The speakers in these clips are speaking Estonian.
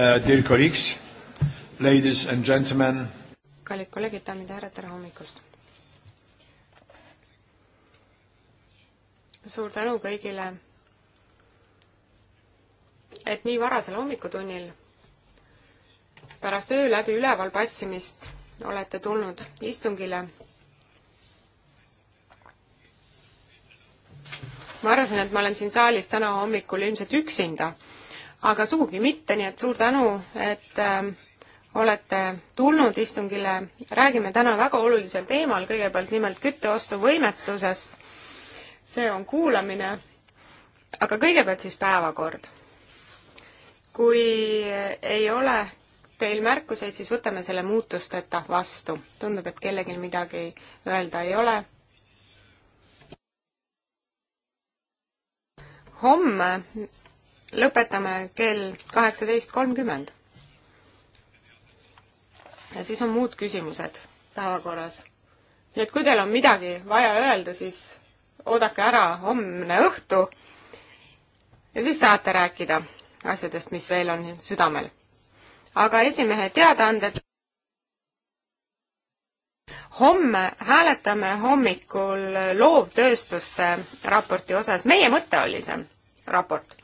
Uh, dear colleagues, ladies and gentlemen. kallid kolleegid, daamid ja härrad, tere hommikust! suur tänu kõigile, et nii varasel hommikutunnil pärast öö läbi üleval passimist olete tulnud istungile. ma arvasin, et ma olen siin saalis täna hommikul ilmselt üksinda aga sugugi mitte, nii et suur tänu, et ähm, olete tulnud istungile, räägime täna väga olulisel teemal, kõigepealt nimelt kütteostuvõimetusest. see on kuulamine, aga kõigepealt siis päevakord. kui ei ole teil märkuseid, siis võtame selle muutusteta vastu. tundub, et kellelgi midagi öelda ei ole. homme lõpetame kell kaheksateist kolmkümmend. ja siis on muud küsimused päevakorras. nii et kui teil on midagi vaja öelda, siis oodake ära homne õhtu ja siis saate rääkida asjadest, mis veel on südamel. aga esimehe teadaanded. homme hääletame hommikul loovtööstuste raporti osas, meie mõte oli see raport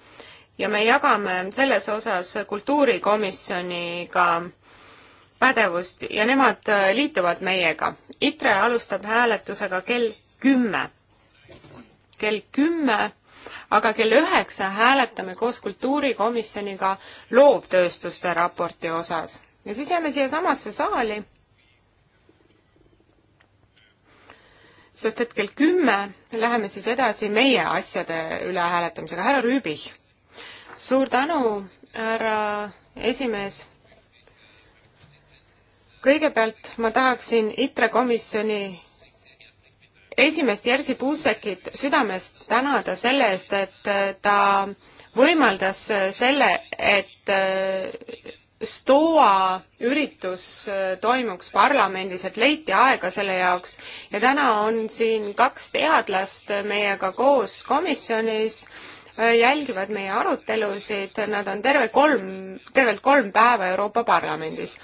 ja me jagame selles osas kultuurikomisjoniga pädevust ja nemad äh, liituvad meiega. ITRE alustab hääletusega kell kümme. kell kümme, aga kell üheksa hääletame koos kultuurikomisjoniga loovtööstuste raporti osas ja siis jääme siiasamasse saali. sest et kell kümme läheme siis edasi meie asjade üle hääletamisega. härra Rüübih suur tänu, härra esimees. kõigepealt ma tahaksin ITRE komisjoni esimest Jerzy Puusekit südamest tänada selle eest, et äh, ta võimaldas äh, selle, et äh, STOA üritus toimuks parlamendis, et leiti aega selle jaoks ja täna on siin kaks teadlast meiega koos komisjonis äh, Äh, jälgivad meie arutelusid, nad on terve kolm, tervelt kolm päeva Euroopa Parlamendis.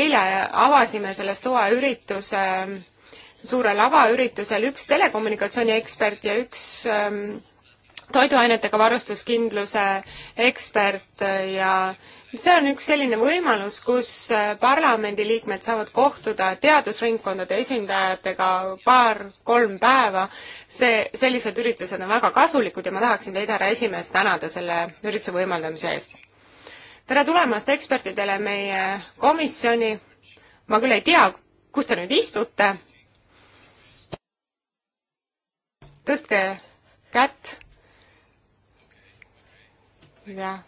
eile avasime selles toa ürituse, suure lavaüritusel üks telekommunikatsiooni ekspert ja üks ähm, toiduainetega varustuskindluse ekspert ja see on üks selline võimalus, kus parlamendiliikmed saavad kohtuda teadusringkondade esindajatega paar-kolm päeva. see, sellised üritused on väga kasulikud ja ma tahaksin teid, härra esimees, tänada selle ürituse võimaldamise eest. tere tulemast ekspertidele meie komisjoni. ma küll ei tea, kus te nüüd istute. tõstke kätt jah.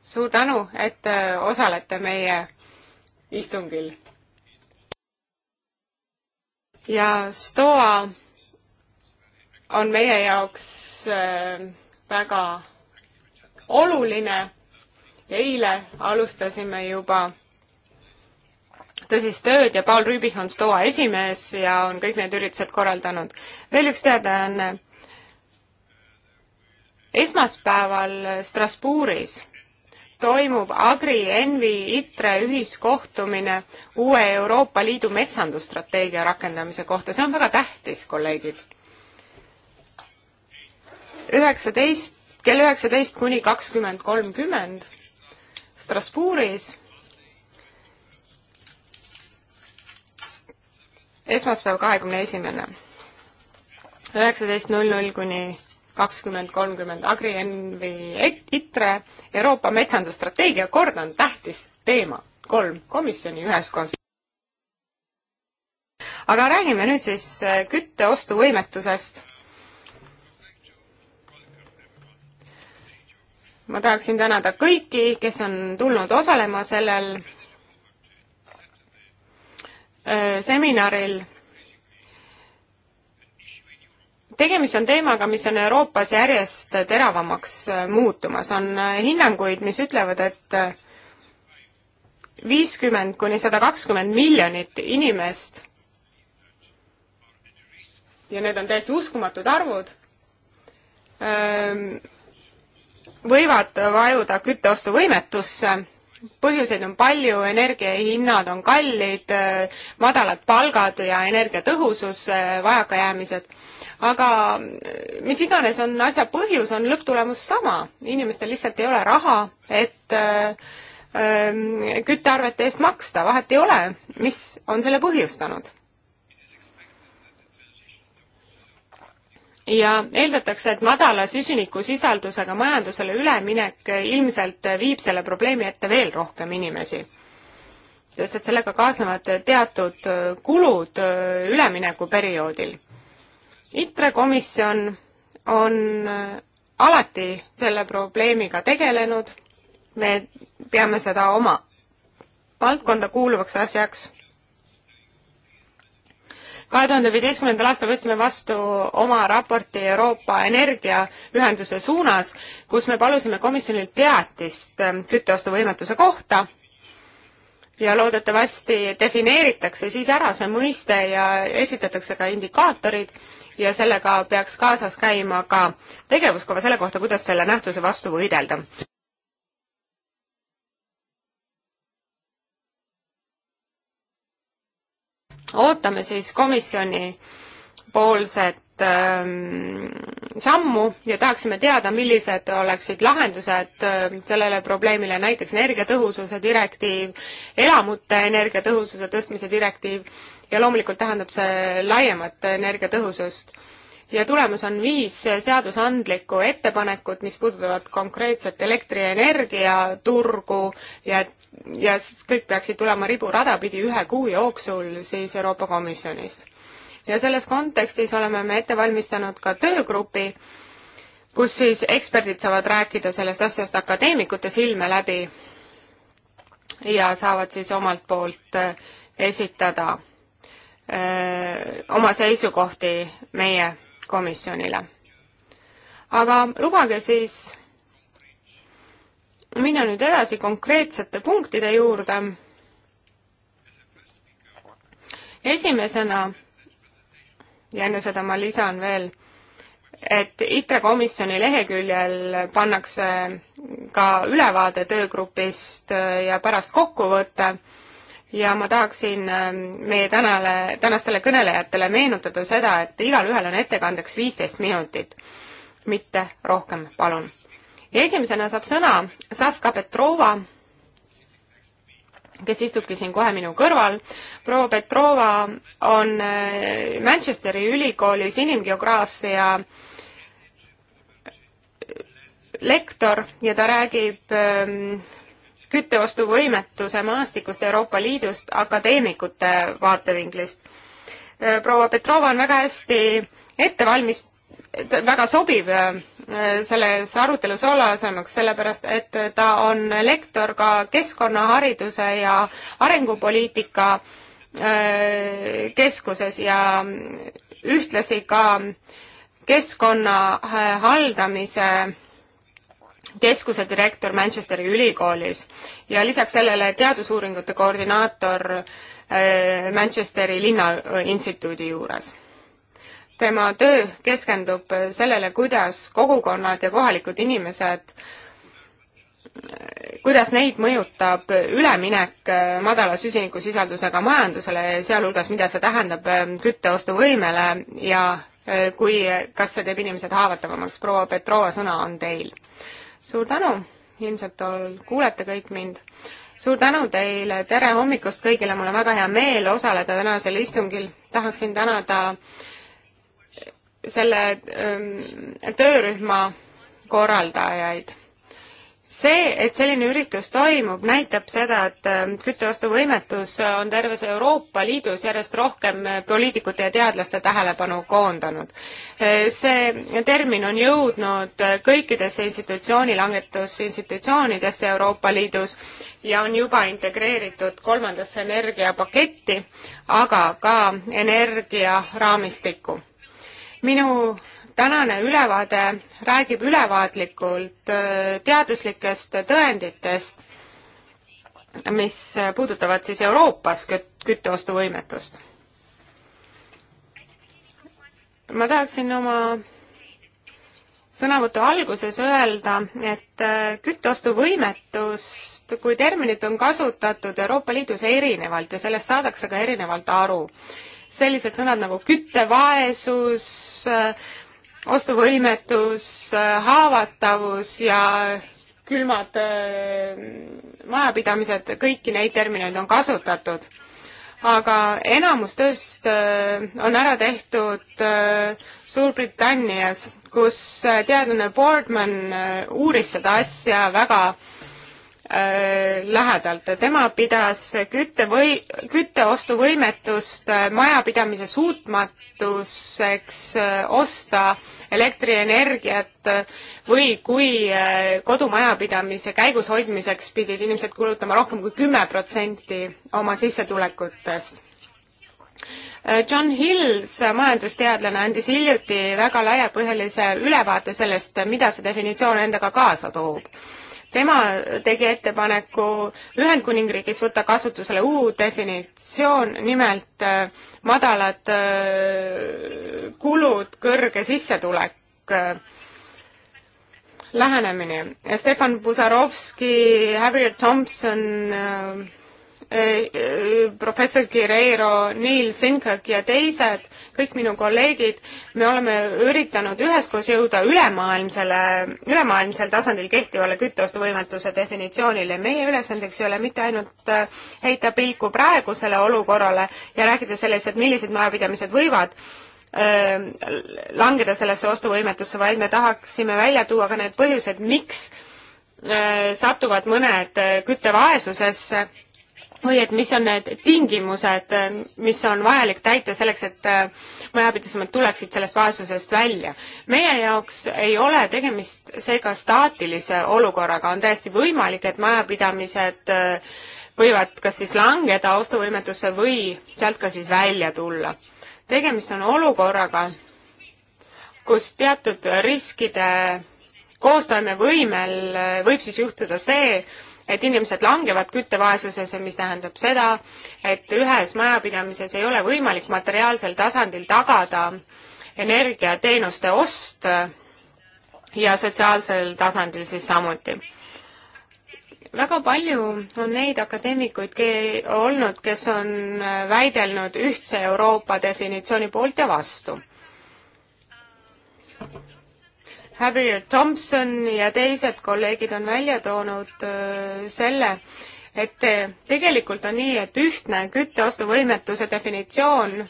suur tänu, et äh, osalete meie istungil. ja STOA on meie jaoks äh, väga oluline. eile alustasime juba tõsist tööd ja Paul Rüübich on STOA esimees ja on kõik need üritused korraldanud. veel üks teadaanne esmaspäeval Strasbourgis toimub Agri Envi ITRE ühiskohtumine uue Euroopa Liidu metsandusstrateegia rakendamise kohta, see on väga tähtis, kolleegid. üheksateist, kell üheksateist kuni kakskümmend kolmkümmend Strasbourgis esmaspäev, kahekümne esimene, üheksateist null null kuni kakskümmend kolmkümmend Agri Envi ITRE, Euroopa metsandusstrateegia, kordan, tähtis teema, kolm komisjoni üheskoos. aga räägime nüüd siis äh, kütte ostuvõimetusest. ma tahaksin tänada kõiki, kes on tulnud osalema sellel äh, seminaril tegemist on teemaga, mis on Euroopas järjest teravamaks äh, muutumas, on äh, hinnanguid, mis ütlevad, et äh, viiskümmend kuni sada kakskümmend miljonit inimest ja need on täiesti uskumatud arvud, ähm, võivad vajuda kütteostuvõimetusse põhjuseid on palju, energiahinnad on kallid, madalad palgad ja energiatõhusus, vajakajäämised aga äh, mis iganes on asja põhjus, on lõpptulemus sama. inimestel lihtsalt ei ole raha, et äh, ähm, küttearvete eest maksta, vahet ei ole, mis on selle põhjustanud. ja eeldatakse, et madala süsinikusisaldusega majandusele üleminek ilmselt viib selle probleemi ette veel rohkem inimesi sest et sellega kaasnevad teatud kulud äh, üleminekuperioodil. ITRE komisjon on äh, alati selle probleemiga tegelenud, me peame seda oma valdkonda kuuluvaks asjaks. kahe tuhande viieteistkümnendal aastal võtsime vastu oma raporti Euroopa energiaühenduse suunas, kus me palusime komisjonilt teatist äh, kütteostuvõimetuse kohta ja loodetavasti defineeritakse siis ära see mõiste ja esitatakse ka indikaatorid ja sellega peaks kaasas käima ka tegevuskava selle kohta, kuidas selle nähtuse vastu võidelda. ootame siis komisjoni poolset Ähm, sammu ja tahaksime teada, millised oleksid lahendused ähm, sellele probleemile, näiteks energiatõhususe direktiiv, elamute energiatõhususe tõstmise direktiiv ja loomulikult tähendab see laiemat energiatõhusust. ja tulemas on viis seadusandlikku ettepanekut, mis puudutavad konkreetset elektrienergiaturgu ja, ja kõik peaksid tulema riburada pidi ühe kuu jooksul siis Euroopa Komisjonist ja selles kontekstis oleme me ette valmistanud ka töögrupi, kus siis eksperdid saavad rääkida sellest asjast akadeemikute silme läbi ja saavad siis omalt poolt äh, esitada öö, äh, oma seisukohti meie komisjonile. aga lubage siis minna nüüd edasi konkreetsete punktide juurde. esimesena ja enne seda ma lisan veel, et ITRE komisjoni leheküljel pannakse ka ülevaade töögrupist äh, ja pärast kokkuvõte ja ma tahaksin äh, meie tänale, tänastele kõnelejatele meenutada seda, et igalühel on ettekandeks viisteist minutit, mitte rohkem, palun. ja esimesena saab sõna Saska Petrova kes istubki siin kohe minu kõrval. proua Petrova on äh, Manchesteri ülikoolis inimgeograafia äh, lektor ja ta räägib ähm, kütteostuvõimetuse maastikust Euroopa Liidust akadeemikute vaatevinklist. Äh, proua Petrova on väga hästi ette valmist-, väga sobiv selles arutelus osalemiseks, sellepärast et ta on lektor ka keskkonnahariduse ja arengupoliitika äh, keskuses ja ühtlasi ka keskkonna äh, haldamise keskuse direktor Manchesteri ülikoolis ja lisaks sellele teadusuuringute koordinaator äh, Manchesteri linnainstituudi juures tema töö keskendub sellele, kuidas kogukonnad ja kohalikud inimesed kuidas neid mõjutab üleminek madala süsinikusisaldusega majandusele, sealhulgas mida see tähendab ähm, kütteostuvõimele ja äh, kui, kas see teeb inimesed haavatavamaks. proua Petrova, sõna on teil. suur tänu, ilmselt kuulete kõik mind. suur tänu teile, tere hommikust kõigile, mul on väga hea meel osaleda tänasel istungil. tahaksin tänada ta selle ähm, töörühma korraldajaid. see, et selline üritus toimub, näitab seda, et ähm, kütteostuvõimetus on terves Euroopa Liidus järjest rohkem äh, poliitikute ja teadlaste tähelepanu koondanud. Äh, see termin on jõudnud äh, kõikidesse institutsiooni langetusinstitutsioonidesse Euroopa Liidus ja on juba integreeritud kolmandasse energiapaketti, aga ka energiaraamistikku minu tänane ülevaade räägib ülevaatlikult äh, teaduslikest tõenditest, mis puudutavad siis Euroopas küt-, kütteostuvõimetust. ma tahaksin oma sõnavõtu alguses öelda, et äh, kütteostuvõimetust kui terminit on kasutatud Euroopa Liidus erinevalt ja sellest saadakse ka erinevalt aru sellised sõnad nagu küttevaesus, äh, ostuvõimetus, äh, haavatavus ja külmad äh, majapidamised, kõiki neid termineid on kasutatud. aga enamus tööst on ära tehtud Suurbritannias, kus teadlane Boardman uuris seda asja väga Äh, lähedalt. tema pidas kütte või, kütteostuvõimetust äh, majapidamise suutmatuseks äh, osta elektrienergiat või kui kodumajapidamise käigus hoidmiseks pidid inimesed kulutama rohkem kui kümme protsenti oma sissetulekutest. John Hills, majandusteadlane, andis hiljuti väga laiapõhjalise ülevaate sellest, mida see definitsioon endaga kaasa toob tema tegi ettepaneku Ühendkuningriigis võtta kasutusele uus definitsioon, nimelt äh, madalad äh, kulud, kõrge sissetulek äh, lähenemine. Stefan Puzarovski, Harriet Thompson professor Guerrero, Neil Sinkak ja teised, kõik minu kolleegid, me oleme üritanud üheskoos jõuda ülemaailmsele, ülemaailmsel tasandil kehtivale kütteostuvõimetuse definitsioonile. meie ülesandeks ei ole mitte ainult äh, heita pilku praegusele olukorrale ja rääkida sellest, et millised majapidamised võivad äh, langeda sellesse ostuvõimetusse, vaid me tahaksime välja tuua ka need põhjused, miks äh, satuvad mõned küttevaesusesse või et mis on need tingimused, mis on vajalik täita selleks, et äh, majapidamised tuleksid sellest vaesusest välja. meie jaoks ei ole tegemist seega staatilise olukorraga, on täiesti võimalik, et majapidamised äh, võivad kas siis langeda ostuvõimetusse või sealt ka siis välja tulla. tegemist on olukorraga, kus teatud riskide koostoimevõimel äh, võib siis juhtuda see, et inimesed langevad küttevaesusesse, mis tähendab seda, et ühes majapidamises ei ole võimalik materiaalsel tasandil tagada energiateenuste ost ja sotsiaalsel tasandil siis samuti väga palju on neid akadeemikuid ke olnud, kes on väidelnud ühtse Euroopa definitsiooni poolt ja vastu. Harrier Thompson ja teised kolleegid on välja toonud äh, selle, et äh, tegelikult on nii, et ühtne kütteostuvõimetuse definitsioon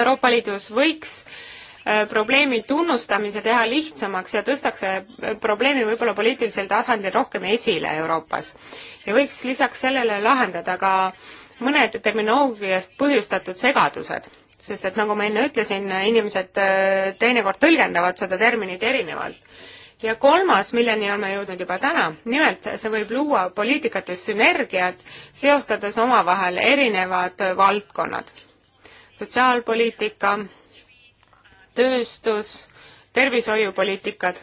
Euroopa Liidus võiks äh, probleemi tunnustamise teha lihtsamaks ja tõstaks see probleemi võib-olla poliitilisel tasandil rohkem esile Euroopas. ja võiks lisaks sellele lahendada ka mõned terminoloogiast põhjustatud segadused sest et nagu ma enne ütlesin, inimesed äh, teinekord tõlgendavad seda terminit erinevalt. ja kolmas, milleni oleme jõudnud juba täna, nimelt see võib luua poliitikates sünergiat, seostades omavahel erinevad valdkonnad. sotsiaalpoliitika, tööstus, tervishoiupoliitikad,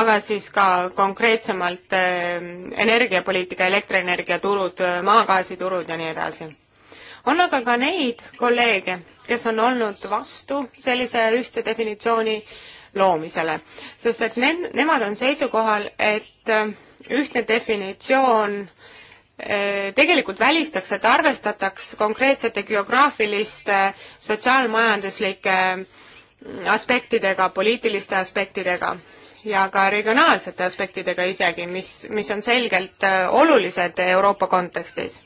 aga siis ka konkreetsemalt äh, energiapoliitika, elektrienergiaturud, maagaasiturud ja nii edasi on aga ka neid kolleege, kes on olnud vastu sellise ühtse definitsiooni loomisele, sest et ne-, nemad on seisukohal, et äh, ühtne definitsioon äh, tegelikult välistaks, et arvestataks konkreetsete geograafiliste sotsiaalmajanduslike mm, aspektidega, poliitiliste aspektidega ja ka regionaalsete aspektidega isegi, mis, mis on selgelt äh, olulised Euroopa kontekstis.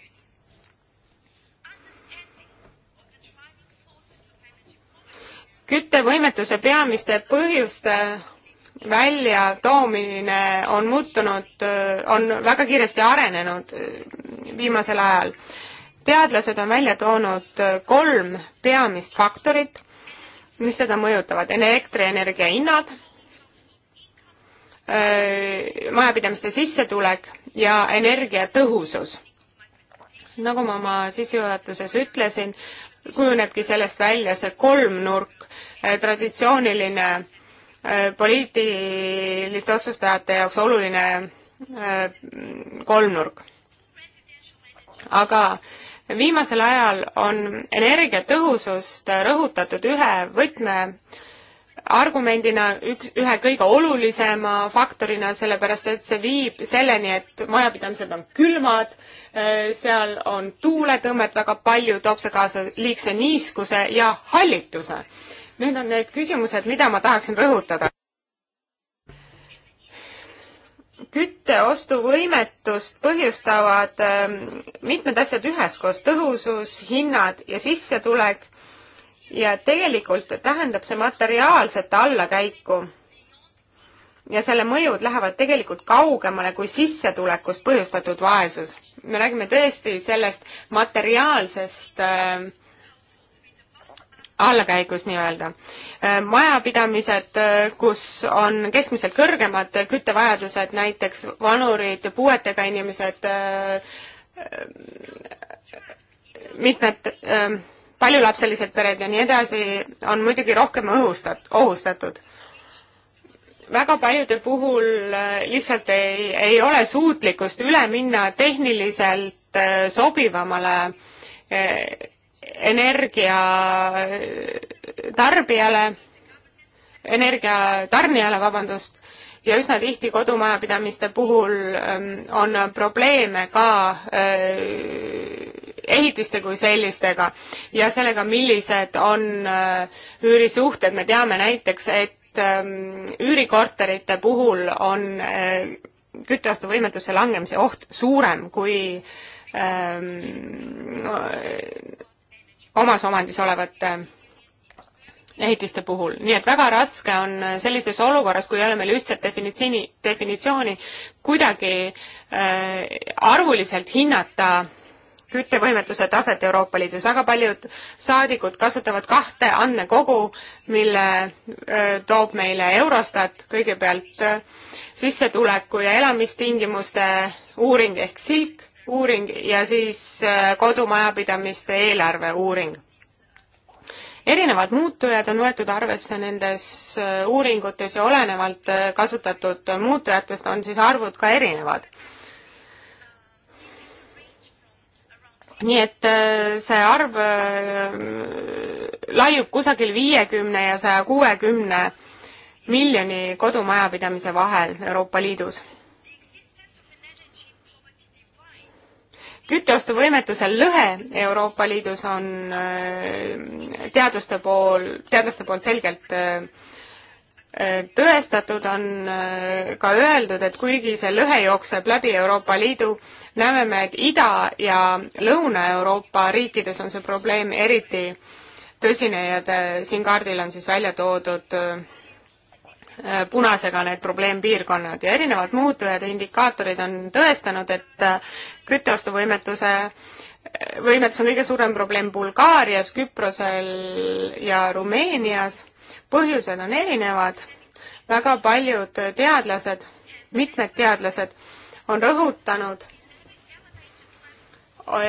küttevõimetuse peamiste põhjuste väljatoomine on muutunud, on väga kiiresti arenenud äh, viimasel ajal. teadlased on välja toonud äh, kolm peamist faktorit, mis seda mõjutavad, elektrienergia hinnad, äh, majapidamiste sissetulek ja energiatõhusus nagu ma oma sissejuhatuses ütlesin, kujunebki sellest välja see kolmnurk, eh, traditsiooniline eh, poliitiliste otsustajate jaoks oluline eh, kolmnurk. aga viimasel ajal on energiatõhusust rõhutatud ühe võtme argumendina üks, ühe kõige olulisema faktorina, sellepärast et see viib selleni, et majapidamised on külmad, äh, seal on tuuletõmmet väga palju, toob see kaasa liigse niiskuse ja hallituse. Need on need küsimused, mida ma tahaksin rõhutada. kütteostuvõimetust põhjustavad ähm, mitmed asjad üheskoos, tõhusus, hinnad ja sissetulek ja tegelikult tähendab see materiaalset allakäiku. ja selle mõjud lähevad tegelikult kaugemale kui sissetulekust põhjustatud vaesus. me räägime tõesti sellest materiaalsest äh, allakäigus nii-öelda. Äh, majapidamised, äh, kus on keskmiselt kõrgemad küttevajadused, näiteks vanurid, puuetega inimesed, äh, mitmed paljulapselised pered ja nii edasi on muidugi rohkem õhustat-, ohustatud. väga paljude puhul äh, lihtsalt ei, ei ole suutlikkust üle minna tehniliselt äh, sobivamale äh, energia tarbijale, energia tarnijale, vabandust, ja üsna tihti kodumajapidamiste puhul ähm, on probleeme ka äh, ehitiste kui sellistega ja sellega, millised on äh, üürisuhted, me teame näiteks, et ähm, üürikorterite puhul on äh, kütteostuvõimetuse langemise oht suurem kui öö, ähm, omas omandis olevate ehitiste puhul, nii et väga raske on sellises olukorras, kui ei ole meil ühtset definitsiini, definitsiooni, kuidagi äh, arvuliselt hinnata küttevõimetuse taset Euroopa Liidus, väga paljud saadikud kasutavad kahte andmekogu, mille äh, toob meile Eurostat kõigepealt äh, sissetuleku ja elamistingimuste uuring ehk SILK uuring ja siis äh, kodumajapidamiste eelarve uuring erinevad muutujad on võetud arvesse nendes äh, uuringutes ja olenevalt äh, kasutatud muutujatest on siis arvud ka erinevad. nii et äh, see arv laiub kusagil viiekümne ja saja kuuekümne miljoni kodumajapidamise vahel Euroopa Liidus kütteostuvõimetuse lõhe Euroopa Liidus on äh, teaduste pool, teadlaste poolt selgelt äh, äh, tõestatud, on ka öeldud, et kuigi see lõhe jookseb läbi Euroopa Liidu, näeme me, et Ida- ja Lõuna-Euroopa riikides on see probleem eriti tõsine ja te, siin kaardil on siis välja toodud äh, Äh, punasega need probleempiirkonnad ja erinevad muutujad ja indikaatorid on tõestanud, et äh, kütteostuvõimetuse, äh, võimetus on kõige suurem probleem Bulgaarias, Küprosel ja Rumeenias. põhjused on erinevad, väga paljud teadlased, mitmed teadlased on rõhutanud,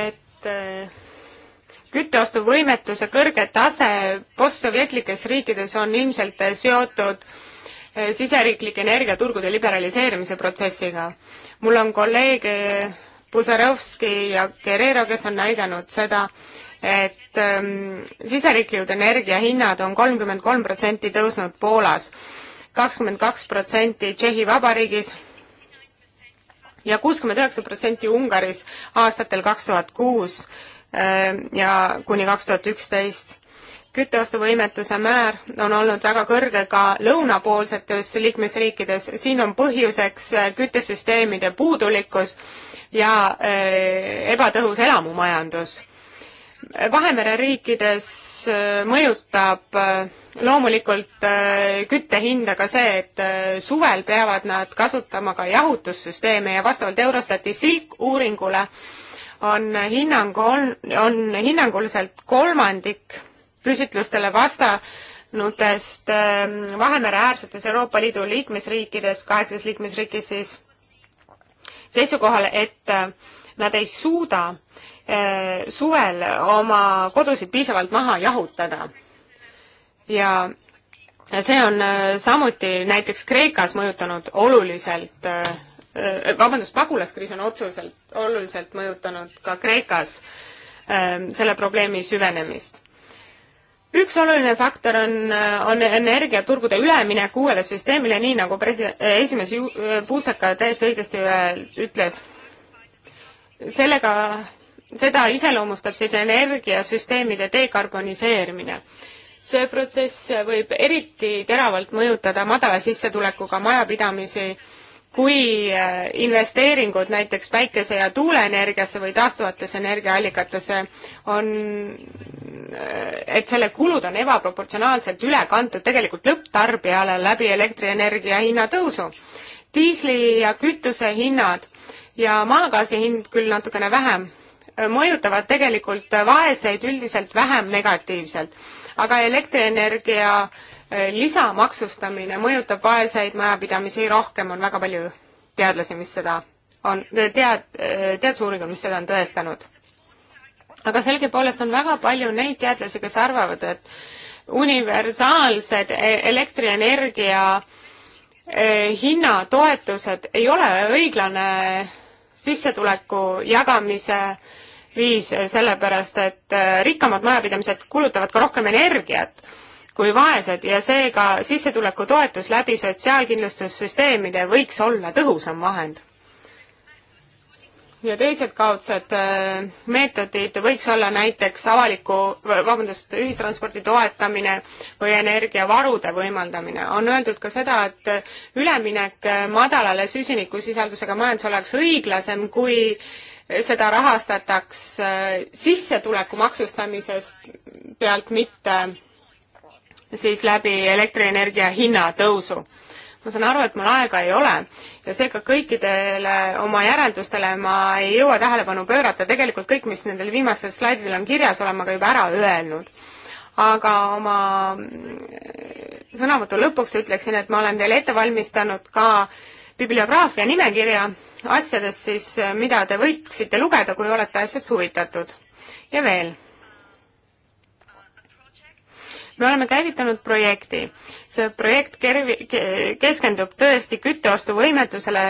et kütteostuvõimetuse kõrge tase postsovjetlikes riikides on ilmselt seotud Eh, siseriiklike energiaturgude liberaliseerimise protsessiga. mul on kolleeg Puzarovski eh, ja Guerrero, kes on näidanud seda, et ähm, siseriiklikud energiahinnad on kolmkümmend kolm protsenti tõusnud Poolas, kakskümmend kaks protsenti Tšehhi Vabariigis ja kuuskümmend üheksa protsenti Ungaris aastatel kaks tuhat kuus ehm, ja kuni kaks tuhat üksteist kütteostuvõimetuse määr on olnud väga kõrge ka lõunapoolsetes liikmesriikides, siin on põhjuseks äh, küttesüsteemide puudulikkus ja äh, ebatõhus elamumajandus. Vahemere riikides äh, mõjutab loomulikult kütte hinda ka see, et suvel peavad nad kasutama ka jahutussüsteeme ja vastavalt Eurostati silk uuringule on hinnang, on, on hinnanguliselt kolmandik küsitlustele vastanutest ähm, Vahemere-äärsetes Euroopa Liidu liikmesriikides, kaheksas liikmesriigis siis, seisukohal, et äh, nad ei suuda äh, suvel oma kodusid piisavalt maha jahutada. ja see on äh, samuti näiteks Kreekas mõjutanud oluliselt, vabandust, pagulaskriis on otseselt, oluliselt mõjutanud ka Kreekas ähm, selle probleemi süvenemist üks oluline faktor on, on energiaturgude üleminek uuele süsteemile, nii nagu presi-, esimees ju-, Puusaka täiesti õigesti äh, ütles. sellega, seda iseloomustab siis energiasüsteemide dekarboniseerimine. see protsess võib eriti teravalt mõjutada madala sissetulekuga majapidamisi äh, kui äh, investeeringud näiteks päikese- ja tuuleenergiasse või taastuvatesse energiaallikatesse on, äh, et selle kulud on ebaproportsionaalselt üle kantud tegelikult lõpptarbijale läbi elektrienergia hinna tõusu. diisli ja kütuse hinnad ja maagaasi hind küll natukene vähem, äh, mõjutavad tegelikult vaeseid üldiselt vähem negatiivselt, aga elektrienergia äh, Äh, lisamaksustamine mõjutab vaeseid majapidamisi rohkem, on väga palju teadlasi, mis seda on, tead, äh, teadusuuringud, mis seda on tõestanud. aga sellegipoolest on väga palju neid teadlasi, kes arvavad, et universaalsed e-, elektrienergia e, hinnatoetused ei ole õiglane sissetuleku jagamise viis, sellepärast et äh, rikkamad majapidamised kulutavad ka rohkem energiat kui vaesed ja seega sissetulekutoetus läbi sotsiaalkindlustussüsteemide võiks olla tõhusam vahend. ja teised kaudsed äh, meetodid võiks olla näiteks avaliku, vabandust, ühistranspordi toetamine või energiavarude võimaldamine. on öeldud ka seda, et üleminek äh, madalale süsinikusisaldusega majandus oleks õiglasem, kui seda rahastataks äh, sissetuleku maksustamisest pealt, mitte siis läbi elektrienergia hinna tõusu ma saan aru, et mul aega ei ole ja seega kõikidele oma järeldustele ma ei jõua tähelepanu pöörata, tegelikult kõik, mis nendel viimastel slaididel on kirjas, olen ma ka juba ära öelnud. aga oma mm, sõnavõtu lõpuks ütleksin, et ma olen teile ette valmistanud ka bibliograafia nimekirja asjadest siis, mida te võiksite lugeda, kui olete asjast huvitatud. ja veel me oleme käivitanud projekti. see projekt kervi-, keskendub tõesti kütteostuvõimetusele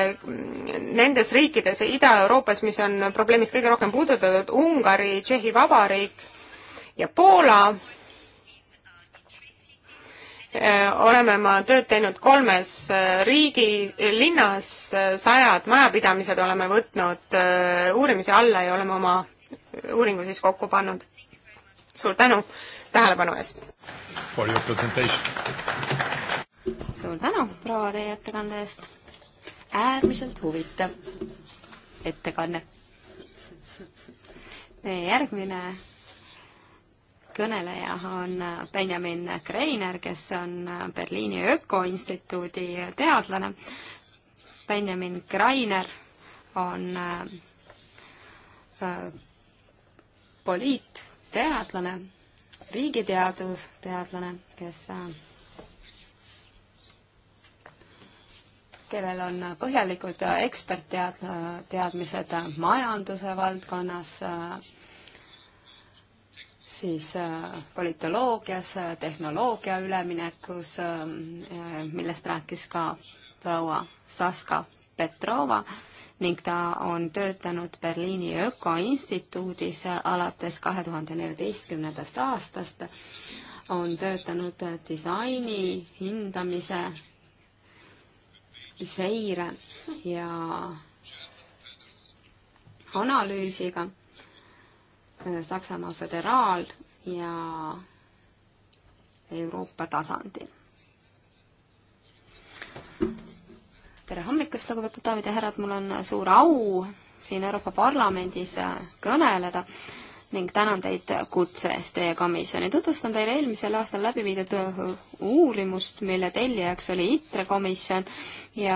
nendes riikides Ida-Euroopas, mis on probleemist kõige rohkem puudutatud, Ungari, Tšehhi Vabariik ja Poola. Äh, oleme ma tööd teinud kolmes äh, riigi, äh, linnas, sajad majapidamised oleme võtnud uurimise alla ja oleme oma uuringu siis kokku pannud. suur tänu tähelepanu eest! suur tänu, proua, teie ettekande eest! äärmiselt huvitav ettekanne. meie järgmine kõneleja on Benjamin Kreiner, kes on Berliini Ökoinstituudi teadlane. Benjamin Kreiner on äh, poliitteadlane riigiteadus, teadlane, kes kellel on põhjalikud eksperttead-, teadmised majanduse valdkonnas, siis politoloogias, tehnoloogia üleminekus, millest rääkis ka proua Saska Petrova ning ta on töötanud Berliini Ökoinstituudis alates kahe tuhande neljateistkümnendast aastast, on töötanud disaini hindamise seire ja analüüsiga Saksamaa föderaal- ja Euroopa tasandil tere hommikust, lugupeetud daamid ja härrad, mul on suur au siin Euroopa Parlamendis kõneleda ning tänan teid kutse eest teie komisjoni. tutvustan teile eelmisel aastal läbi viidud uurimust, mille tellijaks oli ITRE komisjon ja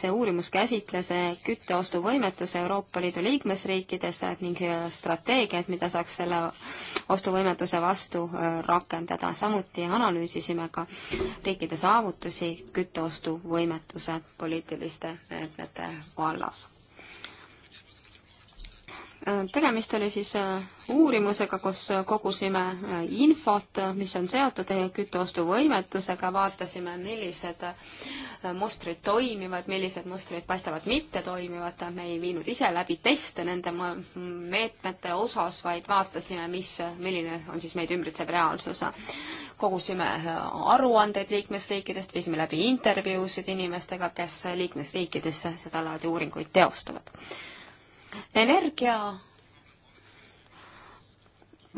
see uurimus käsitles kütteostuvõimetuse Euroopa Liidu liikmesriikides ning strateegiaid, mida saaks selle ostuvõimetuse vastu rakendada. samuti analüüsisime ka riikide saavutusi kütteostuvõimetuse poliitiliste meetmete vallas tegemist oli siis äh, uurimusega, kus äh, kogusime äh, infot, mis on seotud kütteostuvõimetusega, vaatasime, millised mustrid toimivad, millised mustrid paistavad mittetoimivat, me ei viinud ise läbi teste nende meetmete osas, vaid vaatasime, mis, milline on siis meid ümbritsev reaalsus. kogusime aruandeid liikmesriikidest, viisime läbi intervjuusid inimestega, kes liikmesriikides sedalaadi uuringuid teostavad energia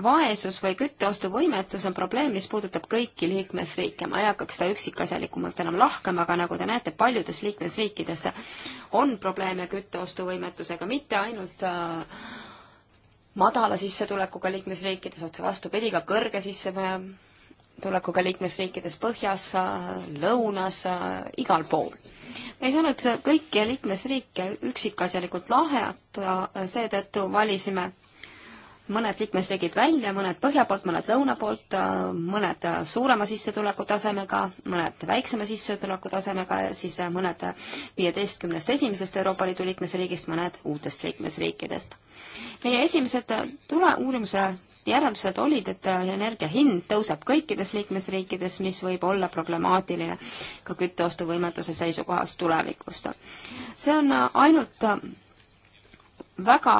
vaesus või kütteostuvõimetus on probleem, mis puudutab kõiki liikmesriike, ma ei hakkaks seda üksikasjalikumalt enam lahkama, aga nagu te näete, paljudes liikmesriikides on probleeme kütteostuvõimetusega, mitte ainult äh, madala sissetulekuga liikmesriikides, otse vastupidi, ka kõrge sissetulekuga liikmesriikides, põhjas, lõunas, igal pool me ei saanud kõiki liikmesriike üksikasjalikult lahjata, äh, seetõttu valisime mõned liikmesriigid välja, mõned põhja poolt, mõned lõuna poolt, äh, mõned suurema sissetulekutasemega, mõned väiksema sissetulekutasemega ja siis äh, mõned viieteistkümnest esimesest Euroopa Liidu liikmesriigist, mõned uutest liikmesriikidest. meie esimesed tule-, uurimuse järeldused olid, et energia hind tõuseb kõikides liikmesriikides, mis võib olla problemaatiline ka kütteostuvõimetuse seisukohast tulevikust. see on ainult väga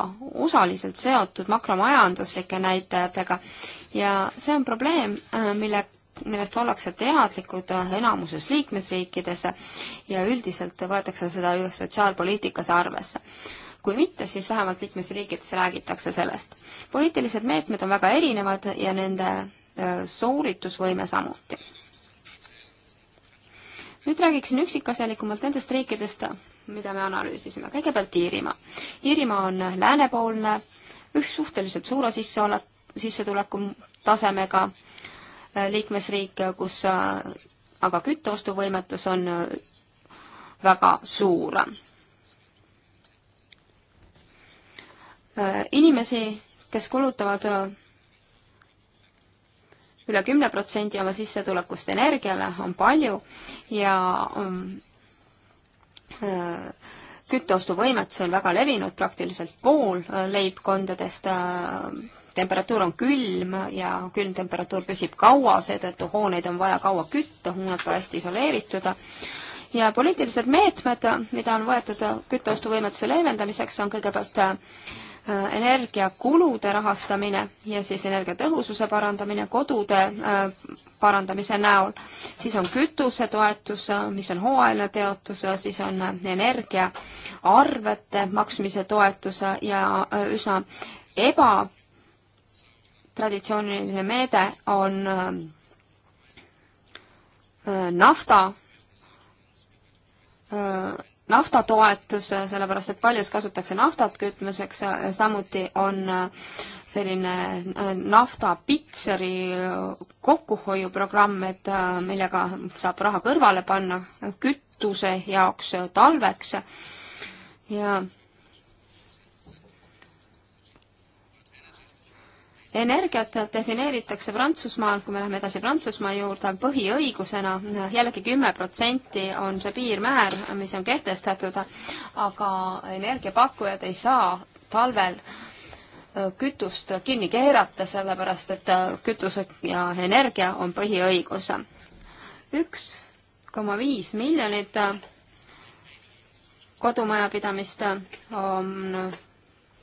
osaliselt seotud makromajanduslike näitajatega ja see on probleem, mille millest ollakse teadlikud enamuses liikmesriikides ja üldiselt võetakse seda ju sotsiaalpoliitikas arvesse kui mitte, siis vähemalt liikmesriikides räägitakse sellest. poliitilised meetmed on väga erinevad ja nende sooritusvõime samuti. nüüd räägiksin üksikasjalikumalt nendest riikidest, mida me analüüsisime. kõigepealt Iirimaa. Iirimaa on läänepoolne, suhteliselt suure sisseole-, sissetuleku tasemega liikmesriik, kus aga kütteostuvõimetus on väga suur. Äh, inimesi, kes kulutavad äh, üle kümne protsendi oma sissetulekust energiale, on palju ja um, äh, kütteostuvõimetus on väga levinud, praktiliselt pool leibkondadest. temperatuur on külm ja külm temperatuur püsib kaua, seetõttu hooneid on vaja kaua kütta, hooned pole hästi isoleeritud ja poliitilised meetmed, mida on võetud kütteostuvõimetuse leevendamiseks, on kõigepealt äh, Äh, energiakulude rahastamine ja siis energiatõhususe parandamine kodude äh, parandamise näol, siis on kütusetoetus, äh, mis on hooajaline teotus, siis on energiaarvete maksmise toetus ja üsna ebatraditsiooniline meede on nafta naftatoetus, sellepärast et paljus kasutatakse naftat kütmiseks, samuti on selline naftapitseri kokkuhoiuprogramm, et millega saab raha kõrvale panna kütuse jaoks talveks ja energiat defineeritakse Prantsusmaal, kui me läheme edasi Prantsusmaa juurde, põhiõigusena, jällegi kümme protsenti on see piirmäär, mis on kehtestatud, aga energiapakkujad ei saa talvel äh, kütust kinni keerata, sellepärast et äh, kütuse ja energia on põhiõigus. üks koma viis miljonit äh, kodumajapidamist on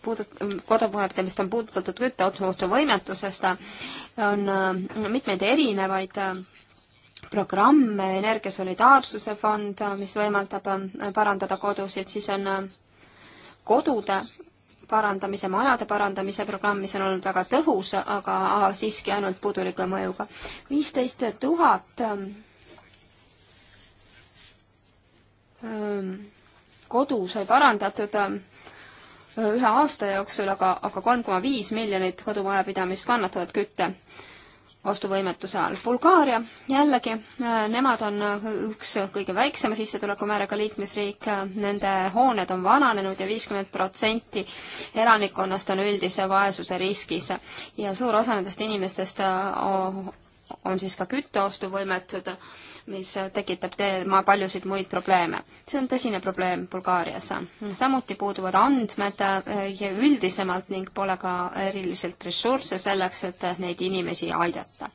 puudut-, kodupuhardamist on puudutatud kütteotsuvõimetusest, on äh, mitmeid erinevaid äh, programme, energiasolidaarsuse fond, äh, mis võimaldab parandada kodusid, siis on kodude parandamise, majade parandamise programm, mis on olnud väga tõhus, aga siiski ainult puuduliku mõjuga. viisteist tuhat kodu sai parandatud ühe aasta jooksul, aga, aga kolm koma viis miljonit kodumajapidamist kannatavad kütte ostuvõimetuse all. Bulgaaria jällegi, nemad on üks kõige väiksema sissetulekumääraga liikmesriik, nende hooned on vananenud ja viiskümmend protsenti elanikkonnast on üldise vaesuse riskis ja suur osa nendest inimestest on siis ka kütteostuvõimetud, mis tekitab tema paljusid muid probleeme. see on tõsine probleem Bulgaarias. samuti puuduvad andmed üldisemalt ning pole ka eriliselt ressursse selleks, et neid inimesi aidata.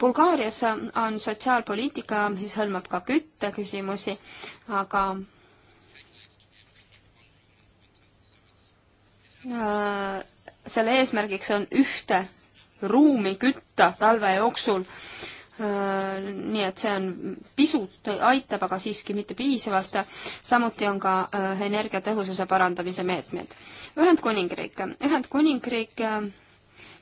Bulgaarias on sotsiaalpoliitika, mis hõlmab ka kütteküsimusi, aga äh, selle eesmärgiks on ühte ruumi kütta talve jooksul. Äh, nii et see on pisut aitab, aga siiski mitte piisavalt. samuti on ka äh, energiatõhususe parandamise meetmed. Ühendkuningriik, Ühendkuningriik äh,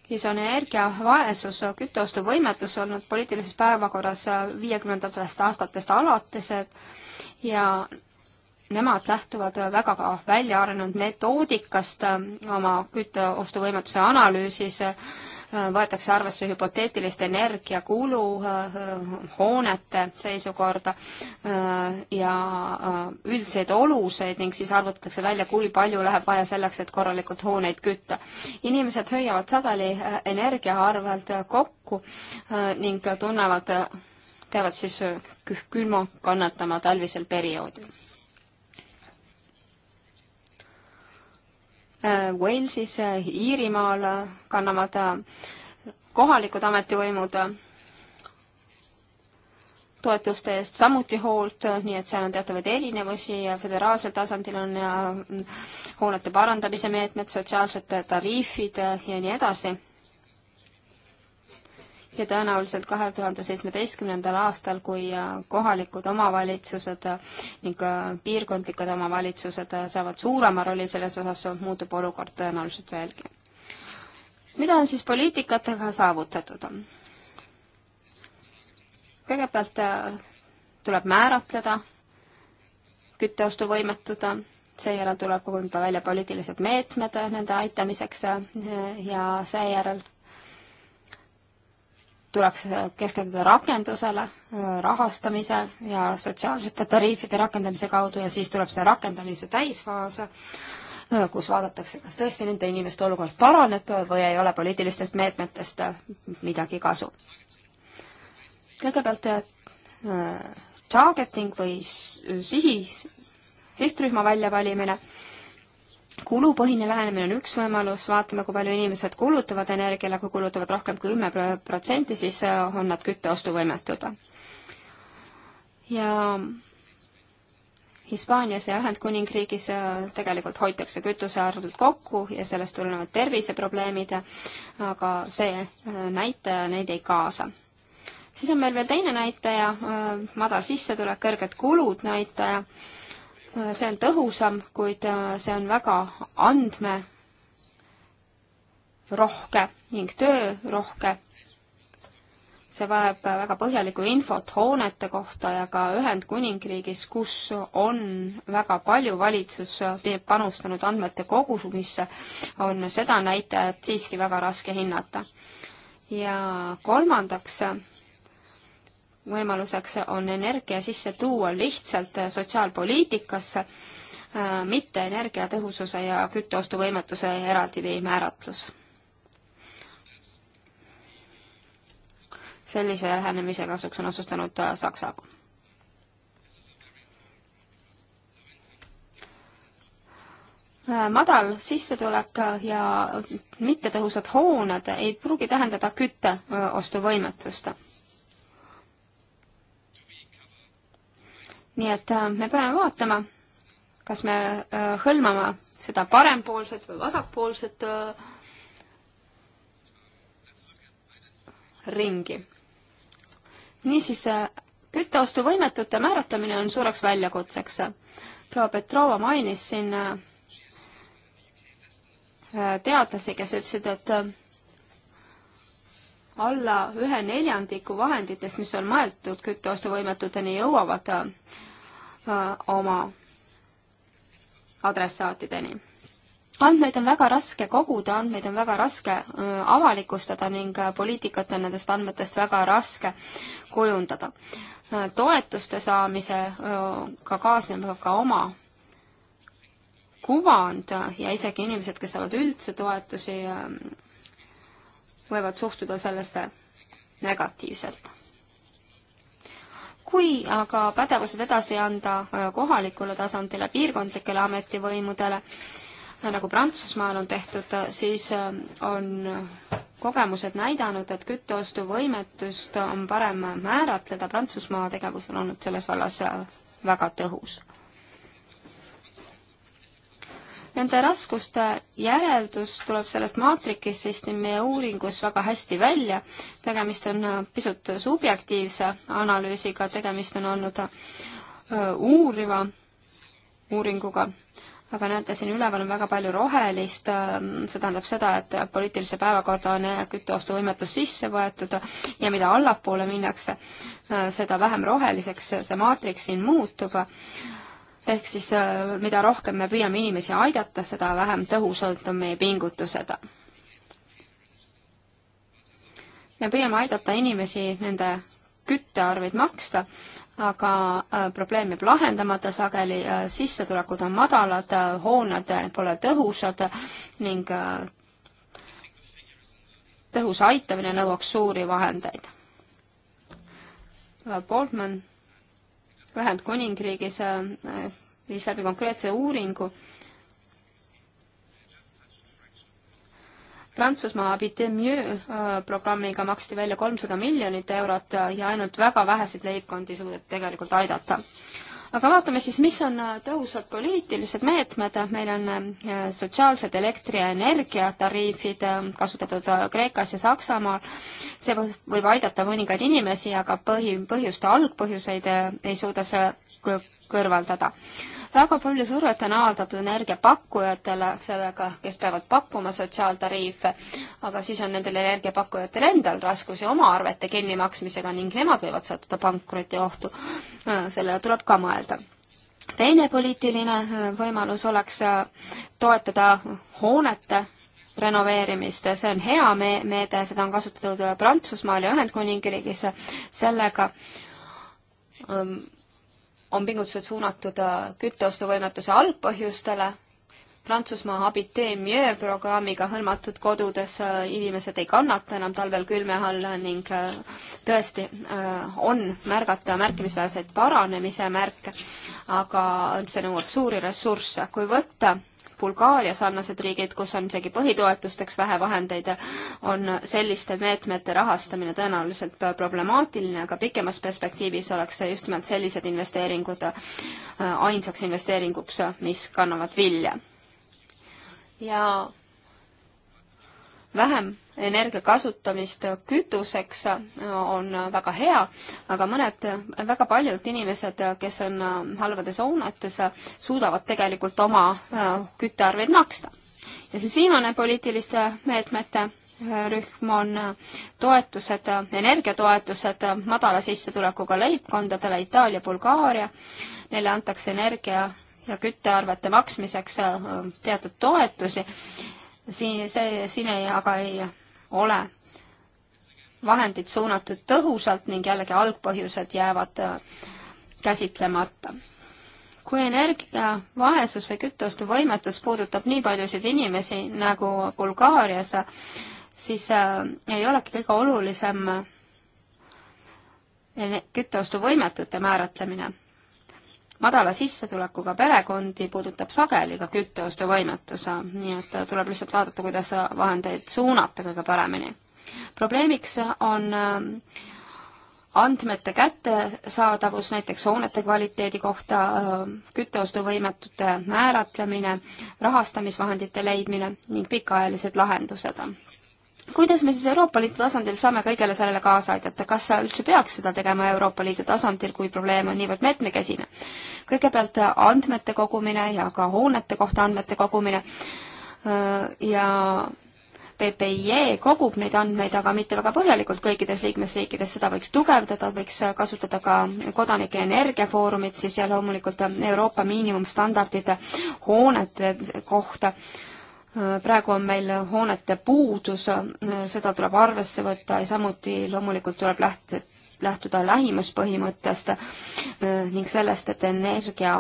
siis on energiavaesus, kütteostuvõimetus olnud poliitilises päevakorras viiekümnendatest aastatest alates ja nemad lähtuvad väga ka välja arenenud metoodikast oma kütteostuvõimetuse analüüsis Äh, võetakse arvesse hüpoteetilist energiakulu äh, hoonete seisukorda äh, ja üldseid olusid ning siis arvutatakse välja, kui palju läheb vaja selleks, et korralikult hooneid kütta. inimesed hoiavad sageli energiaarvelt kokku ning tunnevad, peavad siis külma kannatama talvisel perioodil Äh, Walesis, äh, Iirimaal äh, kannavad kohalikud ametivõimud toetuste eest samuti hoolt, nii et seal on teatavaid erinevusi ja föderaalsel tasandil on ja hoonete parandamise meetmed, sotsiaalsed tariifid ja nii edasi ja tõenäoliselt kahe tuhande seitsmeteistkümnendal aastal, kui äh, kohalikud omavalitsused äh, ning äh, piirkondlikud omavalitsused saavad suurema rolli selles osas, muutub olukord tõenäoliselt veelgi. mida on siis poliitikatega saavutatud? kõigepealt tuleb määratleda kütteostuvõimetud, seejärel tuleb kujundada välja poliitilised meetmed nende aitamiseks ja seejärel tuleks keskenduda rakendusele, rahastamise ja sotsiaalsete tariifide rakendamise kaudu ja siis tuleb see rakendamise täisfaas, kus vaadatakse, kas tõesti nende inimeste olukord paraneb või ei ole poliitilistest meetmetest midagi kasu. kõigepealt äh, targeting või sihi, sihtrühma väljavalimine kulupõhine lähenemine on üks võimalus, vaatame, kui palju inimesed kulutavad energiale, kui kulutavad rohkem kui kümme protsenti, siis äh, on nad kütteostuvõimetud. ja Hispaanias ja Ühendkuningriigis äh, tegelikult hoitakse kütuse arvelt kokku ja sellest tulenevad terviseprobleemid, aga see äh, näitaja neid ei kaasa. siis on meil veel teine näitaja, madal sissetulek, kõrged kulud näitaja see on tõhusam, kuid äh, see on väga andmerohke ning töörohke. see vajab äh, väga põhjalikku infot hoonete kohta ja ka Ühendkuningriigis, kus on väga palju valitsus äh, panustanud andmete kogumisse, on seda näitajat siiski väga raske hinnata. ja kolmandaks võimaluseks on energia sisse tuua lihtsalt sotsiaalpoliitikasse, äh, mitte energiatõhususe ja kütteostuvõimetuse eraldi määratlus. sellise lähenemise kasuks on otsustanud äh, Saksamaa. Äh, madal sissetulek ja mittetõhusad hooned ei pruugi tähendada kütteostuvõimetust nii et äh, me peame vaatama, kas me äh, hõlmame seda parempoolset või vasakpoolset äh, ringi. niisiis, kütteostuvõimetute määratlemine on suureks väljakutseks. proua Petrova mainis siin teadlasi, kes ütlesid, et alla ühe neljandiku vahenditest, mis on mõeldud kütteostuvõimetuteni, jõuavad Äh, oma adressaatideni. andmeid on väga raske koguda, andmeid on väga raske äh, avalikustada ning äh, poliitikat on nendest andmetest väga raske kujundada. toetuste saamisega ka kaasneb ka oma kuvand ja isegi inimesed, kes saavad üldse toetusi, ähm, võivad suhtuda sellesse negatiivselt kui aga pädevused edasi anda äh, kohalikule tasandile, piirkondlikele ametivõimudele, äh, nagu Prantsusmaal on tehtud, äh, siis on kogemused näidanud, et kütteostuvõimetust on parem määratleda, Prantsusmaa tegevus on olnud selles vallas väga tõhus. Nende raskuste järeldus tuleb sellest maatrikist siis meie uuringus väga hästi välja. tegemist on äh, pisut subjektiivse analüüsiga, tegemist on olnud äh, uuriva uuringuga aga näete, siin üleval on väga palju rohelist, ähm, see tähendab seda, et poliitilise päevakorda on äh, kütteostuvõimetus sisse võetud ja mida allapoole minnakse, seda vähem roheliseks see maatriks siin muutub ehk siis äh, mida rohkem me püüame inimesi aidata, seda vähem tõhusalt on meie pingutused. me püüame aidata inimesi nende küttearveid maksta, aga äh, probleem jääb lahendamata sageli, äh, sissetulekud on madalad, hooned pole tõhusad ning tõhus aitamine nõuaks suuri vahendeid. Portman Ühendkuningriigis äh, viis läbi konkreetse uuringu. Prantsusmaa Abitemieux äh, programmiga maksti välja kolmsada miljonit eurot ja ainult väga väheseid leibkondi suudeti tegelikult aidata aga vaatame siis, mis on äh, tõhusad poliitilised meetmed, meil on äh, sotsiaalsed elektri- ja energiatariifid äh, kasutatud Kreekas ja Saksamaal, see võib aidata mõningaid inimesi, aga põhi, põhjuste algpõhjuseid ei suuda see kõrvaldada väga palju survet on avaldatud energiapakkujatele sellega, kes peavad pakkuma sotsiaaltariife, aga siis on nendel energiapakkujatel endal raskusi oma arvete kinnimaksmisega ning nemad võivad sattuda pankroti ohtu. sellele tuleb ka mõelda teine poliitiline äh, võimalus oleks äh, toetada hoonete renoveerimist, see on hea me-, meede, seda on kasutatud Prantsusmaal ja Ühendkuningriigis, sellega ähm, on pingutused suunatud äh, kütteostuvõimetuse algpõhjustele. Prantsusmaa Habitee Mieux programmiga hõlmatud kodudes äh, inimesed ei kannata enam talvel külme all ning äh, tõesti on märgata märkimisväärseid paranemise märke, aga see nõuab suuri ressursse. kui võtta Bulgaaria sarnased riigid, kus on isegi põhitoetusteks vähe vahendeid, on selliste meetmete rahastamine tõenäoliselt problemaatiline, aga pikemas perspektiivis oleks just nimelt sellised investeeringud äh, ainsaks investeeringuks, mis kannavad vilja. ja vähem energia kasutamist kütuseks on väga hea, aga mõned, väga paljud inimesed, kes on halbades hoonetes, suudavad tegelikult oma äh, küttearveid maksta. ja siis viimane poliitiliste meetmete äh, rühm on äh, toetused, energiatoetused madala sissetulekuga leibkondadele Itaalia, Bulgaaria. Neile antakse energia ja küttearvete maksmiseks teatud toetusi siin, see, siin ei, aga ei ole vahendid suunatud tõhusalt ning jällegi algpõhjused jäävad äh, käsitlemata. kui energiavaesus või kütteostuvõimetus puudutab nii paljusid inimesi nagu Bulgaarias, siis äh, ei olegi kõige olulisem kütteostuvõimetute määratlemine madala sissetulekuga perekondi puudutab sageli ka kütteostuvõimetus, nii et äh, tuleb lihtsalt vaadata, kuidas vahendeid suunata kõige paremini. probleemiks on äh, andmete kättesaadavus näiteks hoonete kvaliteedi kohta, äh, kütteostuvõimetute määratlemine, rahastamisvahendite leidmine ning pikaajalised lahendused kuidas me siis Euroopa Liidu tasandil saame kõigele sellele kaasa aidata, kas sa üldse peaks seda tegema Euroopa Liidu tasandil, kui probleem on niivõrd mitmekesine? kõigepealt andmete kogumine ja ka hoonete kohta andmete kogumine äh, ja PPIE kogub neid andmeid, aga mitte väga põhjalikult kõikides liikmesriikides, seda võiks tugevdada, võiks kasutada ka kodanike energiafoorumit siis ja loomulikult Euroopa miinimumstandardid hoonete kohta praegu on meil hoonete puudus, seda tuleb arvesse võtta ja samuti loomulikult tuleb läht-, lähtuda lähimuspõhimõttest eh, ning sellest, et energia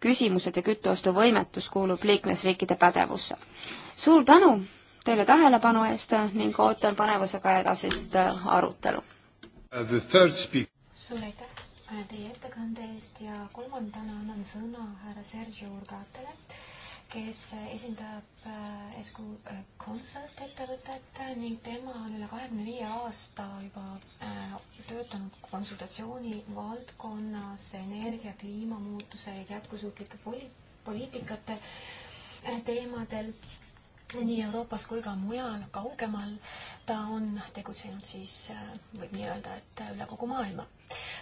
küsimused ja kütteostuvõimetus kuulub liikmesriikide pädevusse. suur tänu teile tähelepanu eest ning ootan põnevusega edasist eh, arutelu. Uh, suur aitäh eh, teie ettekande eest ja kolmandana annan sõna härra Sergei Urgatele kes esindab äh, Esku Consult äh, ettevõtet ning tema on üle kahekümne viie aasta juba äh, töötanud konsultatsiooni valdkonnas energia, kliimamuutuse ja jätkusuutlike poli-, poliitikate teemadel nii Euroopas kui ka mujal, kaugemal. ta on tegutsenud siis, äh, võib nii öelda, et äh, üle kogu maailma.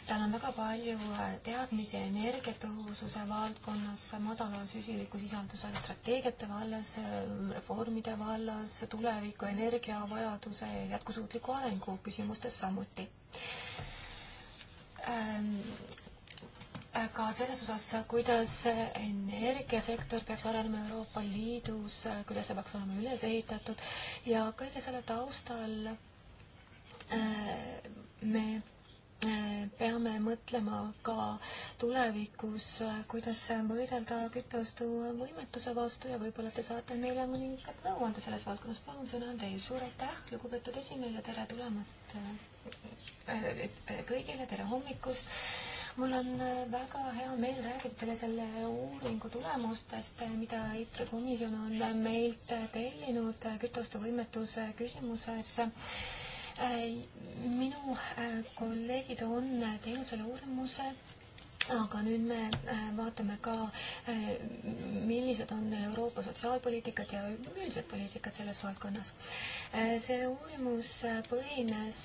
tal on väga palju äh, teadmisi energiatõhususe valdkonnas, madala süsinikusisaldusega strateegiate vallas, reformide vallas, tuleviku energiavajaduse ja jätkusuutliku arengu küsimustes samuti ähm, ka selles osas, kuidas energiasektor peaks arenema Euroopa Liidus, kuidas see peaks olema üles ehitatud ja kõige selle taustal äh, me äh, peame mõtlema ka tulevikus, kuidas võidelda kütteostu võimetuse vastu ja võib-olla te saate meile mõningat nõu anda selles valdkonnas. palun, sõna on teil. suur aitäh, lugupeetud esimees ja tere tulemast äh, kõigile, tere hommikust mul on äh, väga hea meel rääkida teile selle uuringu tulemustest, äh, mida ITRE komisjon on äh, meilt tellinud kütteostuvõimetuse küsimuses. minu kolleegid on teinud selle uurimuse aga nüüd me vaatame ka, millised on Euroopa sotsiaalpoliitikad ja üleüldised poliitikad selles valdkonnas. see uurimus põhines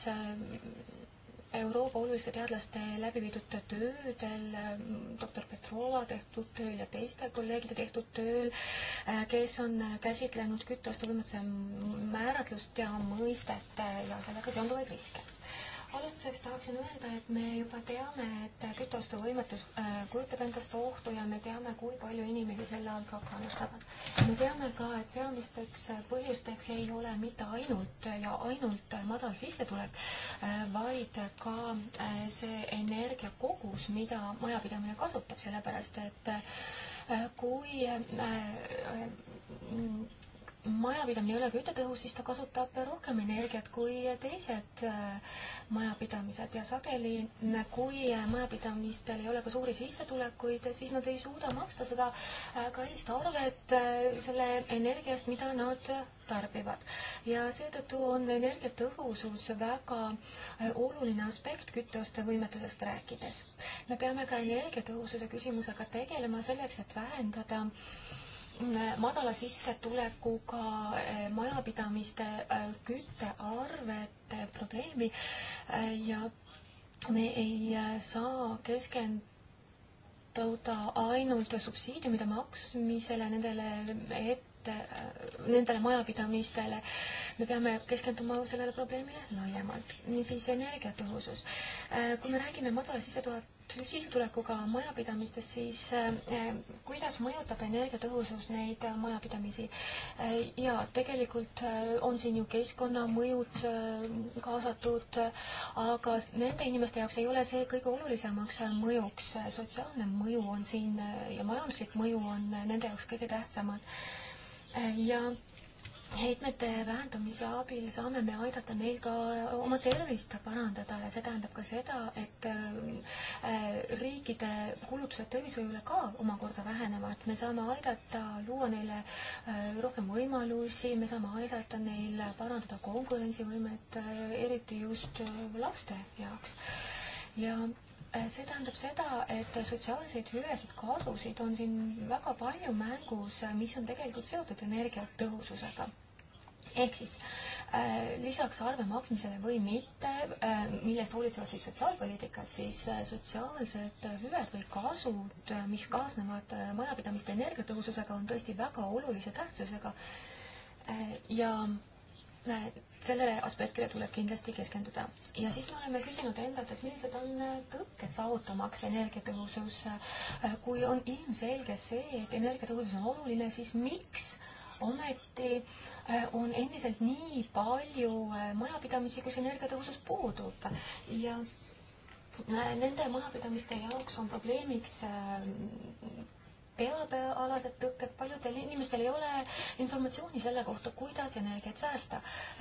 Euroopa oluliste teadlaste läbi viidud töödel, doktor Petrova tehtud tööl ja teiste kolleegide tehtud tööl, äh, kes on käsitlenud kütteostuvõimetuse määratlust ja mõistet äh, ja sellega seonduvaid riske alustuseks tahaksin öelda, et me juba teame, et kütteostuvõimetus äh, kujutab endast ohtu ja me teame, kui palju inimesi selle all ka kannatavad. me teame ka, et peamisteks äh, põhjusteks ei ole mitte ainult ja ainult madal sissetulek, äh, vaid ka see energiakogus, mida majapidamine kasutab, sellepärast et kui majapidamine ei ole küll ütetõhus, siis ta kasutab rohkem energiat kui teised äh, majapidamised ja sageli, äh, kui äh, majapidamistel ei ole ka suuri sissetulekuid, siis nad ei suuda maksta seda kallist arvet selle energia eest, mida nad tarbivad. ja seetõttu on energiatõhusus väga oluline aspekt kütteoste võimetusest rääkides. me peame ka energiatõhususe küsimusega tegelema selleks, et vähendada äh, madala sissetulekuga eh, majapidamiste eh, küttearvete probleemi eh, ja me ei saa keskenduda keskenduda ainult subsiidiumide maksmisele nendele ette, nendele majapidamistele. me peame keskenduma sellele probleemile laiemalt. niisiis energiatõhusus. kui me räägime madala sissetulekuga sissetulekuga majapidamistes, siis eh, eh, kuidas mõjutab energiatõhusus neid eh, majapidamisi? ja tegelikult on siin ju keskkonnamõjud kaasatud, aga nende inimeste jaoks ei ole see kõige olulisemaks mõjuks. sotsiaalne mõju on siin ja majanduslik mõju on nende jaoks kõige tähtsamad. ja heitmete vähendamise abil saame me aidata neil ka oma tervist parandada ja see tähendab ka seda, et äh, riikide kulutused tervishoiule ka omakorda vähenevad. me saame aidata luua neile äh, rohkem võimalusi, me saame aidata neil parandada konkurentsivõimet, äh, eriti just laste jaoks. ja Äh, see tähendab seda, et sotsiaalseid hüvesid, kasusid on siin väga palju mängus, äh, mis on tegelikult seotud energiatõhususega ehk siis äh, lisaks arve maksmisele või mitte äh,, millest hoolitsevad siis sotsiaalpoliitikad, siis äh, sotsiaalsed hüved või kasud, äh, mis kaasnevad majapidamiste energiatõhususega, on tõesti väga olulise tähtsusega ja sellele aspektile tuleb kindlasti keskenduda. ja siis me oleme küsinud endalt, et millised on tõkked saavutamaks energiatõhusus. kui on ilmselge see, et energiatõhusus on oluline, siis miks ometi eh, on endiselt nii palju eh, majapidamisi, kus energiatõhusus puudub ja eh, Nende majapidamiste jaoks on probleemiks teabealased tõkked, paljudel inimestel ei ole informatsiooni selle kohta, kuidas energiat säästa.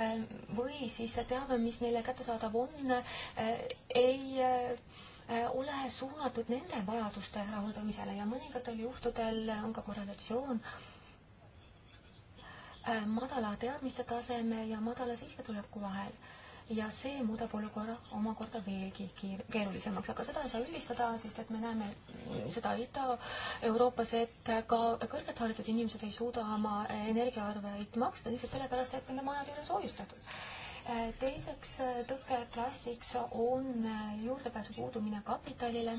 Ähm, või siis see teave, mis neile kättesaadav on, äh, ei äh, ole suunatud nende vajaduste rahuldamisele ja mõningatel juhtudel on ka korrelatsioon äh, madala teadmiste taseme ja madala sissetuleku vahel ja see muudab olukorra omakorda veelgi kiir-, keerulisemaks, aga seda ei saa üldistada, sest et me näeme seda Ida-Euroopas, et ka kõrgelt haritud inimesed ei suuda oma energiaarveid maksta lihtsalt sellepärast, et nende majad ei ole soojustatud teiseks tõkkeklassiks on juurdepääsu puudumine kapitalile.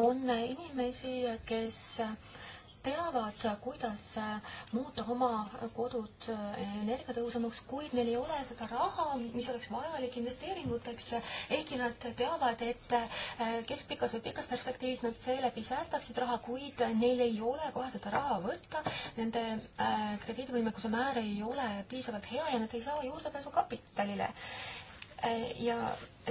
on inimesi, kes äh, teavad, kuidas äh, muuta oma kodud äh, energiatõhusamaks, kuid neil ei ole seda raha, mis oleks vajalik investeeringuteks, ehkki nad teavad, et äh, keskpikas või pikas perspektiivis nad seeläbi säästaksid raha, kuid neil ei ole kohe seda raha võtta, nende krediidivõimekuse määr ei ole piisavalt hea ja nad ei saa juurdepääsu kapitalile ja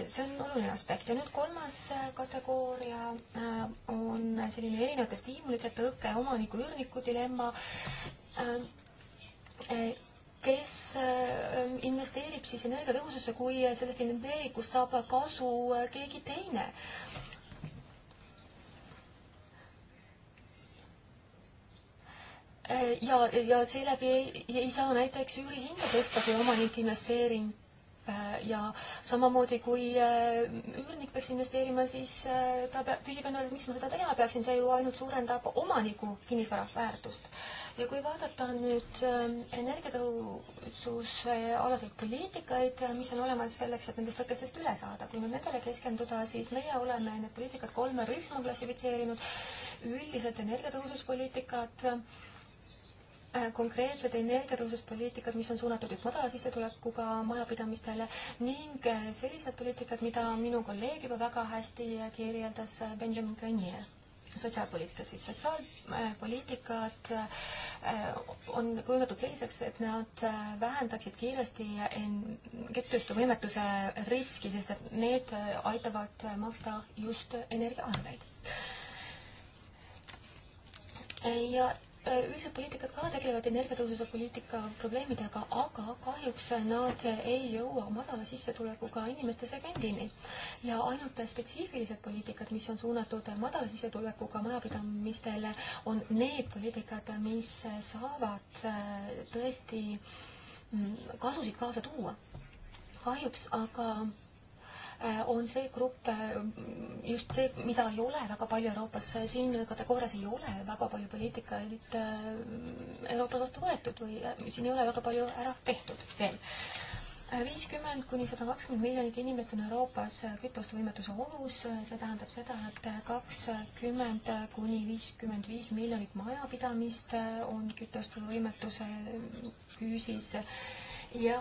see on oluline aspekt ja nüüd kolmas äh, kategooria äh, on selline erinevate stiimulite tõke, omaniku-üürniku dilemma, äh, kes investeerib siis energiatõhususse, kui sellest inventeeringust saab kasu keegi teine. ja, ja seeläbi ei, ei saa näiteks üürihinda tõsta, kui omanik investeering Äh, ja samamoodi, kui äh, üürnik peaks investeerima, siis äh, ta peab, küsib endale, et miks ma seda tegema peaksin, see ju ainult suurendab omaniku kinnisvara väärtust. ja kui vaadata nüüd energiatõhususe alaseid poliitikaid, mis on olemas selleks, et nendest tõkestest üle saada, kui nüüd nendele keskenduda, siis meie oleme need poliitikad kolme rühma klassifitseerinud, üldised energiatõhususpoliitikad, Äh, konkreetsed energiatõhususpoliitikad, mis on suunatud just madala sissetulekuga majapidamistele ning äh, sellised poliitikad, mida minu kolleeg juba väga hästi kirjeldas, äh, Benjamin Grenier sotsiaalpoliitika siis, sotsiaalpoliitikad on kujundatud selliseks, et nad vähendaksid kiiresti kettustusvõimetuse riski, sest et need aitavad maksta just energiaarveid. ja üldised poliitikad ka tegelevad energiatõhususe poliitika probleemidega, aga kahjuks nad ei jõua madala sissetulekuga inimeste segmendini. ja ainult spetsiifilised poliitikad, mis on suunatud madala sissetulekuga majapidamistele, on need poliitikad, mis saavad tõesti mm, kasusid kaasa tuua. kahjuks aga Äh, on see grupp äh, just see, mida ei ole väga palju Euroopas, äh, siin kategoorias ei ole väga palju poliitikaid Euroopas vastu võetud või siin ei ole väga palju ära tehtud veel. viiskümmend kuni sada kakskümmend miljonit inimest on Euroopas kütustevõimetuse ohus, see tähendab seda, et kakskümmend kuni viiskümmend viis miljonit majapidamist on kütustevõimetuse küüsis ja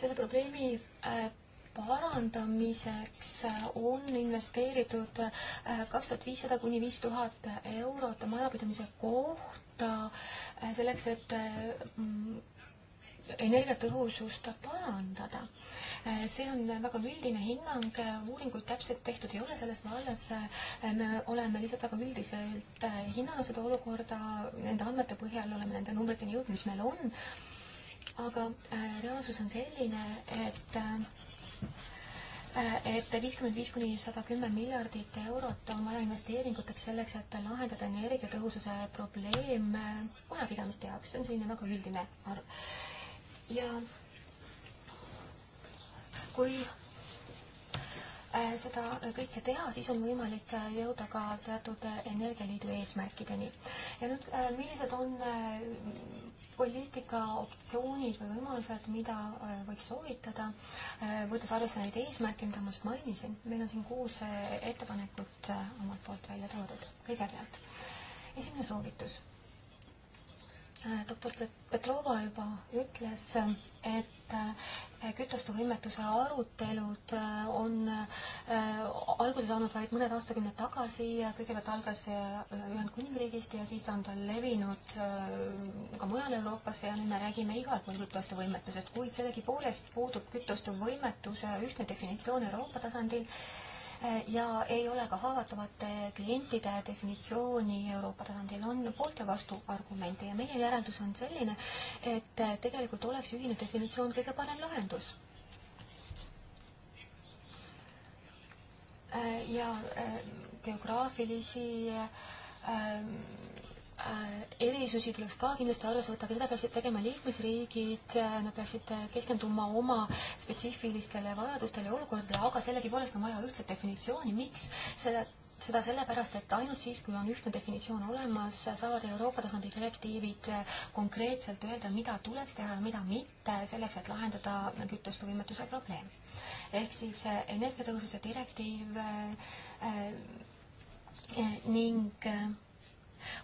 selle probleemi äh, parandamiseks äh, on investeeritud äh, kaks tuhat viissada kuni viis tuhat eurot majapidamise kohta selleks, et mm, energiatõhusust parandada. see on väga üldine hinnang, uuringuid täpselt tehtud ei ole selles vallas. me oleme lihtsalt väga üldiselt hinnanud seda olukorda, nende andmete põhjal oleme nende numbriteni jõudnud, mis meil on aga äh, reaalsus on selline, et äh, et viiskümmend viis kuni sada kümme miljardit eurot on vaja investeeringuteks selleks, et lahendada energiatõhususe probleem äh, majapidamiste jaoks, see on selline väga üldine arv. ja kui seda kõike teha, siis on võimalik jõuda ka teatud energialiidu eesmärkideni. ja nüüd, millised on poliitika optsioonid või võimalused, mida äh, võiks soovitada, äh, võttes arvesse neid eesmärke, mida ma just mainisin, meil on siin kuus äh, ettepanekut omalt poolt välja toodud. kõigepealt esimene soovitus Äh, doktor Petrova juba ütles, et äh, kütuste võimetuse arutelud äh, on alguse saanud vaid mõned aastakümned tagasi ja kõigepealt algas see Ühendkuningriigist ja siis on ta levinud ka mujal Euroopasse ja nüüd me räägime igal pool kütuste võimetusest, kuid sellegipoolest puudub kütuste võimetuse ühtne definitsioon Euroopa tasandil ja ei ole ka haavatavate klientide definitsiooni Euroopa tasandil, on poolt ja vastu argumente ja meie järeldus on selline, et tegelikult oleks ühine definitsioon kõige parem lahendus. ja äh, geograafilisi ähm, Äh, erisusi tuleks ka kindlasti arvesse võtta, aga seda peaksid tegema liikmesriigid, äh, nad peaksid äh, keskenduma oma spetsiifilistele vajadustele ja olukordadele, aga sellegipoolest on vaja ühtset definitsiooni, miks selle seda sellepärast, et ainult siis, kui on ühtne definitsioon olemas, saavad Euroopa tasandi direktiivid konkreetselt öelda, mida tuleks teha ja mida mitte, selleks et lahendada kütuste võimetuse probleem. ehk siis energiatõhususe direktiiv äh, äh, ning äh,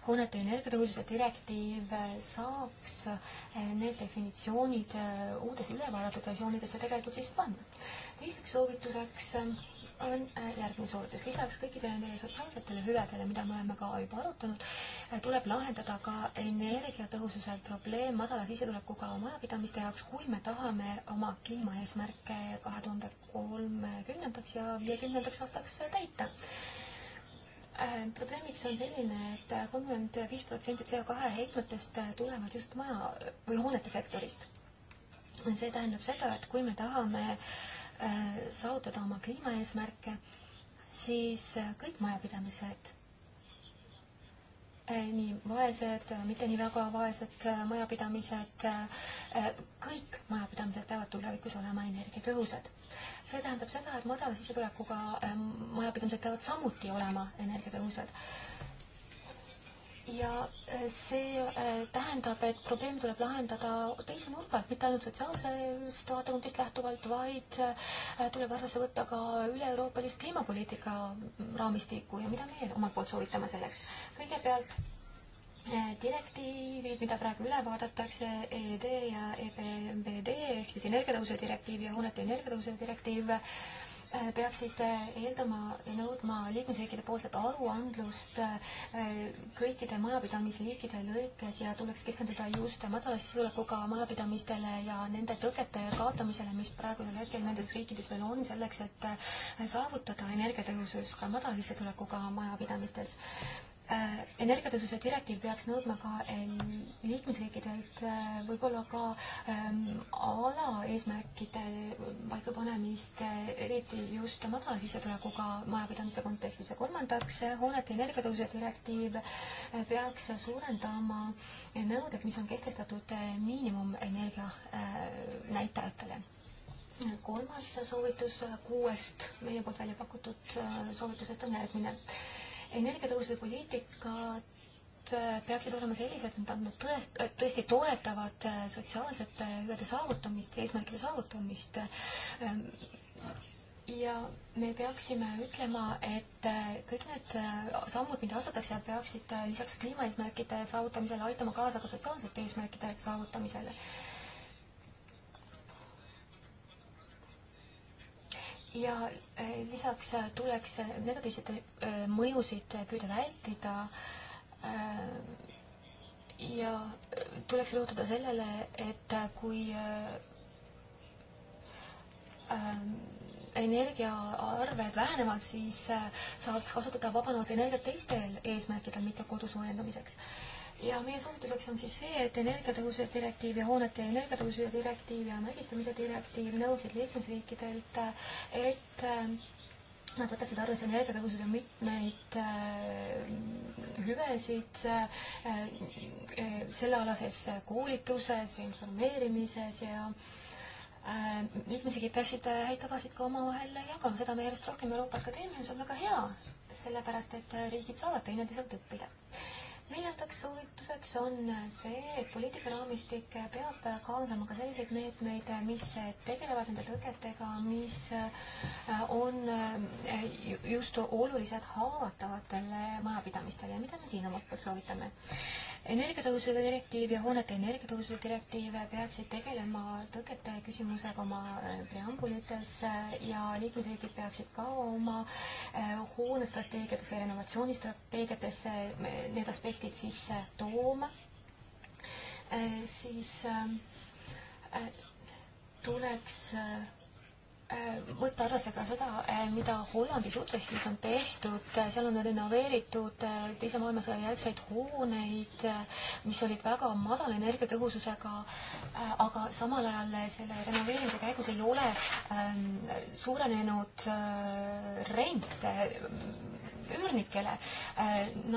hoonete energiatõhususe direktiiv saaks eh, need definitsioonid eh, uudes ülevaadatud versioonidesse tegelikult sisse panna. teiseks soovituseks eh, on järgmine soovitus, lisaks kõikidele nendele sotsiaalsetele hüvedele, mida me oleme ka juba arutanud, tuleb lahendada ka energiatõhususe probleem madala sissetulekuga majapidamiste jaoks, kui me tahame oma kliimaeesmärke kahe tuhande kolmekümnendaks ja viiekümnendaks aastaks täita Äh, probleemiks on selline et, et kolmkümmend viis protsenti CO2 heitmetest äh, tulevad just maja või hoonete sektorist. see tähendab seda, et kui me tahame äh, saavutada oma kliimaeesmärke, siis kõik majapidamised Äh, nii vaesed, äh, mitte nii väga vaesed äh, majapidamised, kõik majapidamised peavad tulevikus olema energiatõhusad. see tähendab seda, et madala sissetulekuga majapidamised peavad samuti olema energiatõhusad ja äh, see äh, tähendab, et probleem tuleb lahendada teise nurga alt, mitte ainult sotsiaalsest vaatepunktist lähtuvalt, vaid äh, tuleb arvesse võtta ka üle-euroopalist kliimapoliitika raamistikku ja mida meie omalt poolt soovitame selleks. kõigepealt direktiivid, mida praegu üle vaadatakse, EED ja EBMD ehk siis energiatõhususe direktiiv ja hoonete energiatõhususe direktiiv peaksid eeldama ja nõudma liikmesriikide poolset aruandlust eh, kõikide majapidamisliikide lõikes ja tuleks keskenduda just madala sissetulekuga majapidamistele ja nende tõkete kaotamisele, mis praegusel hetkel nendes riikides veel on, selleks et eh, saavutada energiatõhusus ka madala sissetulekuga majapidamistes Äh, energiatõhususe direktiiv peaks nõudma ka liikmesriikidelt äh, võib-olla ka ähm, alaeesmärkide paikapanemist, äh, eriti just madala sissetulekuga majapidamiste kontekstis. ja kolmandaks, hoonete energiatõhususe direktiiv peaks suurendama nõuded, mis on kehtestatud miinimumenergia äh, näitajatele kolmas soovitus kuuest meie poolt välja pakutud soovitusest on järgmine energiatõhususe poliitikad peaksid olema sellised, et nad tõest-, tõesti toetavad äh, sotsiaalsete äh, hüvede saavutamist, eesmärkide saavutamist. Ähm, ja me peaksime ütlema, et äh, kõik need sammud, mida astutakse, peaksid lisaks kliimaeesmärkide saavutamisele aitama kaasa ka sotsiaalsete eesmärkide saavutamisele ja äh, lisaks äh, tuleks äh, negatiivseid mõjusid püüda vältida ja tuleks rõhutada sellele, et kui energiaarved vähenevad, siis saaks kasutada vabanevat energiat teistel eesmärkidel, mitte kodu soojendamiseks ja meie soovituseks on siis see, et energiatõhususe direktiiv ja hoonete energiatõhususe direktiiv ja märgistamise direktiiv nõudsid liikmesriikidelt, et äh, Nad võtaksid arvesse energiatõhususe mitmeid äh, hüvesid äh, äh, sellealases koolituses, informeerimises ja äh, liikmesriigid peaksid äh, häid tavasid ka omavahel jagama, seda me järjest rohkem Euroopas ka teeme ja see on väga hea, sellepärast et äh, riigid saavad teineteiselt õppida äh, neljandaks soovituseks on see, et poliitikaraamistik peab kaasama ka selliseid meetmeid, mis tegelevad nende tõketega, mis äh, on äh, just olulised haavatavatele majapidamistele ja mida me siin omalt poolt soovitame energiatõhususe direktiiv ja hoonete energiatõhususe direktiiv peaksid tegelema tõkete küsimusega oma äh, preambulites äh, ja liikmesriigid peaksid ka oma äh, hoonestrateegiatesse ja renovatsioonistrateegiatesse need aspektid sisse tooma. siis ähm, tuleks Äh, võtta arvesse ka seda, äh, mida Hollandis Utrechtis on tehtud, äh, seal on renoveeritud teise maailmasõja järgseid hooneid, mis olid väga madala energiatõhususega, aga samal ajal selle renoveerimise käigus ei ole ähm, suurenenud rent üürnikele.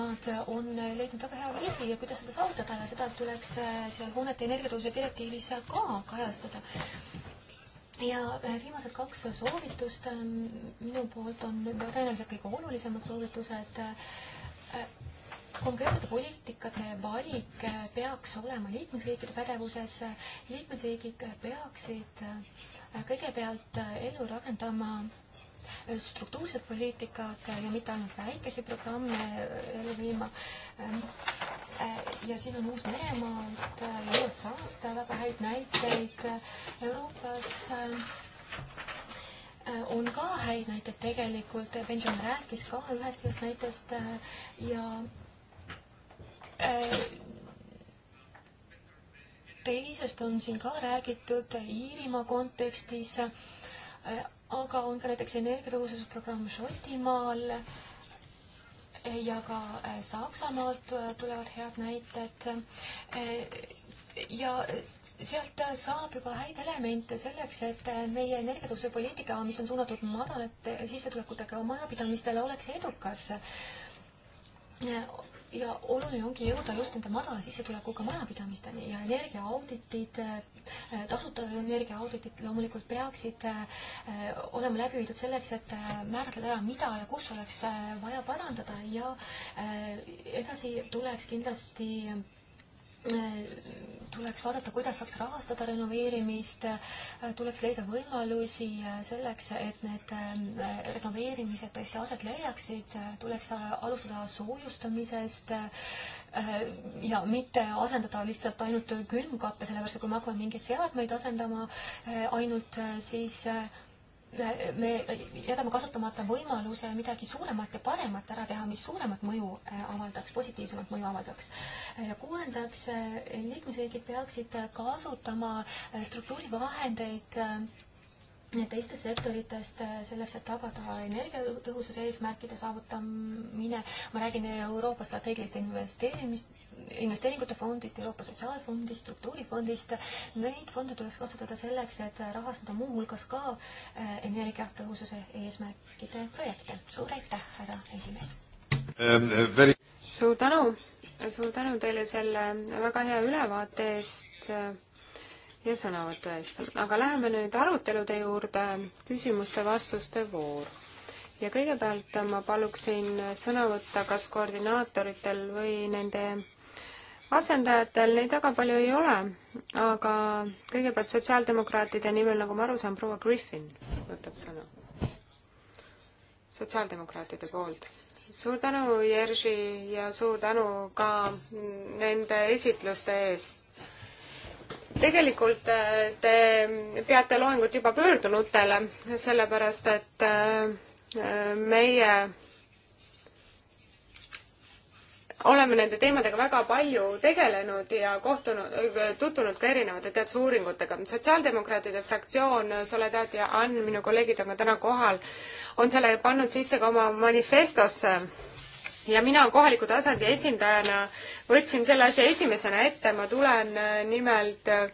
Nad on leidnud väga hea viisi, kuidas seda saavutada ja seda tuleks seal hoonete energiatõhususe direktiivis ka kajastada ja äh, viimased kaks soovitust ähm, minu poolt on tõenäoliselt kõige olulisemad soovitused. Äh, äh, konkreetsete poliitikate valik peaks olema liikmesriikide pädevuses. liikmesriigid peaksid kõigepealt ellu rakendama struktuursed poliitikad ja mitte ainult väikesi programme ellu viima. ja siin on Uus-Meremaalt ja USA-st väga häid näiteid. Euroopas äh, on ka häid näiteid tegelikult, Benjamin rääkis ka ühest sellest näitest äh, ja äh, teisest on siin ka räägitud Iirimaa kontekstis aga on ka näiteks energiatõhususprogramm Šotimaal ja ka äh, Saksamaalt äh, tulevad head näited. Äh, ja sealt saab juba häid elemente selleks, et meie energiatõhususe poliitika, mis on suunatud madalate sissetulekutega majapidamistele, oleks edukas ja oluline ongi jõuda just nende madala sissetulekuga majapidamisteni ja energiaauditid, äh, tasuta energiaauditid loomulikult peaksid äh, olema läbi viidud selleks, et äh, määratleda ära, mida ja kus oleks vaja parandada ja edasi tuleks kindlasti tuleks vaadata, kuidas saaks rahastada renoveerimist, tuleks leida võimalusi selleks, et need ähm, renoveerimised tõesti aset leiaksid, tuleks alustada soojustamisest äh, ja mitte asendada lihtsalt ainult külmkappe, sellepärast et kui me hakkame mingeid seadmeid asendama äh, ainult, äh, siis me jätame kasutamata võimaluse midagi suuremat ja paremat ära teha, mis suuremat mõju äh, avaldaks, positiivsemat mõju avaldaks. Äh, ja kuuendaks, äh, liikmesriigid peaksid kasutama struktuurivahendeid teistest sektoritest selleks, et tagada energiatõhususe eesmärkide saavutamine. ma räägin Euroopa strateegiliste investeerimist investeeringute fondist, Euroopa Sotsiaalfondist, struktuurifondist. Neid fonde tuleks kasutada selleks, et rahastada muuhulgas ka äh, energiatõhususe eesmärkide projekte. suur aitäh, härra esimees ähm, äh, very...! suur tänu, suur tänu teile selle väga hea ülevaate eest äh, ja sõnavõtu eest. aga läheme nüüd arutelude juurde, küsimuste-vastuste voor. ja kõigepealt ma paluksin sõna võtta kas koordinaatoritel või nende asendajatel neid väga palju ei ole, aga kõigepealt sotsiaaldemokraatide nimel, nagu ma aru saan, proua Griffin võtab sõna. sotsiaaldemokraatide poolt. suur tänu, Jerzy, ja suur tänu ka nende esitluste eest. tegelikult äh, te peate loengut juba pöördunutele, sellepärast et äh, äh, meie oleme nende teemadega väga palju tegelenud ja kohtunud, äh, tutvunud ka erinevate teadusuuringutega. sotsiaaldemokraatide fraktsioon, Soledad ja Ann, minu kolleegid on ka täna kohal, on selle pannud sisse ka oma manifestosse ja mina kohaliku tasandi esindajana võtsin selle asja esimesena ette, ma tulen äh, nimelt äh,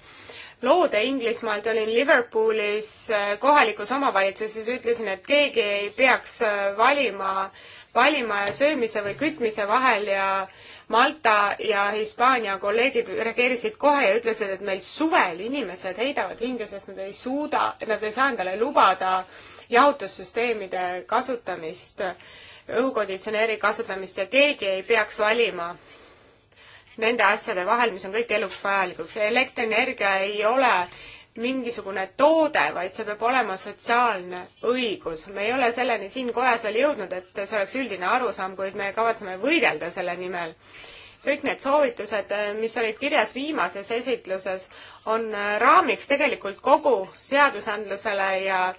loode Inglismaalt, olin Liverpoolis äh, kohalikus omavalitsuses, ütlesin, et keegi ei peaks äh, valima, valima söömise või kütmise vahel ja Malta ja Hispaania kolleegid reageerisid kohe ja ütlesid, et meil suvel inimesed heidavad hinge, sest nad ei suuda, nad ei saa endale lubada jahutussüsteemide kasutamist, õhukonditsioneeri kasutamist ja keegi ei peaks valima nende asjade vahel, mis on kõik eluks vajalikuks. elektrienergia ei ole mingisugune toode, vaid see peab olema sotsiaalne õigus. me ei ole selleni siin kojas veel jõudnud, et see oleks üldine arusaam, kuid me kavatseme võidelda selle nimel. kõik need soovitused, mis olid kirjas viimases esitluses, on raamiks tegelikult kogu seadusandlusele ja äh,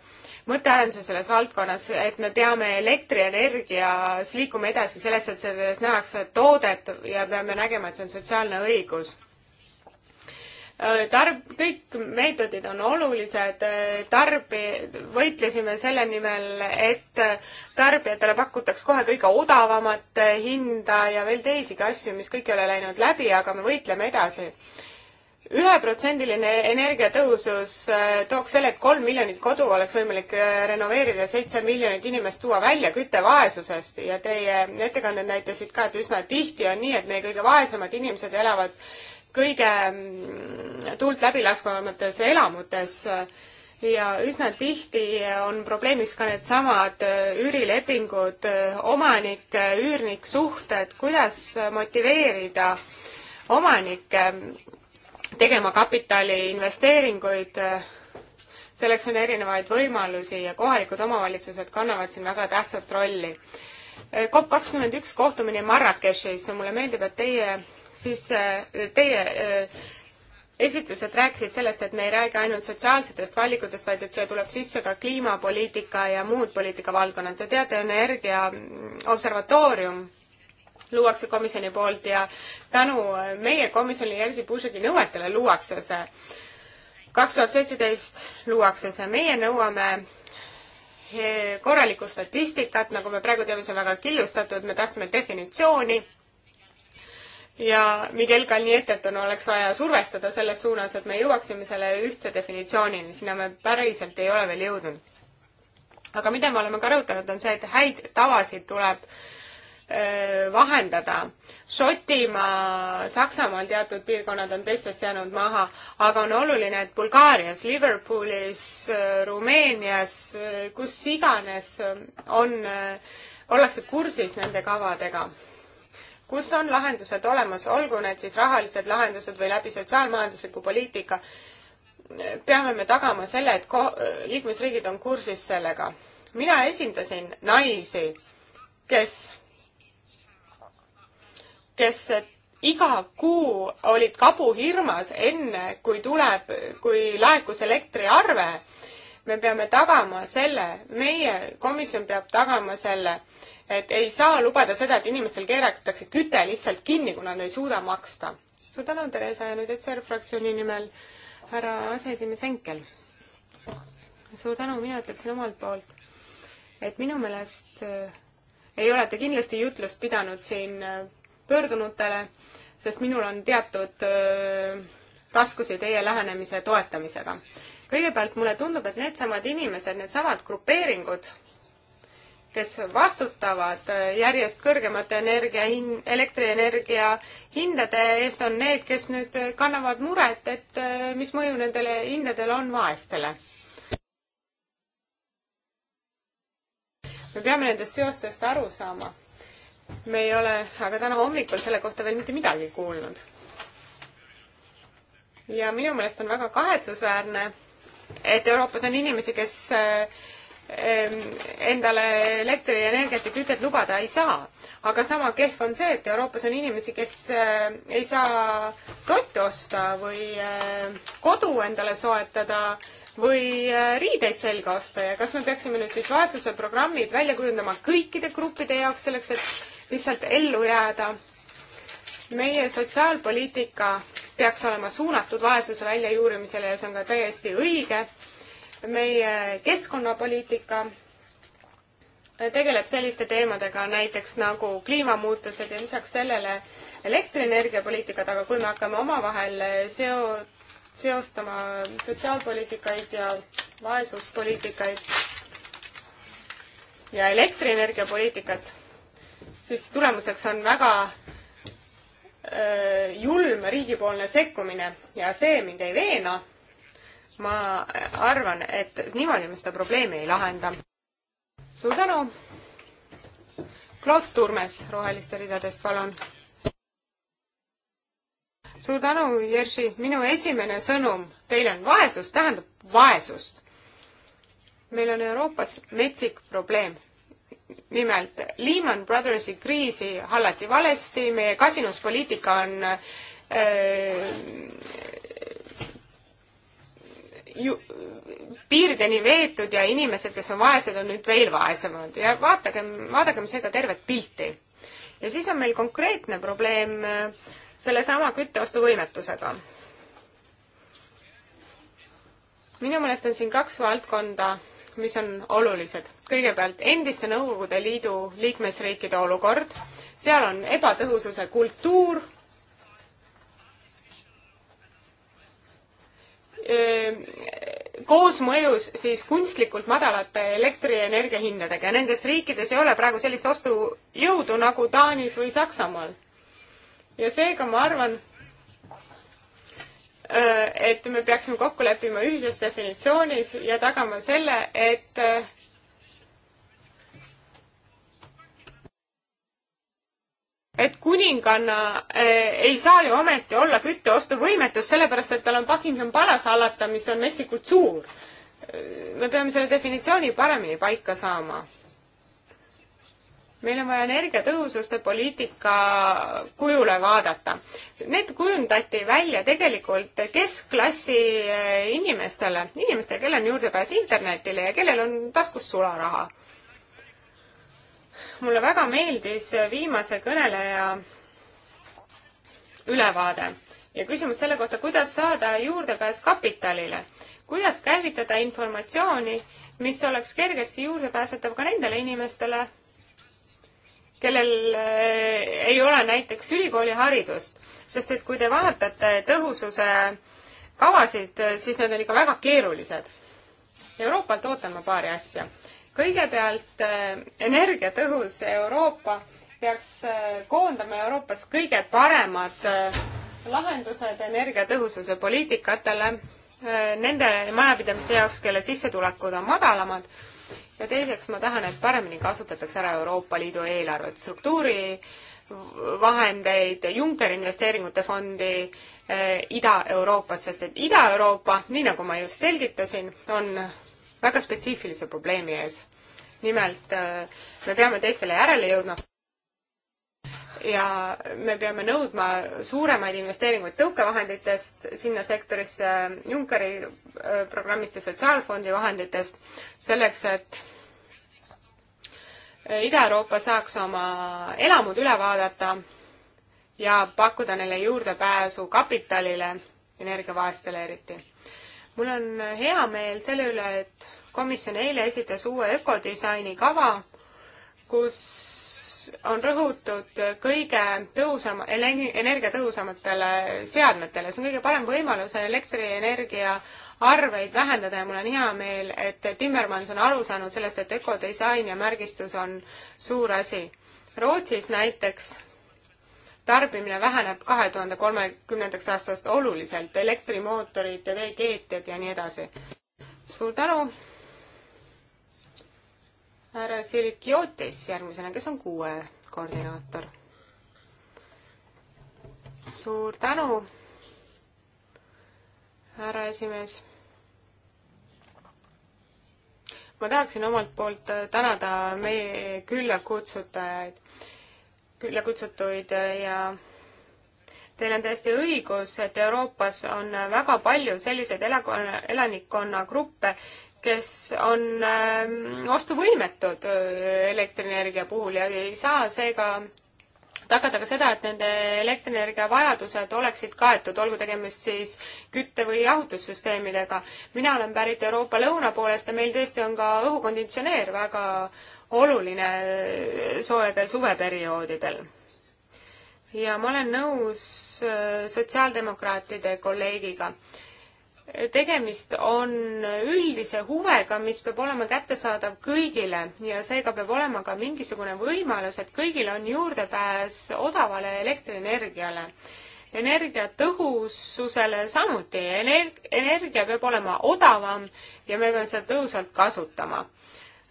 mõttearenduse selles valdkonnas, et me peame elektrienergias liikuma edasi sellest, et selles nähakse toodet ja peame nägema, et see on sotsiaalne õigus tarb-, kõik meetodid on olulised, tarbi-, võitlesime selle nimel, et tarbijatele pakutaks kohe kõige odavamat hinda ja veel teisigi asju, mis kõik ei ole läinud läbi, aga me võitleme edasi üheprotsendiline energiatõhusus äh, tooks selle, et kolm miljonit kodu oleks võimalik äh, renoveerida, seitse miljonit inimest tuua välja küttevaesusest ja teie ettekanded näitasid ka, et üsna tihti on nii, et meie kõige vaesemad inimesed elavad kõige mm, tuult läbi laskvamates elamutes ja üsna tihti on probleemiks ka needsamad äh, üürilepingud, omanik, üürnik, suhted, kuidas motiveerida omanikke tegema kapitaliinvesteeringuid, selleks on erinevaid võimalusi ja kohalikud omavalitsused kannavad siin väga tähtsat rolli. COP kakskümmend üks kohtumine Marrakechis, mulle meeldib, et teie siis, teie eh, esitlused rääkisid sellest, et me ei räägi ainult sotsiaalsetest valikutest, vaid et siia tuleb sisse ka kliimapoliitika ja muud poliitikavaldkonnad. Te teate, energia observatoorium luuakse komisjoni poolt ja tänu meie komisjoni Jerzy Buzeki nõuetele luuakse see. kaks tuhat seitseteist luuakse see, meie nõuame eh, korralikku statistikat, nagu me praegu teame, see on väga killustatud, me tahtsime definitsiooni ja Miguel Calnietetona oleks vaja survestada selles suunas, et me jõuaksime selle ühtse definitsioonini, sinna me päriselt ei ole veel jõudnud. aga mida me oleme ka rõhutanud, on see, et häid tavasid tuleb äh, Äh, vahendada. Šotimaa, Saksamaal teatud piirkonnad on teistest jäänud maha, aga on oluline, et Bulgaarias, Liverpoolis, äh, Rumeenias, äh, kus iganes on, ollakse kursis nende kavadega kus on lahendused olemas, olgu need siis rahalised lahendused või läbi sotsiaalmajandusliku poliitika, peame me tagama selle, et ko-, liikmesriigid on kursis sellega. mina esindasin naisi, kes kes iga kuu olid kabuhirmas enne, kui tuleb, kui laekus elektriarve. me peame tagama selle, meie komisjon peab tagama selle, et ei saa lubada seda, et inimestel keeratakse küte lihtsalt kinni, kuna nad ei suuda maksta. suur tänu, Theresa ja nüüd ETSR fraktsiooni nimel härra aseesimees Henkel. suur tänu, mina ütleksin omalt poolt, et minu meelest äh, ei ole te kindlasti jutlust pidanud siin äh, pöördunutele, sest minul on teatud raskusi teie lähenemise toetamisega. kõigepealt mulle tundub, et needsamad inimesed, needsamad grupeeringud, kes vastutavad järjest kõrgemate energia hin-, elektrienergia hindade eest, on need, kes nüüd kannavad muret, et mis mõju nendele hindadele on vaestele. me peame nendest seostest aru saama me ei ole aga täna hommikul selle kohta veel mitte midagi kuulnud. ja minu meelest on väga kahetsusväärne, et Euroopas on inimesi, kes ähm, endale elektrienergiat ja kütet lubada ei saa. aga sama kehv on see, et Euroopas on inimesi, kes äh, ei saa toitu osta või äh, kodu endale soetada või äh, riideid selga osta ja kas me peaksime nüüd siis vaesuse programmid välja kujundama kõikide gruppide jaoks selleks, et lihtsalt ellu jääda. meie sotsiaalpoliitika peaks olema suunatud vaesuse väljajuurimisele ja see on ka täiesti õige. meie keskkonnapoliitika tegeleb selliste teemadega näiteks nagu kliimamuutused ja lisaks sellele elektrienergiapoliitikad, aga kui me hakkame omavahel seo-, seostama sotsiaalpoliitikaid ja vaesuspoliitikaid ja elektrienergiapoliitikat, siis tulemuseks on väga äh, julm riigipoolne sekkumine ja see mind ei veena. ma arvan, et niimoodi me seda probleemi ei lahenda. suur tänu. Claude Turmes Roheliste ridadest, palun. suur tänu, Jerzy. minu esimene sõnum teile on vaesus tähendab vaesust. meil on Euroopas metsik probleem nimelt Lehman Brothersi kriisi hallati valesti, meie kasinuspoliitika on äh, ju, piirideni veetud ja inimesed, kes on vaesed, on nüüd veel vaesemad ja vaatagem, vaadakem seega tervet pilti. ja siis on meil konkreetne probleem äh, sellesama kütteostuvõimetusega. minu meelest on siin kaks valdkonda mis on olulised. kõigepealt endiste Nõukogude Liidu liikmesriikide olukord, seal on ebatõhususe kultuur, koosmõjus siis kunstlikult madalate elektrienergia hindadega ja nendes riikides ei ole praegu sellist ostujõudu nagu Taanis või Saksamaal. ja seega ma arvan, Äh, et me peaksime kokku leppima ühises definitsioonis ja tagama selle, et äh, et kuninganna äh, ei saa ju ometi olla kütteostuvõimetus, sellepärast et tal on Buckingham Palace alata, mis on metsikult suur. Äh, me peame selle definitsiooni paremini paika saama meil on vaja energiatõhususte poliitika kujule vaadata. Need kujundati välja tegelikult keskklassi eh, inimestele, inimestele, kellel on juurdepääs internetile ja kellel on taskus sularaha. mulle väga meeldis viimase kõneleja ülevaade ja küsimus selle kohta, kuidas saada juurdepääs kapitalile, kuidas käivitada informatsiooni, mis oleks kergesti juurdepääsetav ka nendele inimestele, kellel eh, ei ole näiteks ülikooliharidust, sest et kui te vaatate tõhususe kavasid, eh, siis need on ikka väga keerulised. Euroopalt ootan ma paari asja. kõigepealt eh, energiatõhus Euroopa peaks koondama Euroopas kõige paremad lahendused energiatõhususe poliitikatele nende majapidamiste jaoks, kelle sissetulekud on madalamad ja teiseks ma tahan, et paremini kasutatakse ära Euroopa Liidu eelarvet, struktuuri vahendeid, Junckeri investeeringute fondi äh, Ida-Euroopas, sest et Ida-Euroopa, nii nagu ma just selgitasin, on väga spetsiifilise probleemi ees. nimelt äh, me peame teistele järele jõudma ja me peame nõudma suuremaid investeeringuid tõukevahenditest sinna sektorisse, Junckeri äh, programmist ja Sotsiaalfondi vahenditest, selleks et äh, Ida-Euroopa saaks oma elamud üle vaadata ja pakkuda neile juurdepääsu kapitalile, energiavaestele eriti. mul on hea meel selle üle, et komisjon eile esitas uue ökodisaini kava, kus on rõhutud kõige tõhusama, energiatõhusamatele seadmetele. see on kõige parem võimalus elektrienergia arveid vähendada ja mul on hea meel, et Timmermans on aru saanud sellest, et ökodisain ja märgistus on suur asi. Rootsis näiteks tarbimine väheneb kahe tuhande kolmekümnendaks aastast oluliselt, elektrimootorid, veekeetjad ja nii edasi. suur tänu! härra Sirikiotis järgmisena, kes on kuue koordinaator. suur tänu, härra esimees. ma tahaksin omalt poolt tänada meie külla kutsutajaid, külla kutsutuid ja Teil on täiesti õigus, et Euroopas on väga palju selliseid elakonna, elanikkonnagruppe, kes on ähm, äh, ostuvõimetud elektrienergia puhul ja ei saa seega tagada ka seda, et nende elektrienergia vajadused oleksid kaetud, olgu tegemist siis kütte- või jahutussüsteemidega. mina olen pärit Euroopa lõuna poolest ja meil tõesti on ka õhukonditsioneer väga oluline äh, soojadel suveperioodidel ja ma olen nõus äh, sotsiaaldemokraatide kolleegiga tegemist on üldise huvega, mis peab olema kättesaadav kõigile ja seega peab olema ka mingisugune võimalus, et kõigil on juurdepääs odavale elektrienergiale. energiatõhususele samuti Ener, energia peab olema odavam ja me peame seda tõhusalt kasutama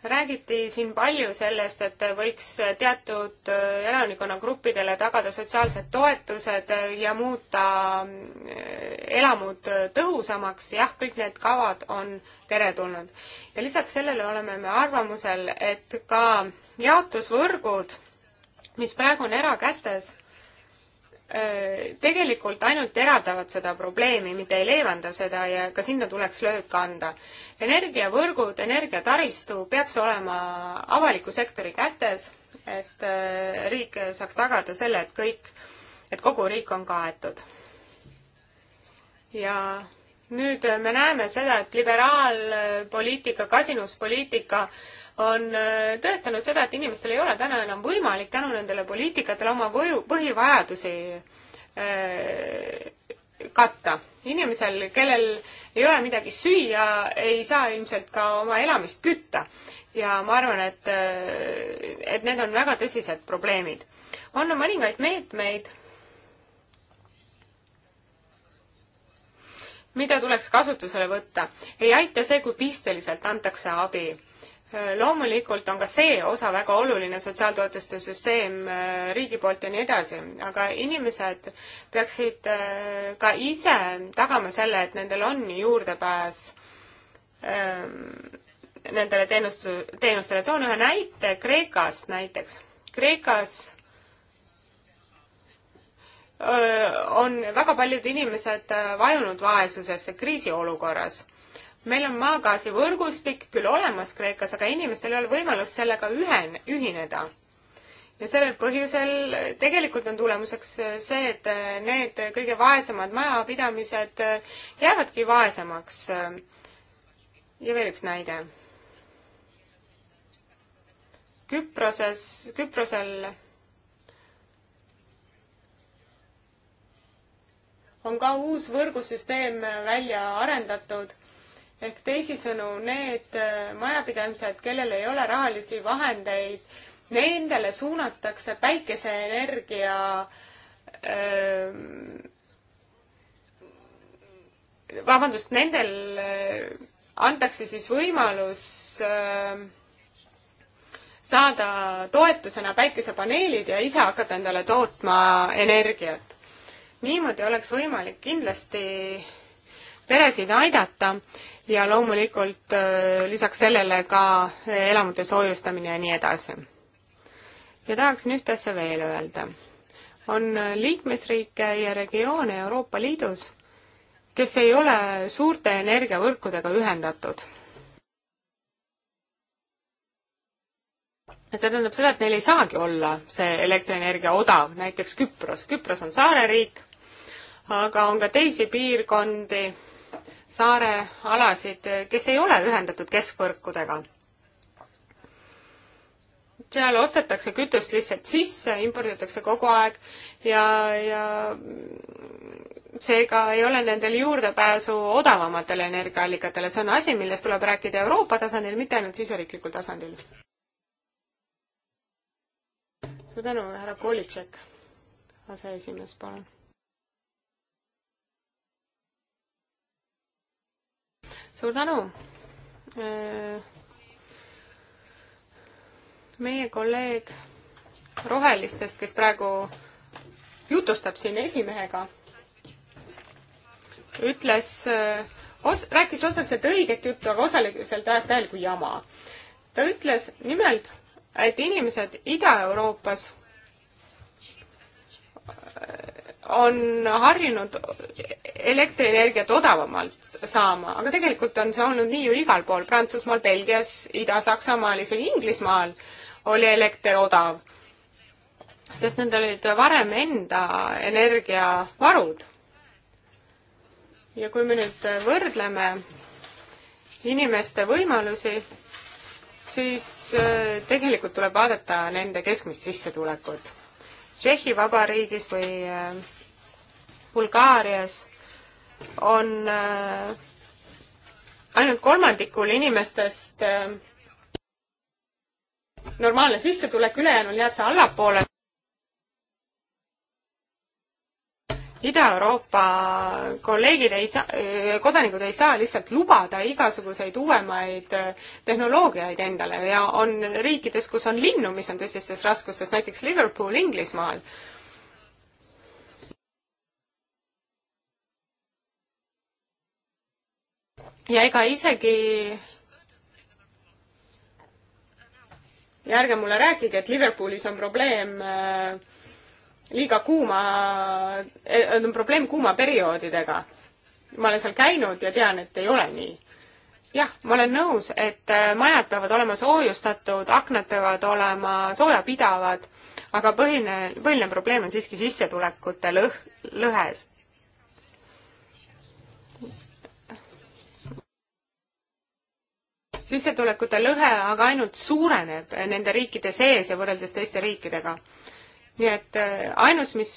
räägiti siin palju sellest, et võiks teatud äh, elanikkonnagruppidele tagada sotsiaalsed toetused äh, ja muuta äh, elamud tõhusamaks, jah, kõik need kavad on teretulnud. ja lisaks sellele oleme me arvamusel, et ka jaotusvõrgud, mis praegu on erakätes, Äh, tegelikult ainult teravdavad seda probleemi, mitte ei leevenda seda ja ka sinna tuleks löök anda. energiavõrgud, energiataristu peaks olema avaliku sektori kätes, et äh, riik saaks tagada selle, et kõik, et kogu riik on kaetud. ja nüüd me näeme seda, et liberaalpoliitika, kasinuspoliitika äh, on äh, tõestanud seda, et inimestel ei ole täna enam võimalik tänu nendele poliitikatele oma koju, põhivajadusi äh, katta. inimesel, kellel ei ole midagi süüa, ei saa ilmselt ka oma elamist kütta. ja ma arvan, et, äh, et need on väga tõsised probleemid. on mõningaid meetmeid, mida tuleks kasutusele võtta. ei aita see, kui pisteliselt antakse abi loomulikult on ka see osa väga oluline, sotsiaaltoetuste süsteem äh, riigi poolt ja nii edasi, aga inimesed peaksid äh, ka ise tagama selle, et nendel on juurdepääs ähm, nendele teenustu-, teenustele. toon ühe näite Kreekast näiteks. Kreekas äh, on väga paljud inimesed vajunud vaesusesse kriisiolukorras meil on maagaasivõrgustik küll olemas Kreekas, aga inimestel ei ole võimalust sellega ühen-, ühineda. ja sellel põhjusel tegelikult on tulemuseks see, et need kõige vaesemad majapidamised jäävadki vaesemaks. ja veel üks näide. Küproses, Küprosel on ka uus võrgusüsteem välja arendatud ehk teisisõnu, need äh, majapidamised, kellel ei ole rahalisi vahendeid, nendele suunatakse päikeseenergia ähm, vabandust, nendel äh, antakse siis võimalus öö, äh, saada toetusena päikesepaneelid ja ise hakata endale tootma energiat. niimoodi oleks võimalik kindlasti peresid aidata ja loomulikult äh, lisaks sellele ka elamute soojustamine ja nii edasi. ja tahaksin ühte asja veel öelda. on liikmesriike ja regioone Euroopa Liidus, kes ei ole suurte energiavõrkudega ühendatud see tähendab seda, et neil ei saagi olla see elektrienergia odav, näiteks Küpros. Küpros on saareriik, aga on ka teisi piirkondi, saarealasid, kes ei ole ühendatud keskvõrkudega. seal ostetakse kütust lihtsalt sisse, imporditakse kogu aeg ja, ja seega ei ole nendel juurdepääsu odavamatele energiaallikatele, see on asi, millest tuleb rääkida Euroopa tasandil, mitte ainult siseriiklikul tasandil. suur tänu, härra Kolitšek, aseesimees, palun suur tänu! Äh, meie kolleeg Rohelistest, kes praegu jutustab siin esimehega, ütles, äh, os-, rääkis osaliselt õiget juttu, aga osaliselt ajas täielikku jama. ta ütles nimelt, et inimesed Ida-Euroopas on harjunud elektrienergiat odavamalt saama, aga tegelikult on see olnud nii ju igal pool, Prantsusmaal, Belgias, Ida-Saksamaal, isegi Inglismaal oli elekter odav. sest nendel olid varem enda energiavarud. ja kui me nüüd võrdleme inimeste võimalusi, siis eh, tegelikult tuleb vaadata nende keskmist sissetulekut Tšehhi Vabariigis või äh, Bulgaarias on äh, ainult kolmandikul inimestest äh, normaalne sissetulek, ülejäänul jääb see allapoole. Ida-Euroopa kolleegid ei saa, kodanikud ei saa lihtsalt lubada igasuguseid uuemaid äh, tehnoloogiaid endale ja on riikides, kus on linnu, mis on tõsistes raskustes, näiteks Liverpool Inglismaal. ja ega isegi ja ärge mulle rääkige, et Liverpoolis on probleem äh, liiga kuuma, eh, on probleem kuumaperioodidega. ma olen seal käinud ja tean, et ei ole nii. jah, ma olen nõus, et eh, majad peavad olema soojustatud, aknad peavad olema soojapidavad, aga põhiline, põhiline probleem on siiski sissetulekute lõh-, lõhes sissetulekute lõhe aga ainult suureneb nende riikide sees ja võrreldes teiste riikidega nii et äh, ainus, mis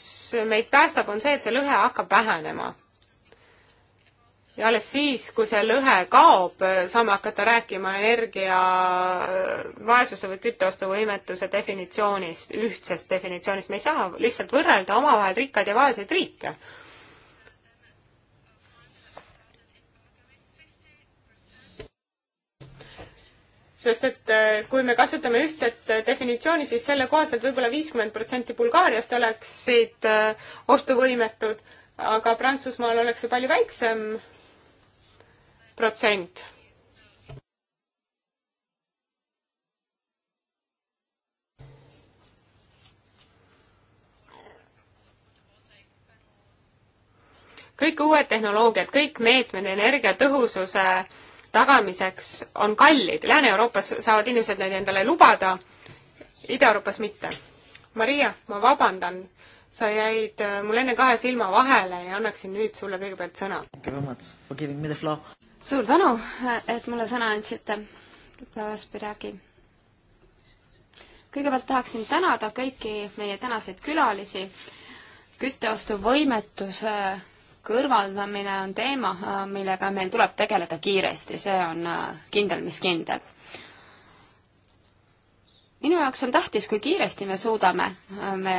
meid päästab, on see, et see lõhe hakkab vähenema. ja alles siis, kui see lõhe kaob, äh, saame hakata rääkima energia äh, vaesuse või kütteostuvõimetuse definitsioonist, ühtsest definitsioonist, me ei saa lihtsalt võrrelda omavahel rikkaid ja vaeseid riike sest et äh, kui me kasutame ühtset äh, definitsiooni, siis selle kohaselt võib-olla viiskümmend protsenti Bulgaariast oleksid äh, ostuvõimetud, aga Prantsusmaal oleks see palju väiksem protsent. kõik uued tehnoloogiad, kõik meetmed energiatõhususe äh, tagamiseks on kallid. Lääne-Euroopas saavad inimesed neid endale lubada, Ida-Euroopas mitte. Maria, ma vabandan, sa jäid äh, mul enne kahe silma vahele ja annaksin nüüd sulle kõigepealt sõna. suur tänu, et mulle sõna andsite, proua Spiraki. kõigepealt tahaksin tänada kõiki meie tänaseid külalisi kütteostuvõimetuse äh, kõrvaldamine on teema, äh, millega meil tuleb tegeleda kiiresti, see on äh, kindel mis kindel. minu jaoks on tähtis, kui kiiresti me suudame äh, me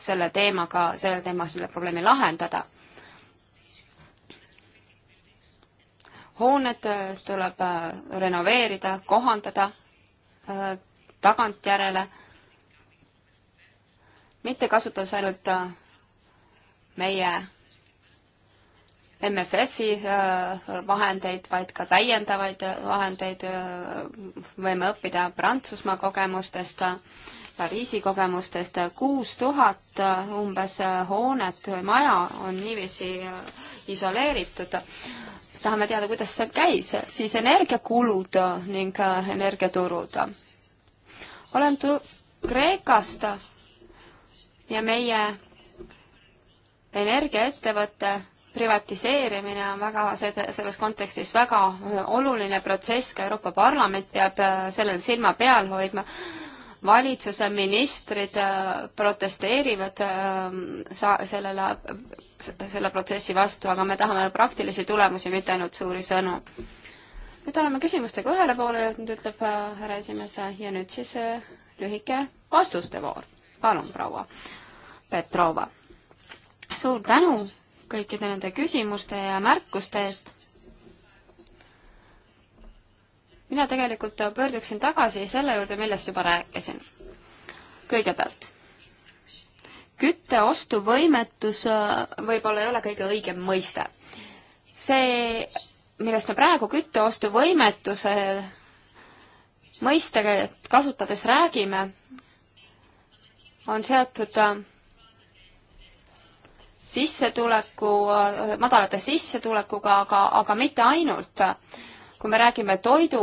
selle teemaga, selle teema, selle probleemi lahendada. hooned tuleb renoveerida, kohandada tagantjärele, mitte kasutades ainult meie MFF-i äh, vahendeid, vaid ka täiendavaid äh, vahendeid. Äh, võime õppida Prantsusmaa kogemustest, Pariisi kogemustest. kuus tuhat umbes hoonet või maja on niiviisi isoleeritud tahame teada, kuidas see käis, siis energiakulud ning energiaturud. olen tu-, Kreekast ja meie energiaettevõte privatiseerimine on väga, selles kontekstis väga äh, oluline protsess, ka Euroopa Parlament peab äh, sellel silma peal hoidma. valitsuse ministrid äh, protesteerivad sa-, sellele, selle protsessi vastu, aga me tahame praktilisi tulemusi, mitte ainult suuri sõnu. nüüd oleme küsimustega ühele poole jõudnud, ütleb härra esimees, ja nüüd siis lühike vastuste voor. palun, proua Petrova. suur tänu kõikide nende küsimuste ja märkuste eest. mina tegelikult pöörduksin tagasi selle juurde, millest juba rääkisin. kõigepealt, kütte ostuvõimetus äh, võib-olla ei ole kõige õigem mõiste. see, millest me praegu kütte ostuvõimetuse mõistega kasutades räägime, on seotud äh, sissetuleku, madalate sissetulekuga, aga, aga mitte ainult. kui me räägime toidu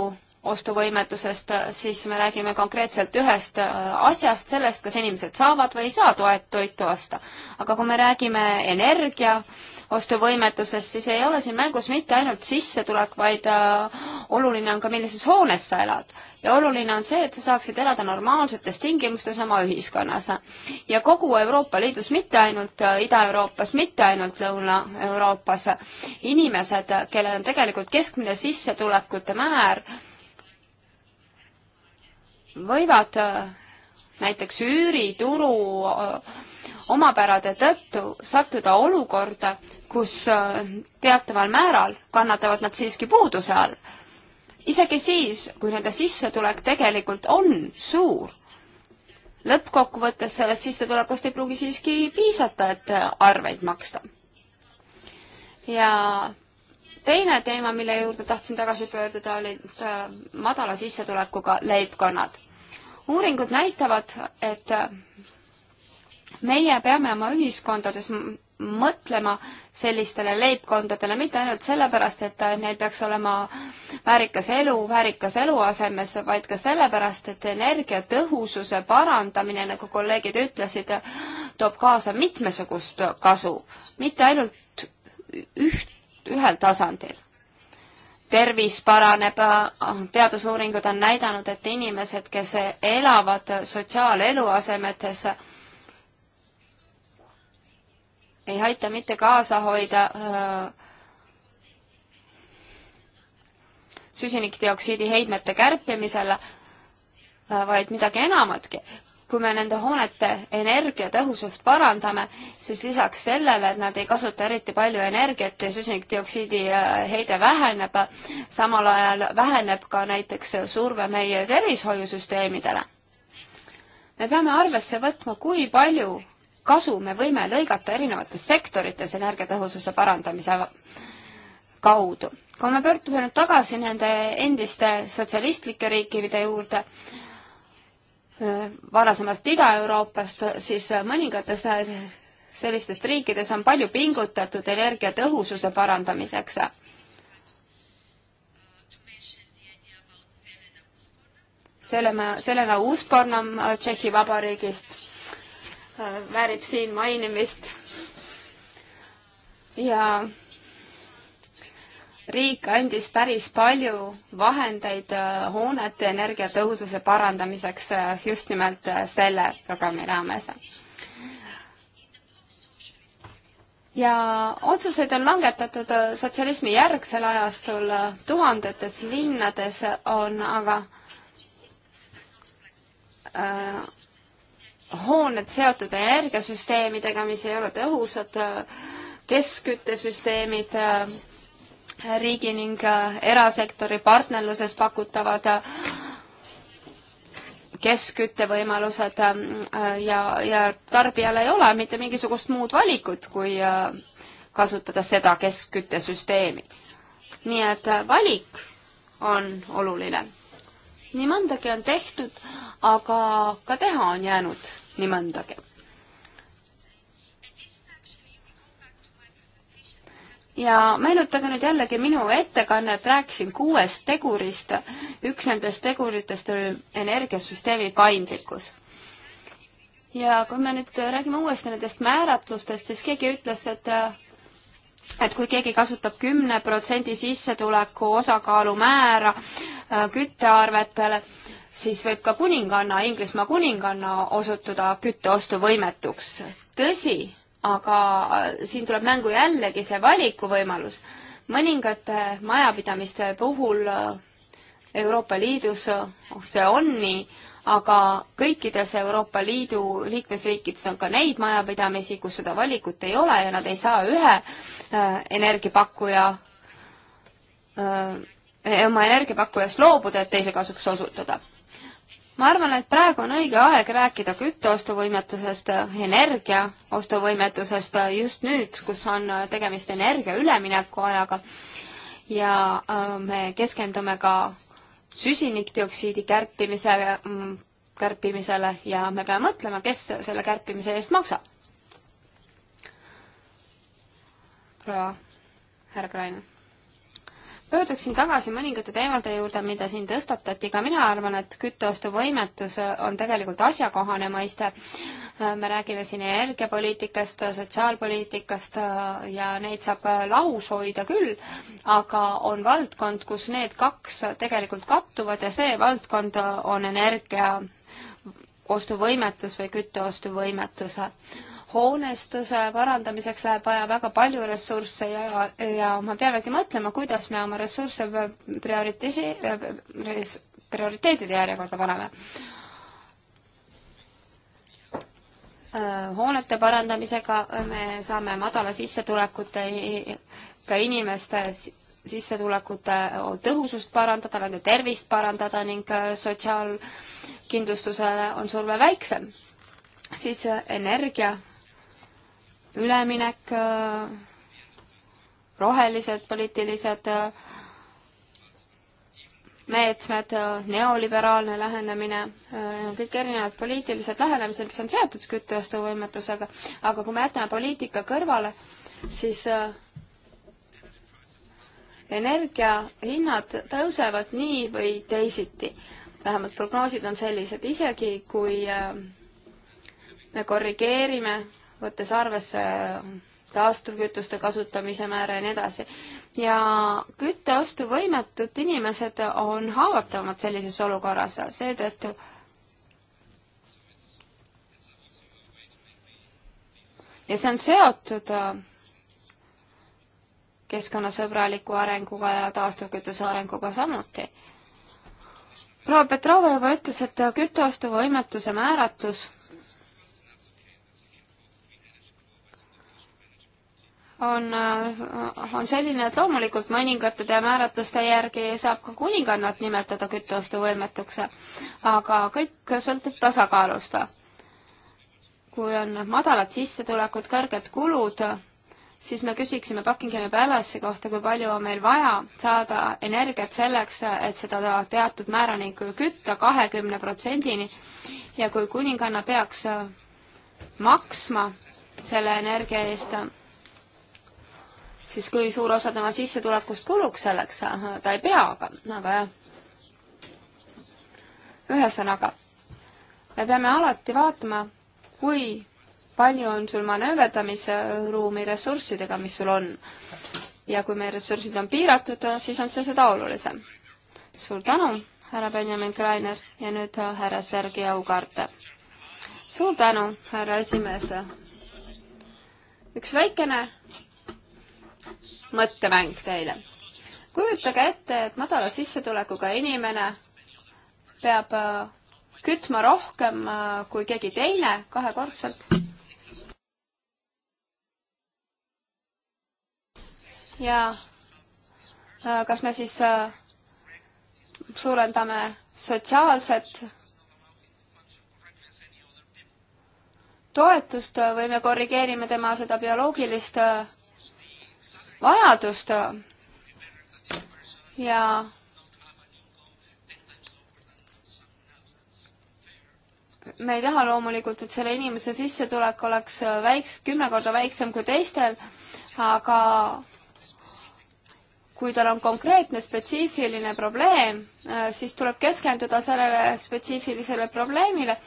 ostuvõimetusest, siis me räägime konkreetselt ühest äh, asjast, sellest, kas inimesed saavad või ei saa toet, toitu osta. aga kui me räägime energia äh, ostuvõimetusest, siis ei ole siin mängus mitte ainult sissetulek, vaid äh, oluline on ka, millises hoones sa elad. ja oluline on see, et sa saaksid elada normaalsetes tingimustes oma ühiskonnas. ja kogu Euroopa Liidus, mitte ainult äh, Ida-Euroopas, mitte ainult Lõuna-Euroopas, inimesed, kellel on tegelikult keskmine sissetulekute määr, võivad äh, näiteks üürituru omapärade tõttu sattuda olukorda, kus äh, teataval määral kannatavad nad siiski puuduse all. isegi siis, kui nende sissetulek tegelikult on suur, lõppkokkuvõttes sellest sissetulekust ei pruugi siiski piisata, et äh, arveid maksta. ja teine teema, mille juurde tahtsin tagasi pöörduda, olid äh, madala sissetulekuga leibkonnad. uuringud näitavad, et meie peame oma ühiskondades mõtlema sellistele leibkondadele mitte ainult sellepärast, et neil peaks olema väärikas elu väärikas eluasemes, vaid ka sellepärast, et energiatõhususe parandamine, nagu kolleegid ütlesid, toob kaasa mitmesugust kasu, mitte ainult üht, ühel tasandil tervis paraneb, teadusuuringud on näidanud, et inimesed, kes elavad sotsiaaleluasemetes, ei aita mitte kaasa hoida äh, süsinikdioksiidi heidmete kärpimisele, äh, vaid midagi enamatki. kui me nende hoonete energiatõhusust parandame, siis lisaks sellele, et nad ei kasuta eriti palju energiat ja süsinikdioksiidi äh, heide väheneb, samal ajal väheneb ka näiteks surve meie tervishoiusüsteemidele. me peame arvesse võtma, kui palju kasu me võime lõigata erinevates sektorites energiatõhususe parandamise kaudu. kui me pöördume nüüd tagasi nende endiste sotsialistlike riikide juurde, äh, varasemast Ida-Euroopast, siis mõningates sellistes riikides on palju pingutatud energiatõhususe parandamiseks. Selena, Selena Usborna Tšehhi Vabariigist Äh, väärib siin mainimist. ja riik andis päris palju vahendeid äh, hoonete energiatõhususe parandamiseks äh, just nimelt selle programmi raames. ja otsuseid on langetatud sotsialismi järgsel ajastul, tuhandetes linnades on aga äh, hooned seotud energiasüsteemidega, mis ei ole tõhusad, keskküttesüsteemid, äh, riigi ning äh, erasektori partnerluses pakutavad äh, keskküttevõimalused ja, ja tarbijal ei ole mitte mingisugust muud valikut, kui kasutada seda keskküttesüsteemi. nii et valik on oluline nii mõndagi on tehtud, aga ka teha on jäänud nii mõndagi. ja meenutage nüüd jällegi minu ettekannet, rääkisin kuuest tegurist. üks nendest teguritest oli energiasüsteemi paindlikkus ja kui me nüüd räägime uuesti nendest määratlustest, siis keegi ütles, et et kui keegi kasutab kümne protsendi sissetuleku osakaalu määra äh, küttearvetele, siis võib ka kuninganna, Inglismaa kuninganna osutuda kütteostuvõimetuks. tõsi, aga äh, siin tuleb mängu jällegi see valikuvõimalus. mõningate majapidamiste puhul äh, Euroopa Liidus see on nii, aga kõikides Euroopa Liidu liikmesriikides on ka neid majapidamisi, kus seda valikut ei ole ja nad ei saa ühe äh, energiapakkuja äh, oma energiapakkujast loobuda, et teise kasuks osutada ma arvan, et praegu on õige aeg rääkida kütteostuvõimetusest, energia ostuvõimetusest just nüüd, kus on tegemist energia üleminekuajaga ja äh, me keskendume ka süsinikdioksiidi kärpimise, mm, kärpimisele ja me peame mõtlema, kes selle kärpimise eest maksab. proua härra Krain pöörduksin tagasi mõningate teemade juurde, mida siin tõstatati, ka mina arvan, et kütteostuvõimetus on tegelikult asjakohane mõiste. me räägime siin energiapoliitikast, sotsiaalpoliitikast ja neid saab lahus hoida küll, aga on valdkond, kus need kaks tegelikult kattuvad ja see valdkond on energia ostuvõimetus või kütteostuvõimetus hoonestuse parandamiseks läheb vaja väga palju ressursse ja, ja me peamegi mõtlema, kuidas me oma ressursse prioritisi-, prioriteedide järjekorda paneme. Äh, hoonete parandamisega me saame madala sissetulekute ka inimeste sissetulekute tõhusust parandada, nende tervist parandada ning äh, sotsiaalkindlustusele on surve väiksem. siis äh, energia üleminek, äh, rohelised poliitilised äh, meetmed, äh, neoliberaalne lähenemine, kõik erinevad poliitilised lähenemised, mis on seotud kütteostuvõimetusega, aga kui me jätame poliitika kõrvale, siis energiahinnad tõusevad nii või teisiti. vähemalt prognoosid on sellised, isegi kui me korrigeerime võttes arvesse taastuvkütuste kasutamise määra ja nii edasi. ja kütteostuvõimetud inimesed on haavatavamad sellises olukorras, seetõttu ja see on seotud äh, keskkonnasõbraliku arenguga ja taastuvkütuse arenguga samuti. proua Petrova juba ütles, et kütteostuvõimetuse määratlus on, äh, on selline, et loomulikult mõningate määratluste järgi saab ka kuningannat nimetada kütteostuvõimetuks, aga kõik sõltub tasakaalust. kui on madalad sissetulekud, kõrged kulud, siis me küsiksime Buckinghami Palace'i kohta, kui palju on meil vaja saada energiat selleks, et seda teatud määrani kütta, kahekümne protsendini. ja kui kuninganna peaks maksma selle energia eest, siis kui suur osa tema sissetulekust kuluks selleks, äh, ta ei pea, aga, aga jah. ühesõnaga, me peame alati vaatama, kui palju on sul manööverdamisruumi ressurssidega, mis sul on. ja kui meie ressursid on piiratud, siis on see seda olulisem. suur tänu, härra Benjamin Kreiner ja nüüd äh, härra Sergei Augarte. suur tänu, härra esimees. üks väikene mõttemäng teile. kujutage ette, et madala sissetulekuga inimene peab äh, kütma rohkem äh, kui keegi teine kahekordselt. ja äh, kas me siis suurendame sotsiaalset toetust või me korrigeerime tema seda bioloogilist vajadust ja me ei taha loomulikult, et selle inimese sissetulek oleks väiks-, kümme korda väiksem kui teistel, aga kui tal on konkreetne spetsiifiline probleem, siis tuleb keskenduda sellele spetsiifilisele probleemile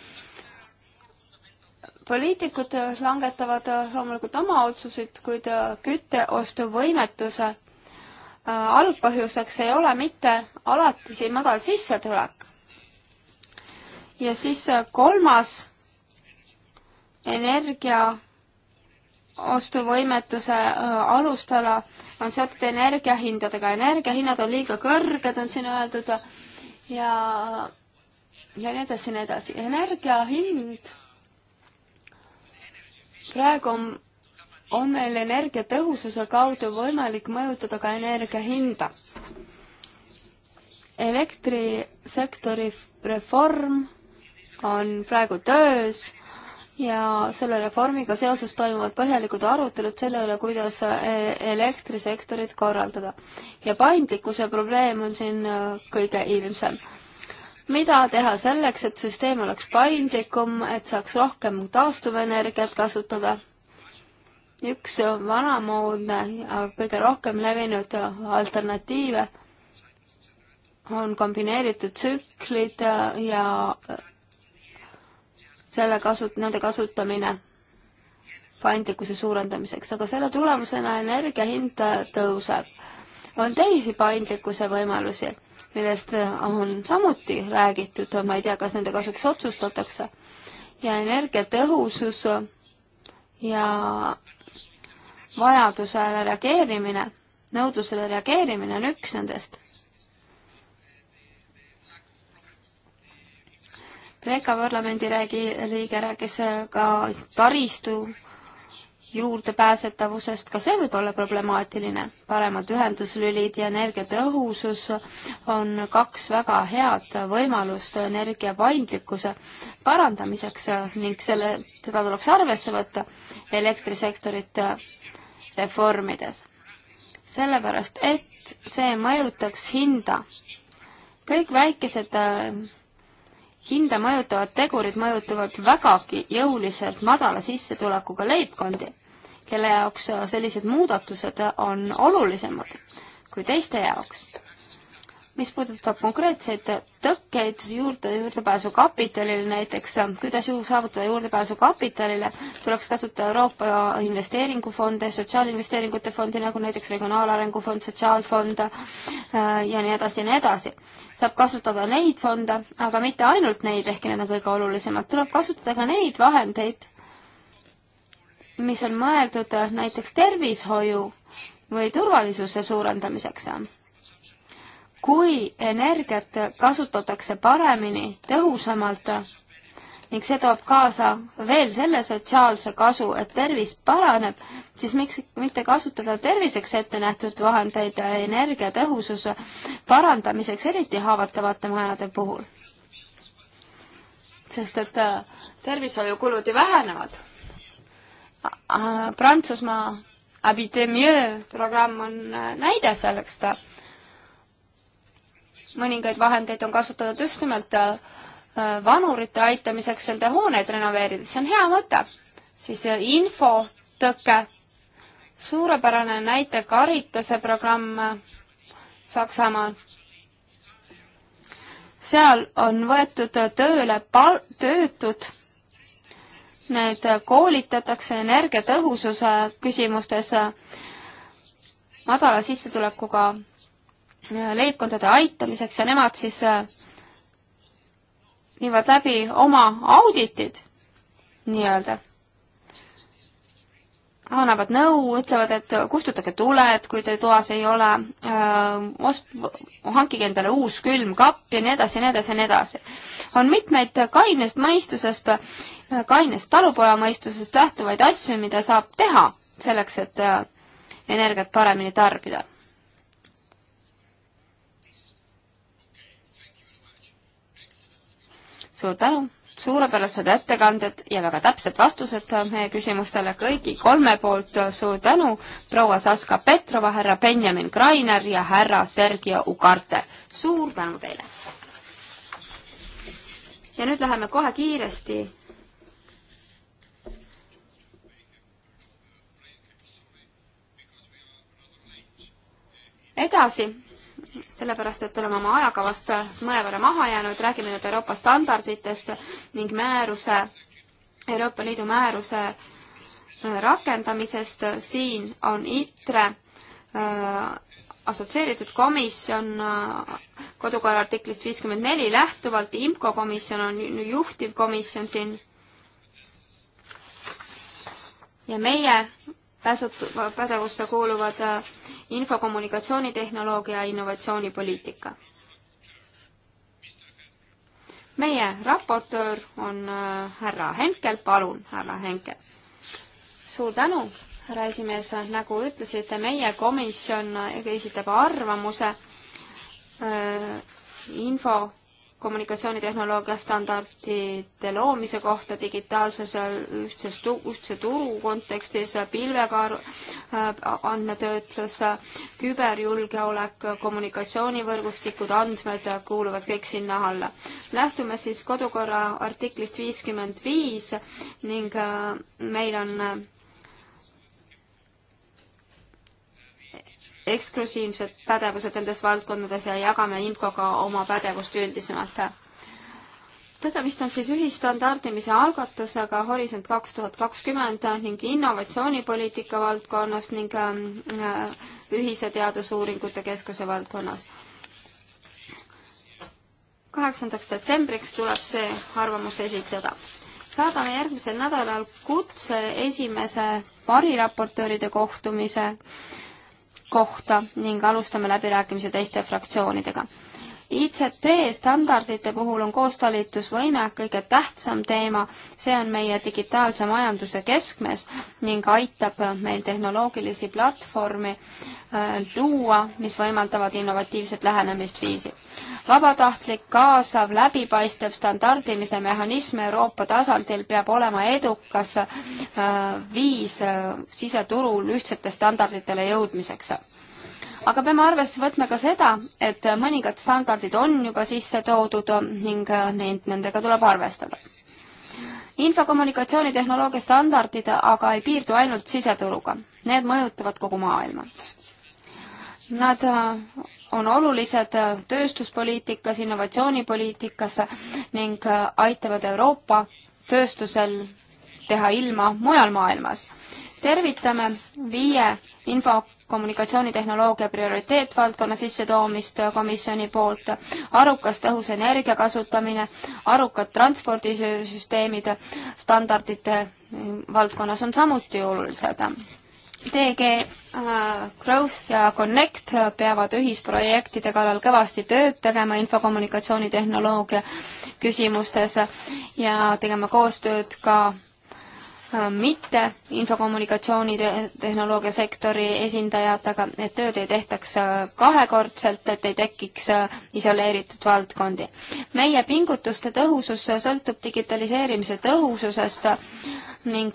poliitikud langetavad äh, loomulikult oma otsuseid, kuid äh, kütteostuvõimetuse äh, algpõhjuseks ei ole mitte alati see madal sissetulek. ja siis kolmas energia ostuvõimetuse alustala on seotud energiahindadega. energiahinnad on liiga kõrged, on siin öeldud ja, ja nii edasi, nii edasi. energia hind praegu on, on meil energiatõhususe kaudu võimalik mõjutada ka energia hinda. elektrisektori reform on praegu töös ja selle reformiga seoses toimuvad põhjalikud arutelud selle üle, kuidas e, elektrisektorit korraldada. ja paindlikkuse probleem on siin e, kõige ilmsem mida teha selleks, et süsteem oleks paindlikum, et saaks rohkem taastuvenergiat kasutada? üks vanamoodne, aga kõige rohkem levinud alternatiive on kombineeritud tsüklid ja selle kasut-, nende kasutamine paindlikkuse suurendamiseks, aga selle tulemusena energia hind tõuseb. on teisi paindlikkuse võimalusi millest äh, on samuti räägitud, ma ei tea, kas nende kasuks otsustatakse, ja energiatõhusus ja vajadusele reageerimine, nõudlusele reageerimine on üks nendest. Kreeka parlamendi räägi-, liige rääkis ka taristu juurdepääsetavusest, ka see võib olla problemaatiline. paremad ühenduslülid ja energiatõhusus on kaks väga head võimalust energia paindlikkuse parandamiseks ning selle, seda tuleks arvesse võtta elektrisektorit reformides. sellepärast, et see mõjutaks hinda. kõik väikesed äh, hinda mõjutavad tegurid mõjutavad vägagi jõuliselt madala sissetulekuga leibkondi kelle jaoks sellised muudatused on olulisemad kui teiste jaoks. mis puudutab konkreetseid tõkkeid juurde, juurdepääsu kapitalile näiteks, kuidas ju saavutada juurdepääsu kapitalile, tuleks kasutada Euroopa investeeringufonde, sotsiaalinvesteeringute fondi, nagu näiteks Regionaalarengu Fond, Sotsiaalfond äh, ja nii edasi ja nii edasi. saab kasutada neid fonde, aga mitte ainult neid, ehkki need on kõige olulisemad, tuleb kasutada ka neid vahendeid, mis on mõeldud äh, näiteks tervishoiu või turvalisuse suurendamiseks. kui energiat kasutatakse paremini, tõhusamalt ning see toob kaasa veel selle sotsiaalse kasu, et tervis paraneb, siis miks mitte kasutada terviseks ette nähtud vahendeid energiatõhususe parandamiseks, eriti haavatavate majade puhul? sest et äh, tervishoiukulud ju vähenevad Prantsusmaa Abitemieux programm on äh, näide sellest. mõningaid vahendeid on kasutatud just nimelt äh, vanurite aitamiseks nende hooneid renoveerida, see on hea mõte. siis äh, infotõke, suurepärane näide Karitase programm Saksamaal. seal on võetud tööle pal-, töötud need koolitatakse energiatõhususe küsimustes, madala sissetulekuga leibkondade aitamiseks ja nemad siis äh, viivad läbi oma auditid nii-öelda annavad nõu, ütlevad, et kustutage tuled, kui teil toas ei ole, ost-, hankige endale uus külm kapp ja nii edasi ja nii edasi ja nii edasi. on mitmeid kainest mõistusest, kainest talupojamõistusest lähtuvaid asju, mida saab teha selleks, et energiat paremini tarbida. suur tänu! suurepärased ettekanded ja väga täpsed vastused meie küsimustele kõigi kolme poolt. suur tänu, proua Saska Petrova, härra Benjamin Grainer ja härra Sergio Ugarte. suur tänu teile! ja nüüd läheme kohe kiiresti edasi sellepärast et oleme oma ajakavast mõnevõrra maha jäänud, räägime nüüd Euroopa standarditest ning määruse, Euroopa Liidu määruse äh, rakendamisest, siin on ITRE äh, assotsieeritud komisjon äh, kodukorra artiklist viiskümmend neli lähtuvalt, IMCO komisjon on juhtiv komisjon siin ja meie päsut-, pädevusse kuuluvad infokommunikatsioonitehnoloogia ja innovatsioonipoliitika. meie raportöör on äh, härra Henkel, palun, härra Henkel. suur tänu, härra esimees, nagu ütlesite, meie komisjon esitab arvamuse äh, info kommunikatsioonitehnoloogia standardite loomise kohta digitaalses ühtses, ühtse turu kontekstis, pilvekaar, äh, andmetöötlus, küberjulgeolek, kommunikatsioonivõrgustikud, andmed kuuluvad kõik sinna alla. lähtume siis kodukorra artiklist viiskümmend viis ning äh, meil on äh, eksklusiivsed pädevused nendes valdkondades ja jagame IMCO-ga oma pädevust üldisemalt. tegemist on siis ühistandardimise algatusega Horisont kaks tuhat kakskümmend ning innovatsioonipoliitika valdkonnas ning äh, ühise teadusuuringute keskuse valdkonnas. kaheksandaks detsembriks tuleb see arvamus esitada saadame järgmisel nädalal kutse esimese variraportööride kohtumise äh, kohta ning alustame läbirääkimisi teiste fraktsioonidega. ICT standardite puhul on koostalitusvõime kõige tähtsam teema, see on meie digitaalse majanduse keskmes ning aitab meil tehnoloogilisi platvormi äh, luua, mis võimaldavad innovatiivset lähenemisviisi. vabatahtlik, kaasav, läbipaistev standardimise mehhanism Euroopa tasandil peab olema edukas äh, viis äh, siseturul ühtsete standarditele jõudmiseks aga peame arvesse võtma ka seda, et mõningad standardid on juba sisse toodud ning neid, nendega tuleb arvestada. infokommunikatsioonitehnoloogia standardid aga ei piirdu ainult siseturuga, need mõjutavad kogu maailma. Nad äh, on olulised äh, tööstuspoliitikas, innovatsioonipoliitikas ning äh, aitavad Euroopa tööstusel teha ilma mujal maailmas. tervitame viie info kommunikatsioonitehnoloogia prioriteetvaldkonna sissetoomist komisjoni poolt, arukas tõhus energia kasutamine, arukad transpordisüsteemid, standardite valdkonnas on samuti olulised. DG äh, Growth ja Connect peavad ühisprojektide kallal kõvasti tööd tegema infokommunikatsioonitehnoloogia küsimustes ja tegema koostööd ka Äh, mitte infokommunikatsioonitehnoloogia sektori esindajatega, et tööd ei tehtaks äh, kahekordselt, et ei tekiks äh, isoleeritud valdkondi. meie pingutuste tõhusus sõltub digitaliseerimise tõhususest ning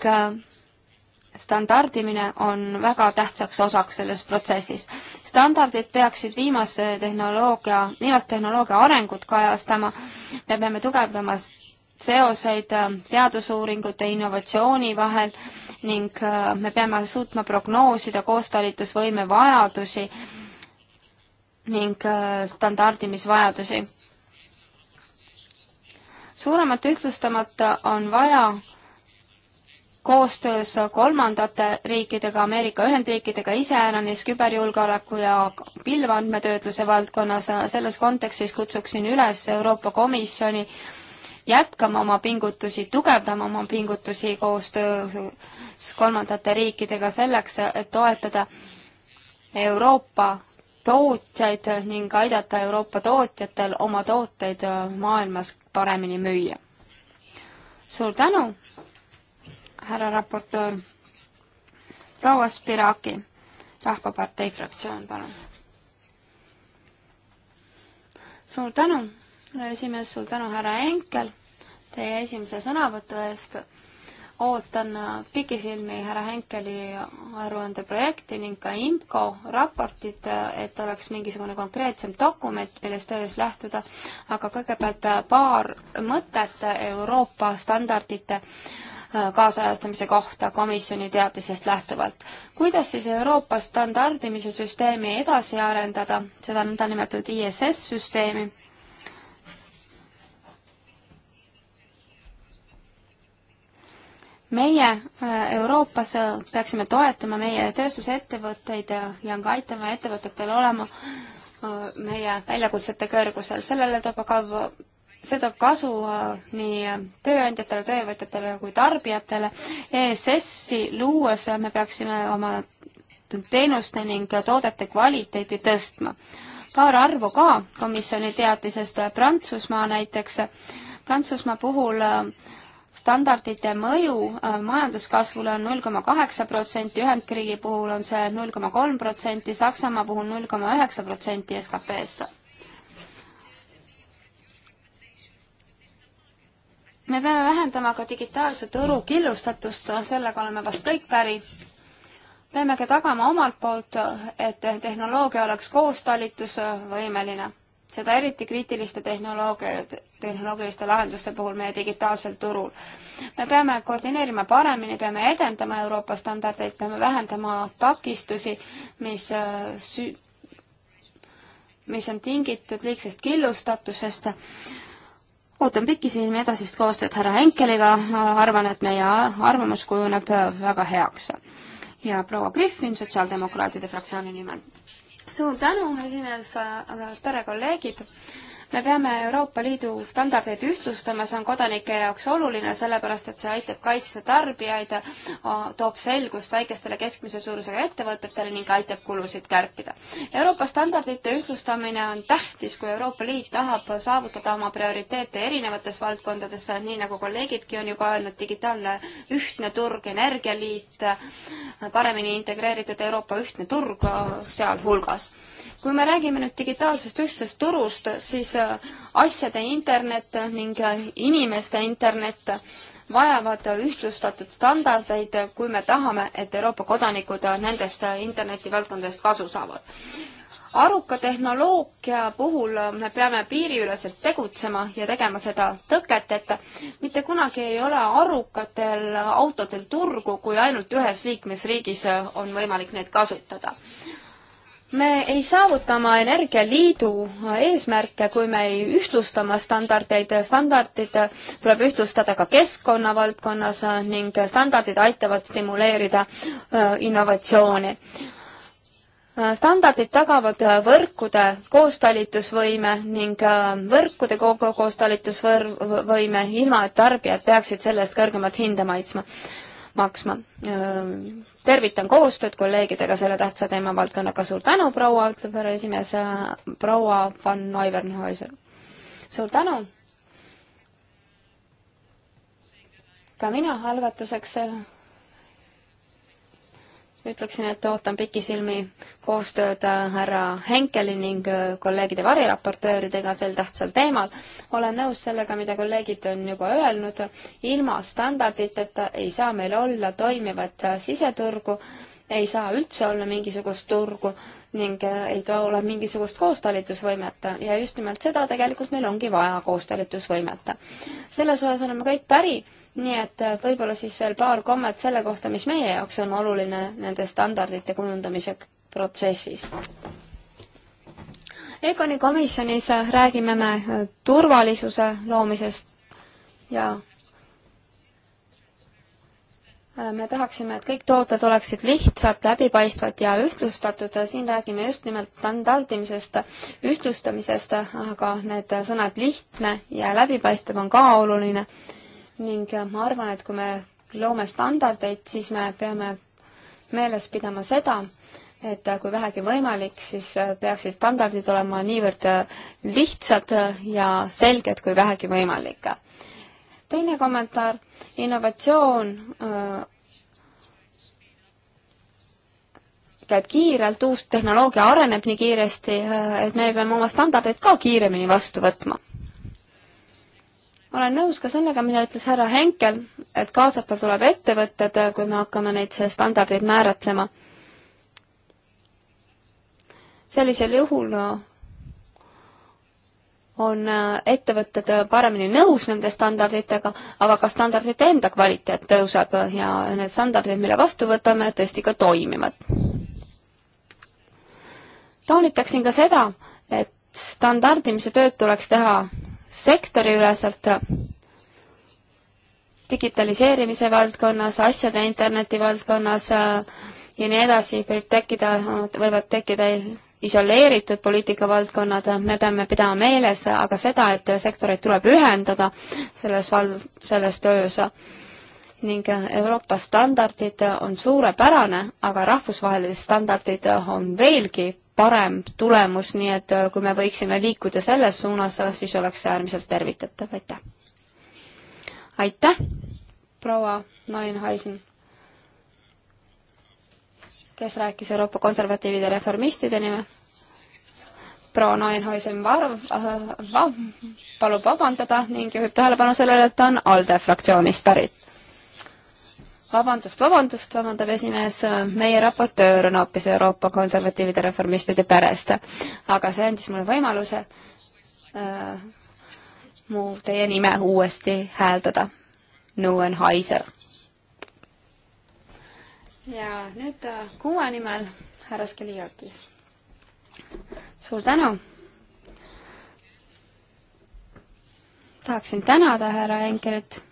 standardimine on väga tähtsaks osaks selles protsessis. standardid peaksid viimase tehnoloogia, viimast tehnoloogia arengut kajastama, me peame tugevdama seoseid äh, teadusuuringute innovatsiooni vahel ning äh, me peame suutma prognoosida koostalitusvõime vajadusi ning äh, standardimisvajadusi. suuremat ühtlustamat on vaja koostöös kolmandate riikidega, Ameerika Ühendriikidega, iseäranis küberjulgeoleku ja pilvandmetöötluse valdkonnas. selles kontekstis kutsuksin üles Euroopa Komisjoni jätkama oma pingutusi, tugevdama oma pingutusi koostöös kolmandate riikidega selleks, et toetada Euroopa tootjaid ning aidata Euroopa tootjatel oma tooteid maailmas paremini müüa. suur tänu, härra raportöör. proua Spiraki, Rahvapartei fraktsioon, palun. suur tänu härra esimees, suur tänu, härra Enkel, teie esimese sõnavõtu eest. ootan pikisilmi härra Henkeli aruande projekti ning ka IMCO raportit, et oleks mingisugune konkreetsem dokument, millest töös lähtuda, aga kõigepealt paar mõtet Euroopa standardite äh, kaasajastamise kohta komisjoni teadmisest lähtuvalt. kuidas siis Euroopa standardimise süsteemi edasi arendada, seda nõndanimetatud ISS-süsteemi, meie äh, Euroopas äh, peaksime toetama meie tööstusettevõtteid ja ka aitama ettevõtetel olema äh, meie väljakutsete kõrgusel. sellele toob aga, see toob kasu nii tööandjatele, töövõtjatele kui tarbijatele. ESS-i luues me peaksime oma teenuste ning toodete kvaliteeti tõstma. paar arvu ka komisjoni teatisest Prantsusmaa näiteks. Prantsusmaa puhul äh, standardite mõju äh, majanduskasvule on null koma kaheksa protsenti, Ühendkriigi puhul on see null koma kolm protsenti, Saksamaa puhul null koma üheksa protsenti SKP-st. me peame vähendama ka digitaalse turu killustatust, sellega oleme vast kõik päri. peame ka tagama omalt poolt, et tehnoloogia oleks koostalitusvõimeline seda eriti kriitiliste tehnoloogia, tehnoloogiliste lahenduste puhul meie digitaalsel turul. me peame koordineerima paremini, peame edendama Euroopa standardeid, peame vähendama takistusi, mis äh, süü-, mis on tingitud liigsest killustatusest. ootan pikisilmi edasist koostööd härra Henkeliga, arvan, et meie arvamus kujuneb väga heaks. ja proua Griffin sotsiaaldemokraatide fraktsiooni nimel suur tänu, esimees, tere kolleegid! me peame Euroopa Liidu standardeid ühtlustama, see on kodanike jaoks oluline, sellepärast et see aitab kaitsta tarbijaid, toob selgust väikestele keskmise suurusega ettevõtetele ning aitab kulusid kärpida. Euroopa standardite ühtlustamine on tähtis, kui Euroopa Liit tahab saavutada oma prioriteete erinevates valdkondades, nii nagu kolleegidki on juba öelnud, digitaalne ühtne turg, energialiit, paremini integreeritud Euroopa ühtne turg sealhulgas kui me räägime nüüd digitaalsest ühtsest turust, siis äh, asjade internet ning äh, inimeste internet vajavad ühtlustatud standardeid, kui me tahame, et Euroopa kodanikud nendest äh, internetivaldkondadest kasu saavad. aruka tehnoloogia puhul me peame piiriüleselt tegutsema ja tegema seda tõketeta. mitte kunagi ei ole arukatel autodel turgu, kui ainult ühes liikmesriigis on võimalik neid kasutada me ei saavuta oma energialiidu eesmärke, kui me ei ühtlusta oma standardeid. standardid tuleb ühtlustada ka keskkonna valdkonnas ning standardid aitavad stimuleerida äh, innovatsiooni. standardid tagavad võrkude koostalitusvõime ning äh, võrkude koostalitusvõime, ilma et tarbijad peaksid selle eest kõrgemat hinda maitsma, maksma äh, tervitan koostööd kolleegidega selle tähtsa teemavaldkonnaga, suur tänu, proua, ütleb härra esimees, äh, proua von Neuwernhäuser. suur tänu! ka mina algatuseks äh, ütleksin, et ootan pikisilmi koostööd äh, härra Henkeli ning äh, kolleegide variraportööridega sel tähtsal teemal. olen nõus sellega, mida kolleegid on juba öelnud, ilma standarditeta ei saa meil olla toimivat äh, siseturgu, ei saa üldse olla mingisugust turgu ning äh, ei ole mingisugust koostalitusvõimet ja just nimelt seda tegelikult meil ongi vaja, koostalitusvõimet. selles osas oleme kõik päri, nii et äh, võib-olla siis veel paar kommet selle kohta, mis meie jaoks on oluline nende standardite kujundamise protsessis. Egoni komisjonis äh, räägime me turvalisuse loomisest ja Äh, me tahaksime, et kõik tooted oleksid lihtsad, läbipaistvad ja ühtlustatud, siin räägime just nimelt standardimisest, ühtlustamisest, aga need sõnad lihtne ja läbipaistev on ka oluline. ning äh, ma arvan, et kui me loome standardeid, siis me peame meeles pidama seda, et äh, kui vähegi võimalik, siis peaksid standardid olema niivõrd lihtsad ja selged kui vähegi võimalik teine kommentaar, innovatsioon käib kiirelt, uus tehnoloogia areneb nii kiiresti, et me peame oma standardeid ka kiiremini vastu võtma. olen nõus ka sellega, mida ütles härra Henkel, et kaasata tuleb ettevõtted, kui me hakkame neid standardeid määratlema. sellisel juhul no, on äh, ettevõtted äh, paremini nõus nende standarditega, aga ka standardite enda kvaliteet tõuseb äh, ja need standardid, mille vastu võtame, tõesti ka toimivad. toonitaksin ka seda, et standardimise tööd tuleks teha sektoriüleselt, digitaliseerimise valdkonnas, asjade interneti valdkonnas ja nii edasi, võib tekkida, võivad tekkida isoleeritud poliitikavaldkonnad, me peame pidama meeles aga seda, et sektoreid tuleb ühendada selles val-, selles töös. ning Euroopa standardid on suurepärane, aga rahvusvahelised standardid on veelgi parem tulemus, nii et kui me võiksime liikuda selles suunas, siis oleks see äärmiselt tervitatav, aitäh! aitäh, proua Nain Haisen! kes rääkis Euroopa konservatiivide reformistide nimel. proua Neuenhuisen äh, varv, va, palub vabandada ning juhib tähelepanu sellele, et ta on ALDE fraktsioonist pärit. vabandust, vabandust, vabandab esimees, meie raportöör on hoopis Euroopa konservatiivide reformistide perest. aga see andis mulle võimaluse äh, mu teie nime uuesti hääldada. Neuenhuiser ja nüüd äh, kuue nimel härra Skeliotis. suur tänu! tahaksin tänada härra Enkelit.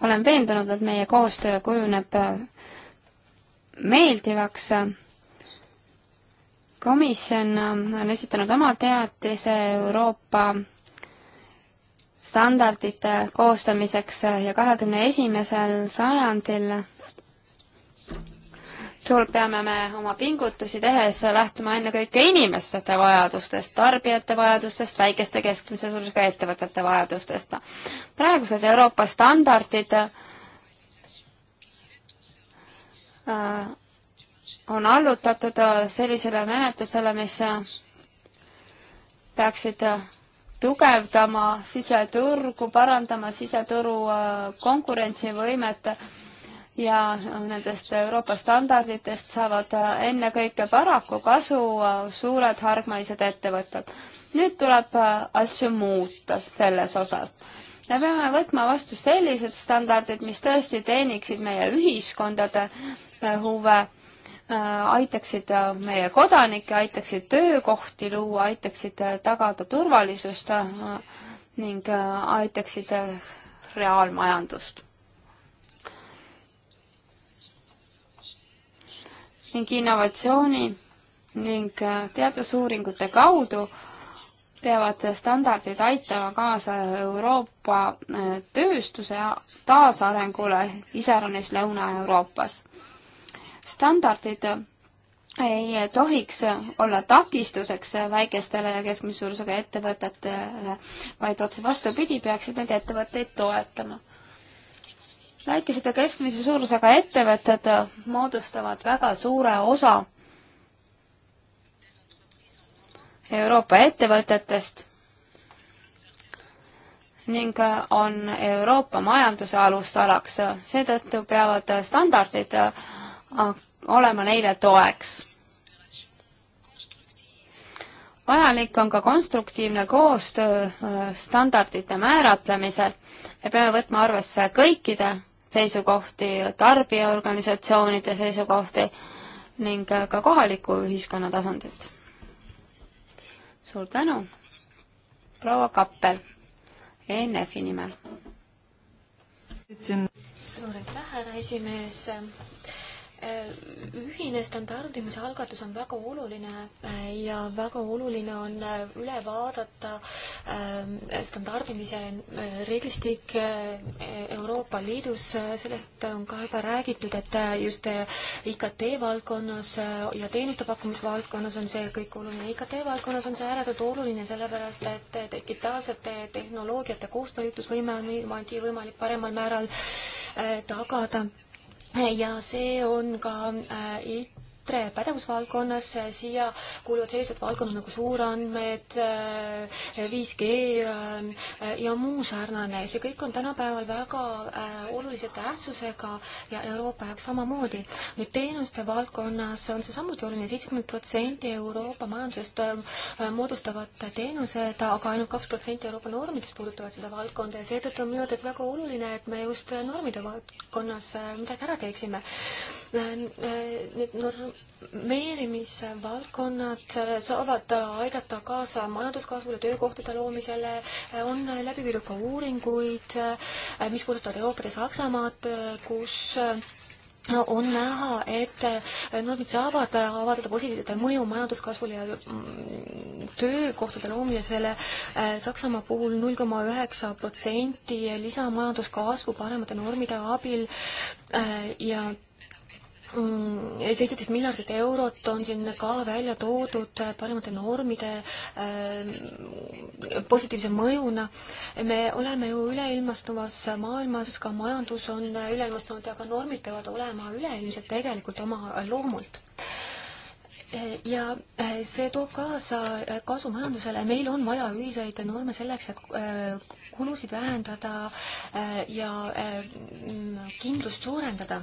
olen veendunud, et meie koostöö kujuneb äh, meeldivaks komisjon äh, on esitanud oma teatise Euroopa standardite koostamiseks ja kahekümne esimesel sajandil tuleb, peame me oma pingutusi tehes lähtuma ennekõike inimeste vajadustest, tarbijate vajadustest, väikeste keskmise suurusega ettevõtete vajadustest. praegused Euroopa standardid äh, on allutatud äh, sellisele menetlusele, mis äh, peaksid tugevdama siseturgu, parandama siseturu äh, konkurentsivõimet ja nendest Euroopa standarditest saavad äh, ennekõike paraku kasu äh, suured hargmaised ettevõtted. nüüd tuleb asju muuta selles osas. me peame võtma vastu sellised standardid, mis tõesti teeniksid meie ühiskondade huve Äh, aitaksid äh, meie kodanikke, aitaksid töökohti luua, aitaksid äh, tagada turvalisust ning aitaksid reaalmajandust. ning innovatsiooni ning teadusuuringute kaudu peavad standardid aitama kaasa Euroopa tööstuse taasarengule, iseäranis Lõuna-Euroopas standardid ei tohiks olla takistuseks väikestele ja keskmise suurusega ettevõtetele, vaid otse vastupidi, peaksid neid ettevõtteid toetama. väikesed ja keskmise suurusega ettevõtted moodustavad väga suure osa Euroopa ettevõtetest ning on Euroopa majanduse alustalaks, seetõttu peavad standardid olema neile toeks. vajalik on ka konstruktiivne koostöö äh, standardite määratlemisel. me peame võtma arvesse kõikide seisukohti, tarbijaorganisatsioonide seisukohti ning äh, ka kohaliku ühiskonna tasandit. suur tänu, proua Kappel, ENF-i nimel. suur aitäh, härra esimees Äh, ühine standardimise algatus on väga oluline äh, ja väga oluline on äh, üle vaadata standardimise reeglistik Euroopa Liidus, sellest on ka juba räägitud, et just IKT valdkonnas ja teenuste pakkumisvaldkonnas on see kõik oluline. IKT valdkonnas on see ääretult oluline, sellepärast et digitaalsete tehnoloogiate koostööõigusvõime on niimoodi võimalik paremal määral tagada ja see on ka äh, IT ITRE pädevusvaldkonnas, eh, siia kuuluvad sellised valdkonnad nagu suurandmed, 5G eh, eh, ja muu sarnane, see kõik on tänapäeval väga olulise tähtsusega ja Euroopa jaoks samamoodi. nüüd teenuste valdkonnas on see samuti oluline, seitsekümmend protsenti Euroopa majandusest moodustavad teenused, aga ainult kaks protsenti Euroopa normidest puudutavad seda valdkonda ja seetõttu on minu arvates väga oluline, et me just normide valdkonnas midagi ära teeksime. Need normeerimisvaldkonnad saavad aidata kaasa majanduskasvule, töökohtade loomisele, on läbi viidud ka uuringuid, mis puudutavad Euroopat ja Saksamaad, kus no on näha, et normid saavad avaldada positiivset mõju majanduskasvule ja mm, töökohtade loomisele Saksamaa puhul null koma üheksa protsenti lisamajanduskasvu paremate normide abil ja Mm, seitseteist miljardit eurot on siin ka välja toodud äh, parimate normide äh, positiivse mõjuna. me oleme ju üleilmastuvas maailmas, ka majandus on üleilmastunud ja ka normid peavad olema üleilmsed tegelikult oma loomult ja äh, see toob kaasa kasu majandusele, meil on vaja ühiseid norme selleks, et kulusid vähendada ja mm, kindlust suurendada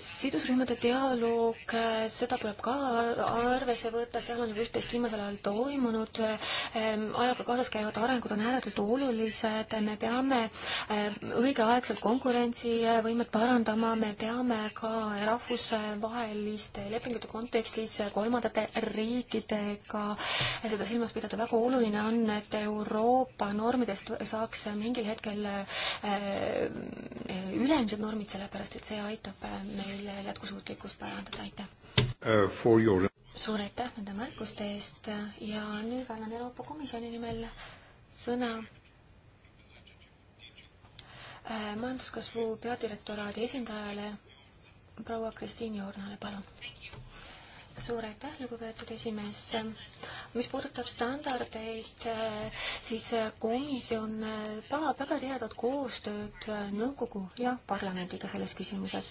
sidusrühmade dialoog, seda tuleb ka arvesse võtta, seal on üht-teist viimasel ajal toimunud, ehm, ajaga kaasas käivad arengud on ääretult olulised, me peame ehm, õigeaegselt konkurentsivõimet parandama, me peame ka rahvusvaheliste lepingute kontekstis kolmandate riikidega seda silmas pidada, väga oluline on, et Euroopa normidest saaks mingil hetkel ehm, ülemised normid, sellepärast et see aitab meil jätkusuutlikkust parandada, aitäh uh,! Your... suur aitäh nende märkuste eest ja nüüd annan Euroopa Komisjoni nimel sõna uh, majanduskasvu peadirektoraadi esindajale proua Kristiin Joornale, palun! suur aitäh, lugupeetud esimees. mis puudutab standardeid, siis komisjon tahab väga tihedat koostööd nõukogu ja parlamendiga selles küsimuses.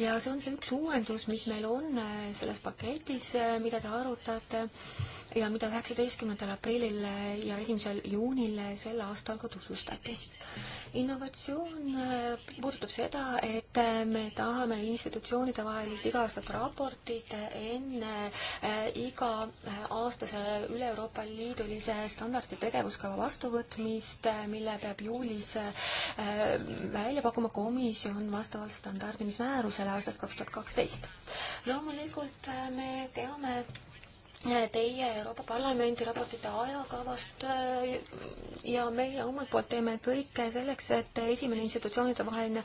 ja see on see üks uuendus, mis meil on selles paketis, mida te arutate ja mida üheksateistkümnendal aprillil ja esimesel juunil sel aastal ka tutvustati innovatsioon äh, puudutab seda, et äh, me tahame institutsioonide vahelist iga-aastat raportit enne äh, iga-aastase üle-Euroopa Liidulise standardi tegevuskava vastuvõtmist, mille peab juulis välja pakkuma komisjon vastavalt standardimismäärusele aastast kaks tuhat kaksteist. loomulikult me teame, teie Euroopa Parlamendi raportite ajakavast äh, ja meie omalt poolt teeme kõike selleks, et esimene institutsioonide vaheline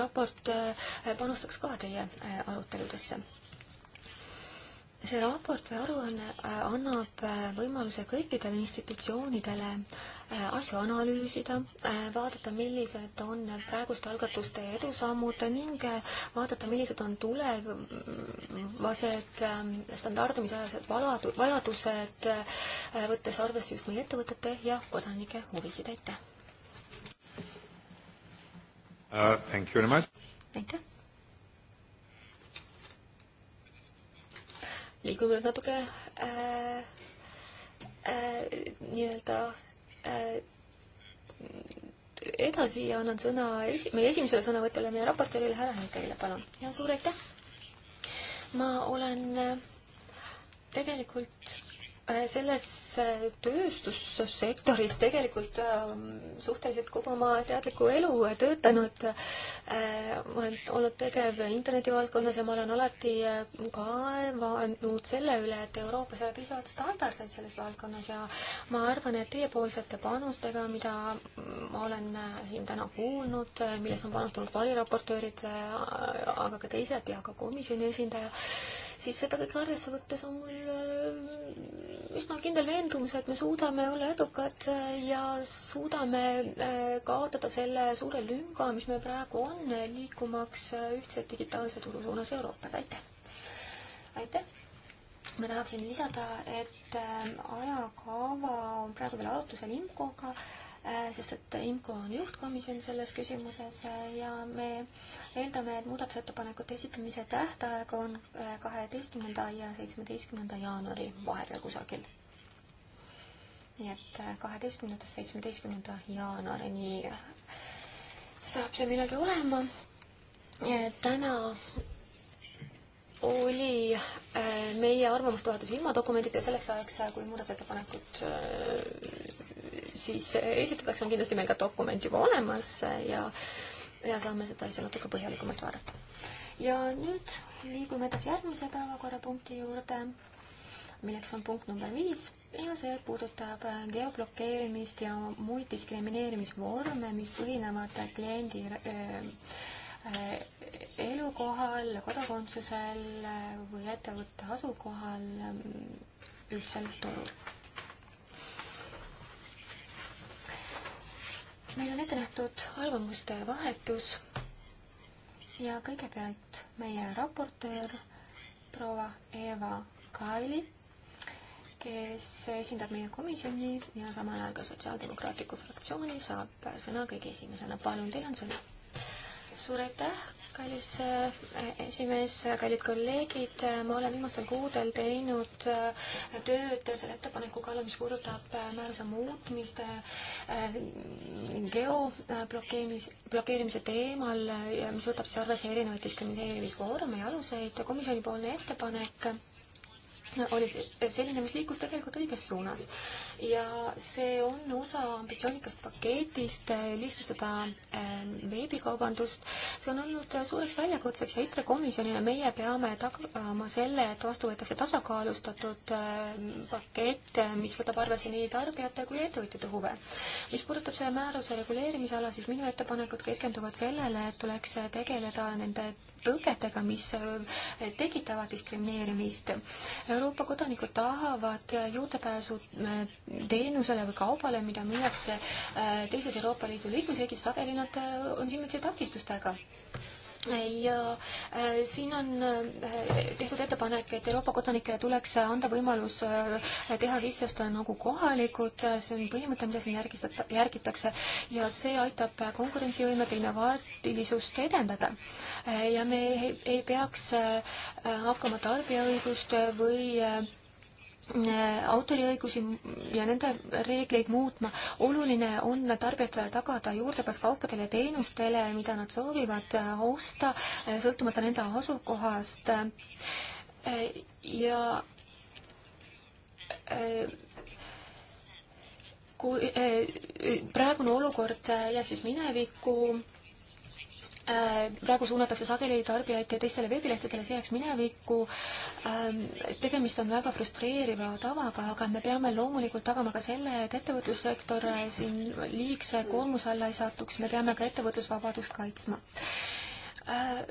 raport äh, panustaks ka teie äh, aruteludesse see raport või aruanne äh, annab äh, võimaluse kõikidele institutsioonidele äh, asju analüüsida, vaadata, millised on praeguste algatuste edusammud ning vaadata, millised on tulevased ähm, standardamisajased valadu-, vajadused, võttes arvesse just meie ettevõtete ja kodanike huvisid, aitäh uh,! aitäh! liigume nüüd natuke äh, äh, nii-öelda äh, edasi ja annan sõna esi-, meie esimesele sõnavõtjale, meie raportöörile, härra Henkerile, palun. ja suur aitäh! ma olen äh, tegelikult Äh, selles äh, tööstussektoris tegelikult ähm, suhteliselt kogu oma teadliku elu äh, töötanud. ma olen olnud tegev interneti valdkonnas ja ma olen alati kaevanud selle üle, et Euroopas ei ole piisavalt standardeid selles valdkonnas ja ma arvan, et teiepoolsete panustega, mida ma olen siin täna kuulnud, milles on panustanud valiraportöörid, aga ka teised ja ka komisjoni esindaja, siis seda kõike arvesse võttes on mul üsna kindel veendumus, et me suudame olla edukad äh, ja suudame äh, kaotada selle suure lünga, mis meil praegu on, liikumaks äh, ühtse digitaalse turu suunas Euroopas, aitäh! aitäh! ma tahaksin lisada, et ajakava on praegu veel arutlusel IMCO-ga Äh, sest et IMCO on juhtkomisjon selles küsimuses äh, ja me eeldame, et muudatusettepanekute esitamise tähtaeg on äh, kaheteistkümnenda ja seitsmeteistkümnenda jaanuari vahepeal kusagil nii et kaheteistkümnendast seitsmeteistkümnenda jaanuarini saab see millalgi olema. täna oli meie arvamustoetus ilma dokumentita selleks ajaks, kui muudatusettepanekud siis esitatakse, on kindlasti meil ka dokument juba olemas ja, ja saame seda asja natuke põhjalikumalt vaadata. ja nüüd liigume edasi järgmise päevakorrapunkti juurde, milleks on punkt number viis ja see puudutab geoblokeerimist ja muid diskrimineerimisvorme, mis põhinevad kliendi äh, elukohal, kodakondsusel või ettevõtte asukohal ühtsel turul meil on ette nähtud arvamuste vahetus ja kõigepealt meie raportöör proua Eva Kaili, kes esindab meie komisjoni ja samal ajal ka Sotsiaaldemokraatliku fraktsiooni, saab sõna kõige esimesena. palun, teil on sõna. suur aitäh, kallis äh, esimees, kallid kolleegid, äh, ma olen viimastel kuudel teinud äh, tööd selle ettepaneku kallal, mis puudutab määruse muutmist geoblokeerimis, blokeerimise teemal, mis võtab siis arvesse erinevaid diskrimineerimisvorme ja aluseid. komisjonipoolne ettepanek oli selline, mis liikus tegelikult õiges suunas. ja see on osa ambitsioonikast paketist eh, lihtsustada eh, veebikaubandust. see on olnud eh, suureks väljakutseks ja EKRE komisjonile meie peame tagama selle, et vastu võetakse tasakaalustatud pakett, mis võtab arvesse nii tarbijate kui ettevõtjate huve. mis puudutab selle määruse reguleerimisala, siis minu ettepanekud keskenduvad sellele, et tuleks tegeleda nende tõketega, mis äh, tekitavad diskrimineerimist. Euroopa kodanikud tahavad juurdepääsu äh, teenusele või kaubale, mida müüakse äh, teises Euroopa Liidu liikmesriigis, sageli nad on silmitsi takistustega ja äh, siin on äh, tehtud ettepanek, et Euroopa kodanikele tuleks anda võimalus äh, teha sisseoste nagu kohalikud, äh, see on põhimõte, mida siin järgistata, järgitakse ja see aitab konkurentsivõimet ja innovaatilisust edendada. Äh, ja me ei, ei peaks äh, hakkama tarbijaõigust või äh, autoriõigusi ja nende reegleid muutma. oluline on tarbijatele tagada juurdepääs kaupadele ja teenustele, mida nad soovivad osta, eh, sõltumata nende asukohast. Eh, ja eh, kui praegune olukord jääb siis minevikku Äh, praegu suunatakse sageli tarbijaid teistele veebilehtedele, see jääks minevikku. Ähm, tegemist on väga frustreeriva tavaga, aga me peame loomulikult tagama ka selle, et ettevõtlussektor siin liigse koormuse alla ei satuks, me peame ka ettevõtlusvabadust kaitsma. Äh,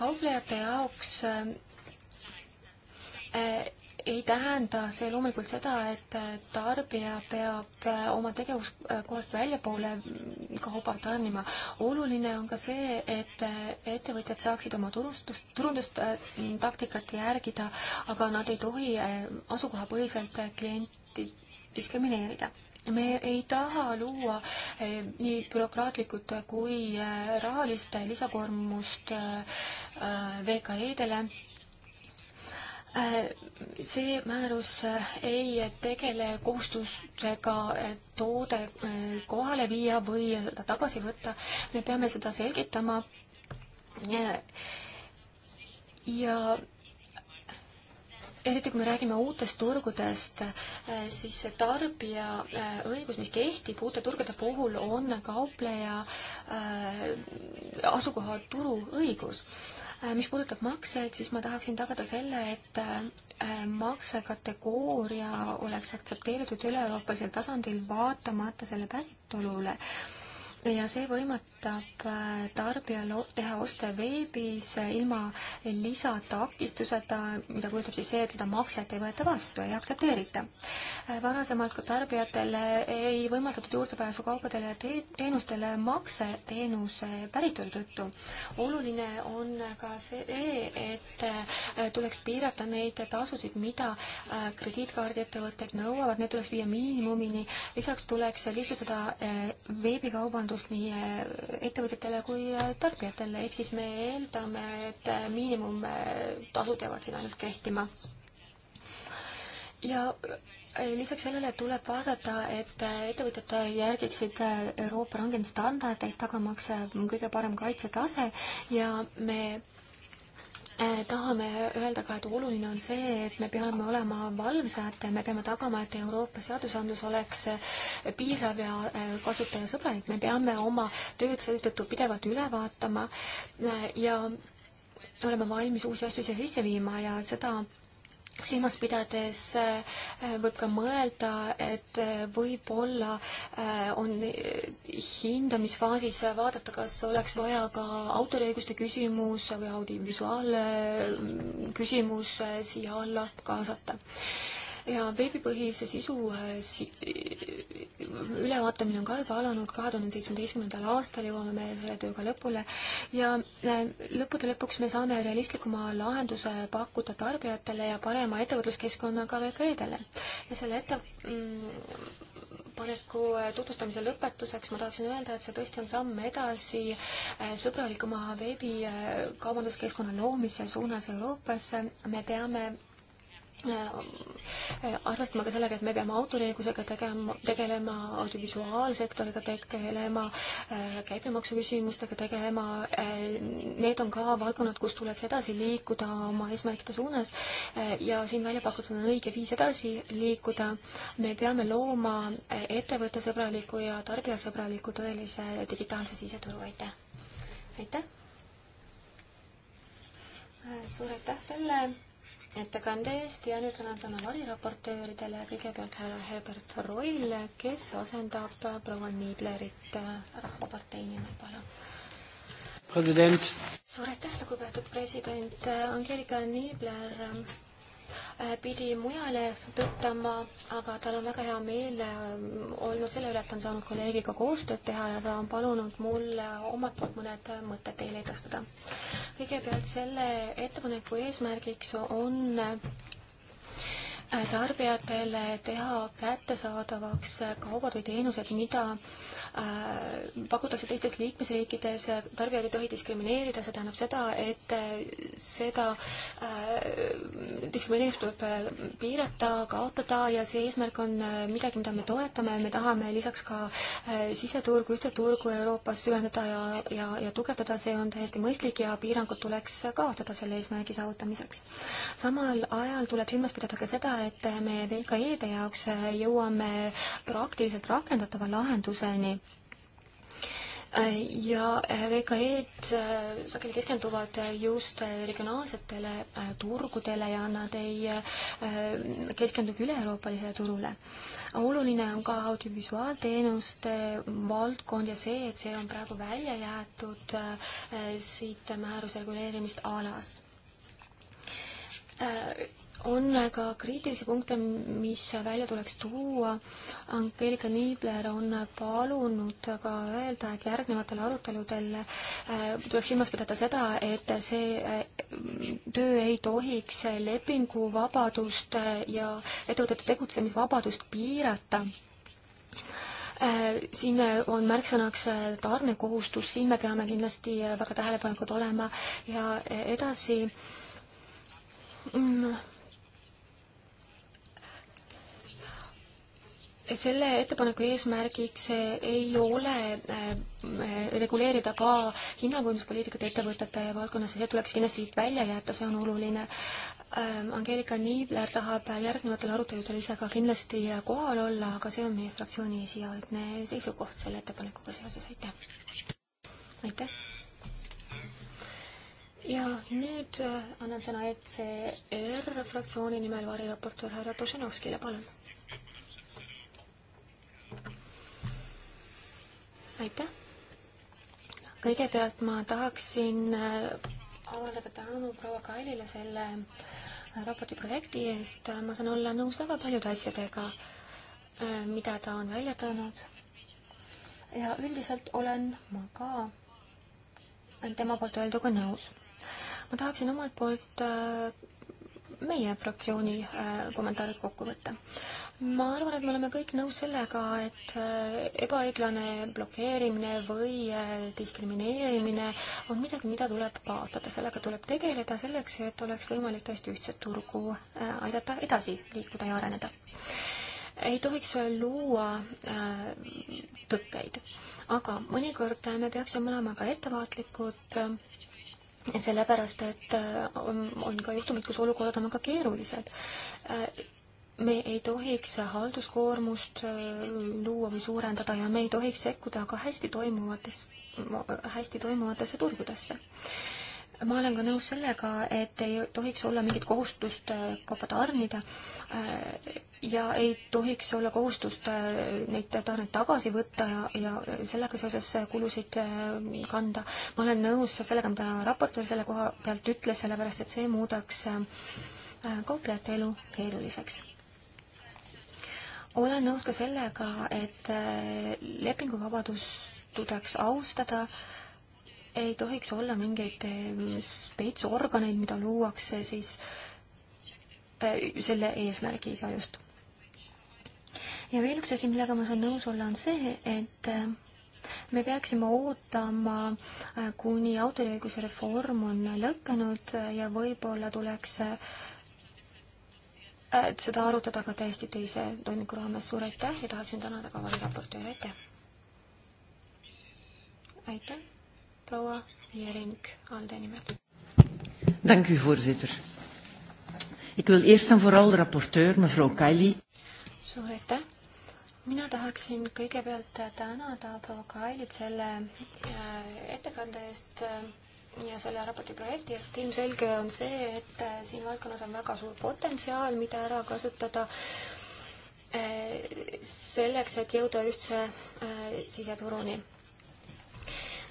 kauplejate jaoks äh, ei tähenda see loomulikult seda, et tarbija peab äh, oma tegevuskohast väljapoole kauba tarnima. oluline on ka see, et äh, ettevõtjad saaksid oma turustust, turundustaktikat äh, järgida, aga nad ei tohi asukohapõhiselt klienti diskrimineerida me ei taha luua nii bürokraatlikud kui rahalist lisakoormust VKE-dele Äh, see määrus äh, ei tegele kohustusega äh, toode kohale viia või seda tagasi võtta. me peame seda selgitama. ja eriti kui me räägime uutest turgudest, siis see tarbija õigus, mis kehtib uute turgude puhul, on kaupleja asukoha turuõigus Äh, mis puudutab makseid, siis ma tahaksin tagada selle, et äh, maksekategooria oleks aktsepteeritud üle-euroopalisel tasandil, vaatamata selle päritolule ja see võimat-, võimaldab äh, tarbijal teha oste veebis äh, ilma lisatakistuseta, mida kujutab siis see, et seda makset ei võeta vastu, ei aktsepteerita. Äh, varasemalt ka tarbijatele ei võimaldatud juurdepääsu kaupadele ja teenustele makseteenuse päritolu tõttu. oluline on ka see, et tuleks piirata neid tasusid, mida krediitkaardiettevõtted nõuavad, need tuleks viia miinimumini, lisaks tuleks lihtsustada veebikaubandust nii ettevõtjatele kui äh, tarbijatele, ehk siis me eeldame, et äh, miinimumtasud jäävad siin ainult kehtima. ja äh, lisaks sellele tuleb vaadata, et ettevõtjad järgiksid Euroopa rangenud standardeid, tagamaks kõige parem kaitsetase ja me Äh, tahame öelda ka, et oluline on see, et me peame olema valvsad, me peame tagama, et Euroopa seadusandlus oleks äh, piisav ja äh, kasutajasõbralik, me peame oma tööd seetõttu pidevalt üle vaatama ja olema valmis uusi asju siia sisse viima ja seda silmas pidades äh, võib ka mõelda, et äh, võib-olla äh, on hindamisfaasis vaadata, kas oleks vaja ka autoriõiguste küsimus või audiovisuaalne küsimus siia alla kaasata ja veebipõhise sisu äh, si ülevaatamine on ka juba alanud, kahe tuhande seitsmeteistkümnendal aastal jõuame me selle tööga lõpule ja äh, lõppude lõpuks me saame realistlikuma lahenduse pakkuda tarbijatele ja parema ettevõtluskeskkonnaga VKE-dele. ja selle ette ettepaneku mm, äh, tutvustamise lõpetuseks ma tahaksin öelda, et see tõesti on samm edasi sõbralikuma veebikaubanduskeskkonna loomise suunas Euroopasse. me peame Äh, arvestama ka sellega, et me peame autoriõigusega tegema, tegelema, audiovisuaalsektoriga tegelema, äh, käibemaksu küsimustega tegelema, äh, need on ka valdkonnad, kus tuleks edasi liikuda oma eesmärkide suunas ja siin välja pakutud on õige viis edasi liikuda. me peame looma ettevõttesõbraliku ja tarbijasõbraliku tõelise digitaalse siseturu, aitäh! aitäh! suur aitäh selle ettekande eest ja nüüd annan sõna variraportööridele, kõigepealt härra Herbert Roil, kes asendab proua Niiblerit Rahvapartei nimel, palun. president. suur aitäh, lugupeetud president, Angeelika Niibler Äh, pidi mujale tõttama, aga tal on väga hea meel äh, olnud selle üle, et on saanud kolleegiga koostööd teha ja ta on palunud mul äh, omalt poolt mõned mõtted teile edastada. kõigepealt selle ettepaneku eesmärgiks on tarbijatele teha kättesaadavaks kaubad või teenused, mida äh, pakutakse teistes liikmesriikides, tarbijad ei tohi diskrimineerida, see tähendab seda, et äh, seda äh, diskrimineerimist tuleb piirata, kaotada ja see eesmärk on midagi, mida me toetame, me tahame lisaks ka siseturgu, ühtset turgu Euroopas süvendada ja, ja, ja tugevdada, see on täiesti mõistlik ja piirangud tuleks kaotada selle eesmärgi saavutamiseks. samal ajal tuleb silmas pidada ka seda, et me VKE-de jaoks jõuame praktiliselt rakendatava lahenduseni ja VKE-d sageli keskenduvad just regionaalsetele äh, turgudele ja nad ei äh, keskendugi üle-euroopalisele turule. oluline on ka audiovisuaalteenuste valdkond ja see, et see on praegu välja jäetud äh, siit määruse reguleerimist alast on ka kriitilisi punkte, mis välja tuleks tuua. Angeelika Niibler on palunud ka öelda, et järgnevatel aruteludel äh, tuleks silmas pidada seda, et see äh, töö ei tohiks lepinguvabadust äh, ja ettevõtete tegutsemisvabadust piirata Siin on märksõnaks tarnekohustus, siin me peame kindlasti väga tähelepanelikud olema ja edasi mm, selle ettepaneku eesmärgiks eh, ei ole eh, eh, reguleerida ka hinnakujunduspoliitikat ettevõtete valdkonnas ja see tuleks kindlasti siit välja jätta, see on oluline. Ähm, Angeelika Niibler tahab järgnevatel aruteludel ise ka kindlasti kohal olla, aga see on meie fraktsiooni esialgne seisukoht selle ettepanekuga seoses, aitäh! aitäh! ja nüüd annan sõna ECR fraktsiooni nimel variraportöör härra Tošenovskile, palun aitäh! kõigepealt ma tahaksin äh, avaldada tänu proua Kailile selle äh, raporti projekti eest, ma saan olla nõus väga paljude asjadega, äh, mida ta on välja toonud. ja üldiselt olen ma ka tema poolt öelduga nõus. ma tahaksin omalt poolt meie fraktsiooni äh, kommentaarid kokku võtta. ma arvan, et me oleme kõik nõus sellega, et äh, ebaõiglane blokeerimine või äh, diskrimineerimine on midagi, mida tuleb kaotada, sellega tuleb tegeleda selleks, et oleks võimalik tõesti ühtset turgu aidata edasi liikuda ja areneda ei tohiks luua tõkkeid, aga mõnikord me peaksime olema ka ettevaatlikud sellepärast et äh, on ka juhtumid, kus olukorrad on väga keerulised. Äh, me ei tohiks halduskoormust äh, luua või suurendada ja me ei tohiks sekkuda ka hästi toimuvates, hästi toimuvatesse turgudesse. ma olen ka nõus sellega, et ei tohiks olla mingit kohustust kaupa tarnida ja ei tohiks olla kohustust äh, neid tarneid tagasi võtta ja, ja sellega seoses kulusid äh, kanda. ma olen nõus sellega, mida raportöör selle koha pealt ütles, sellepärast et see muudaks äh, kauplejate elu keeruliseks. olen nõus ka sellega, et lepinguvabadust tuleks austada ei tohiks olla mingeid spetsorganeid, mida luuakse siis selle eesmärgiga just ja veel üks asi, millega ma saan nõus olla, on see, et äh, me peaksime ootama, äh, kuni autoriõiguse reform on lõppenud äh, ja võib-olla tuleks et seda arutada ka täiesti teise toimiku raames. suur aitäh ja tahaksin tänada ka valiraportööri, aitäh! aitäh, proua Jering Alde nimel. Dank u, voorzitter. Ik wil eerst en vooral de rapporteur, mevrouw Kaili. Suur aitäh mina tahaksin kõigepealt tänada proua Kailit selle äh, ettekande eest äh, ja selle raporti projekti eest. ilmselge on see, et äh, siin valdkonnas on väga suur potentsiaal, mida ära kasutada selleks, et jõuda ühtse siseturuni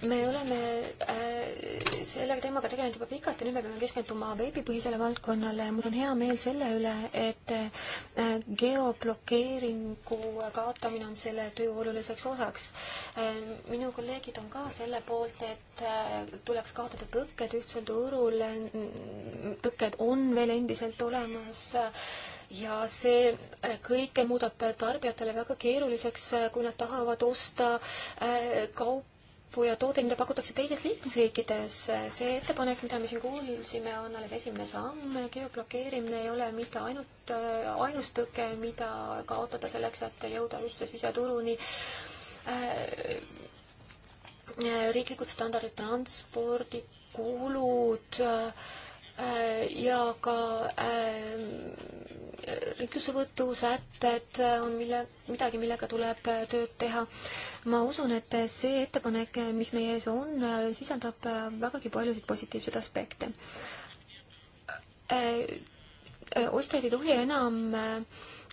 me oleme äh, selle teemaga tegelenud juba pikalt ja nüüd me peame keskenduma veebipõhisele valdkonnale ja mul on hea meel selle üle, et äh, geoblokeeringu kaotamine on selle töö oluliseks osaks. Äh, minu kolleegid on ka selle poolt, et tuleks kaotada tõkked ühtsel turul, tõkked on veel endiselt olemas ja see kõike muudab tarbijatele väga keeruliseks, kui nad tahavad osta kaupa kaupu ja tooteid, mida pakutakse teises liikmesriikides. see ettepanek, mida me siin kuulsime, on alles esimene samm. geoblokeerimine ei ole mitte ainult äh, ainus tõke, mida kaotada selleks, et jõuda üldse siseturuni äh, äh, riiklikud standardid, transpordi kulud ja ka riklusevõtu sätted on mille, midagi, millega tuleb tööd teha ma usun, et see ettepanek, mis meie ees on, sisaldab äh, vägagi paljusid positiivseid aspekte. Äh, äh, ostjaid ei tohi enam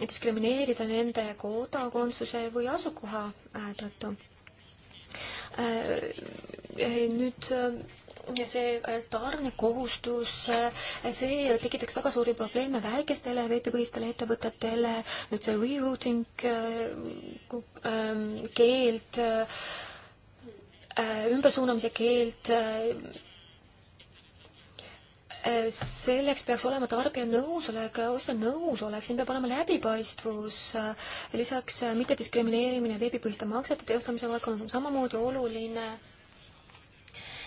diskrimineerida nende kodakondsuse või asukoha tõttu. nüüd see äh, tarnekohustus, äh, see tekitaks väga suuri probleeme väikestele veebipõhistele ettevõtetele, nüüd see rerouting äh, ähm, keeld, ümbersuunamise keeld, selleks peaks olema tarbija nõusolek, ostja nõusolek, siin peab olema läbipaistvus, lisaks mittediskrimineerimine veebipõhiste maksete teostamise valdkonnas on samamoodi oluline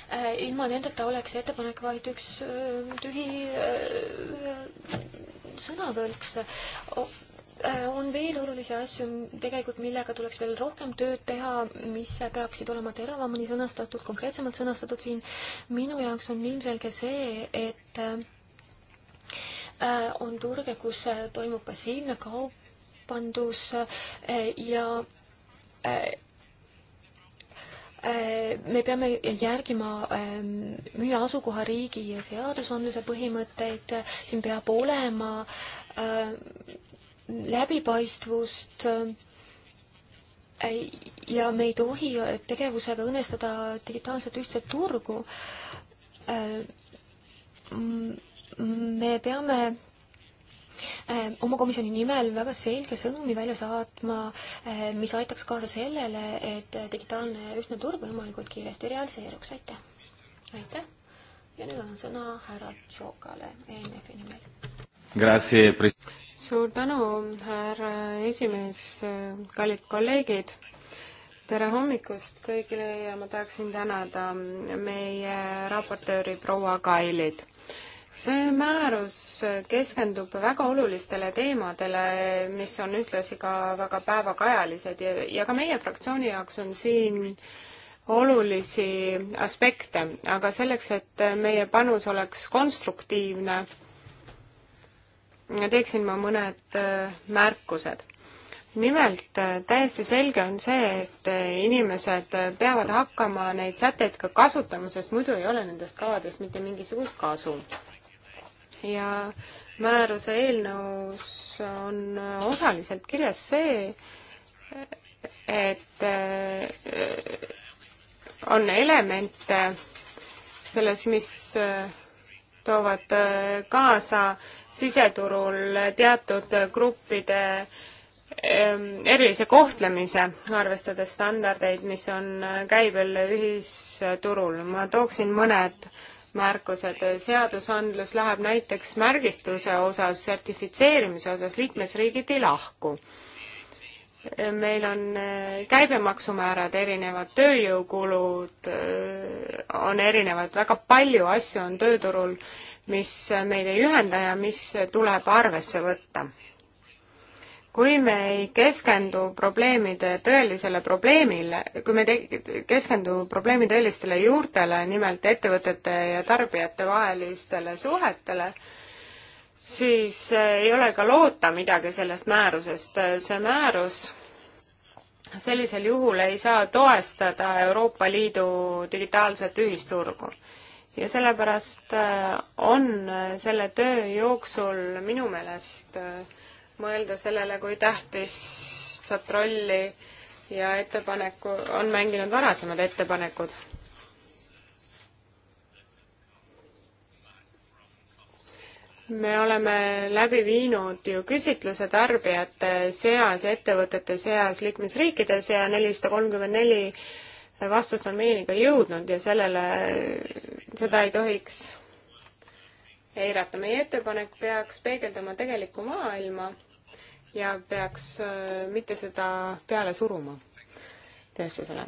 Äh, ilma nendeta oleks ettepanek vaid üks äh, tühi äh, sõnakõlks on veel olulisi asju tegelikult, millega tuleks veel rohkem tööd teha, mis peaksid olema teravamini sõnastatud, konkreetsemalt sõnastatud siin. minu jaoks on ilmselge see, et on turge, kus toimub passiivne kaubandus ja Äh, me peame järgima müüja ähm, asukohariigi ja seadusandluse põhimõtteid, siin peab olema äh, läbipaistvust äh, ja me ei tohi tegevusega õnnestada digitaalset ühtset turgu. me peame Ehm, oma komisjoni nimel väga selge sõnumi välja saatma, ehm, mis aitaks kaasa sellele, et digitaalne ühtne turg võimalikult kiiresti realiseeruks, aitäh! aitäh ja nüüd annan sõna härra Tšokale ENF-i nimel. suur tänu, härra esimees, kallid kolleegid! tere hommikust kõigile ja ma tahaksin tänada meie raportööri proua Kailit see määrus keskendub väga olulistele teemadele, mis on ühtlasi ka väga päevakajalised ja, ja ka meie fraktsiooni jaoks on siin olulisi aspekte, aga selleks, et meie panus oleks konstruktiivne, teeksin ma mõned äh, märkused nimelt äh, täiesti selge on see, et äh, inimesed peavad hakkama neid sätteid ka kasutama, sest muidu ei ole nendest kavadest mitte mingisugust kasu ja määruse eelnõus on osaliselt kirjas see, et äh, on elemente selles, mis äh, toovad äh, kaasa siseturul teatud gruppide ähm, erilise kohtlemise, arvestades standardeid, mis on käibel ühisturul. ma tooksin mõned märkused. seadusandlus läheb näiteks märgistuse osas, sertifitseerimise osas liikmesriigid ei lahku. meil on äh, käibemaksumäärad erinevad, tööjõukulud äh, on erinevad, väga palju asju on tööturul, mis meid ei ühenda ja mis tuleb arvesse võtta kui me ei keskendu probleemide tõelisele probleemile, kui me ei keskendu probleemi tõelistele juurtele, nimelt ettevõtete ja tarbijate vahelistele suhetele, siis eh, ei ole ka loota midagi sellest määrusest. see määrus sellisel juhul ei saa toestada Euroopa Liidu digitaalset ühisturgu ja sellepärast eh, on selle töö jooksul minu meelest äh, mõelda sellele, kui tähtsat rolli ja ettepaneku on mänginud varasemad ettepanekud. me oleme läbi viinud ju küsitluse tarbijate seas ja ettevõtete seas liikmesriikides ja nelisada kolmkümmend neli vastust on meieni ka jõudnud ja sellele, seda ei tohiks eirata. meie ettepanek peaks peegeldama tegelikku maailma ja peaks äh, mitte seda peale suruma tööstusele.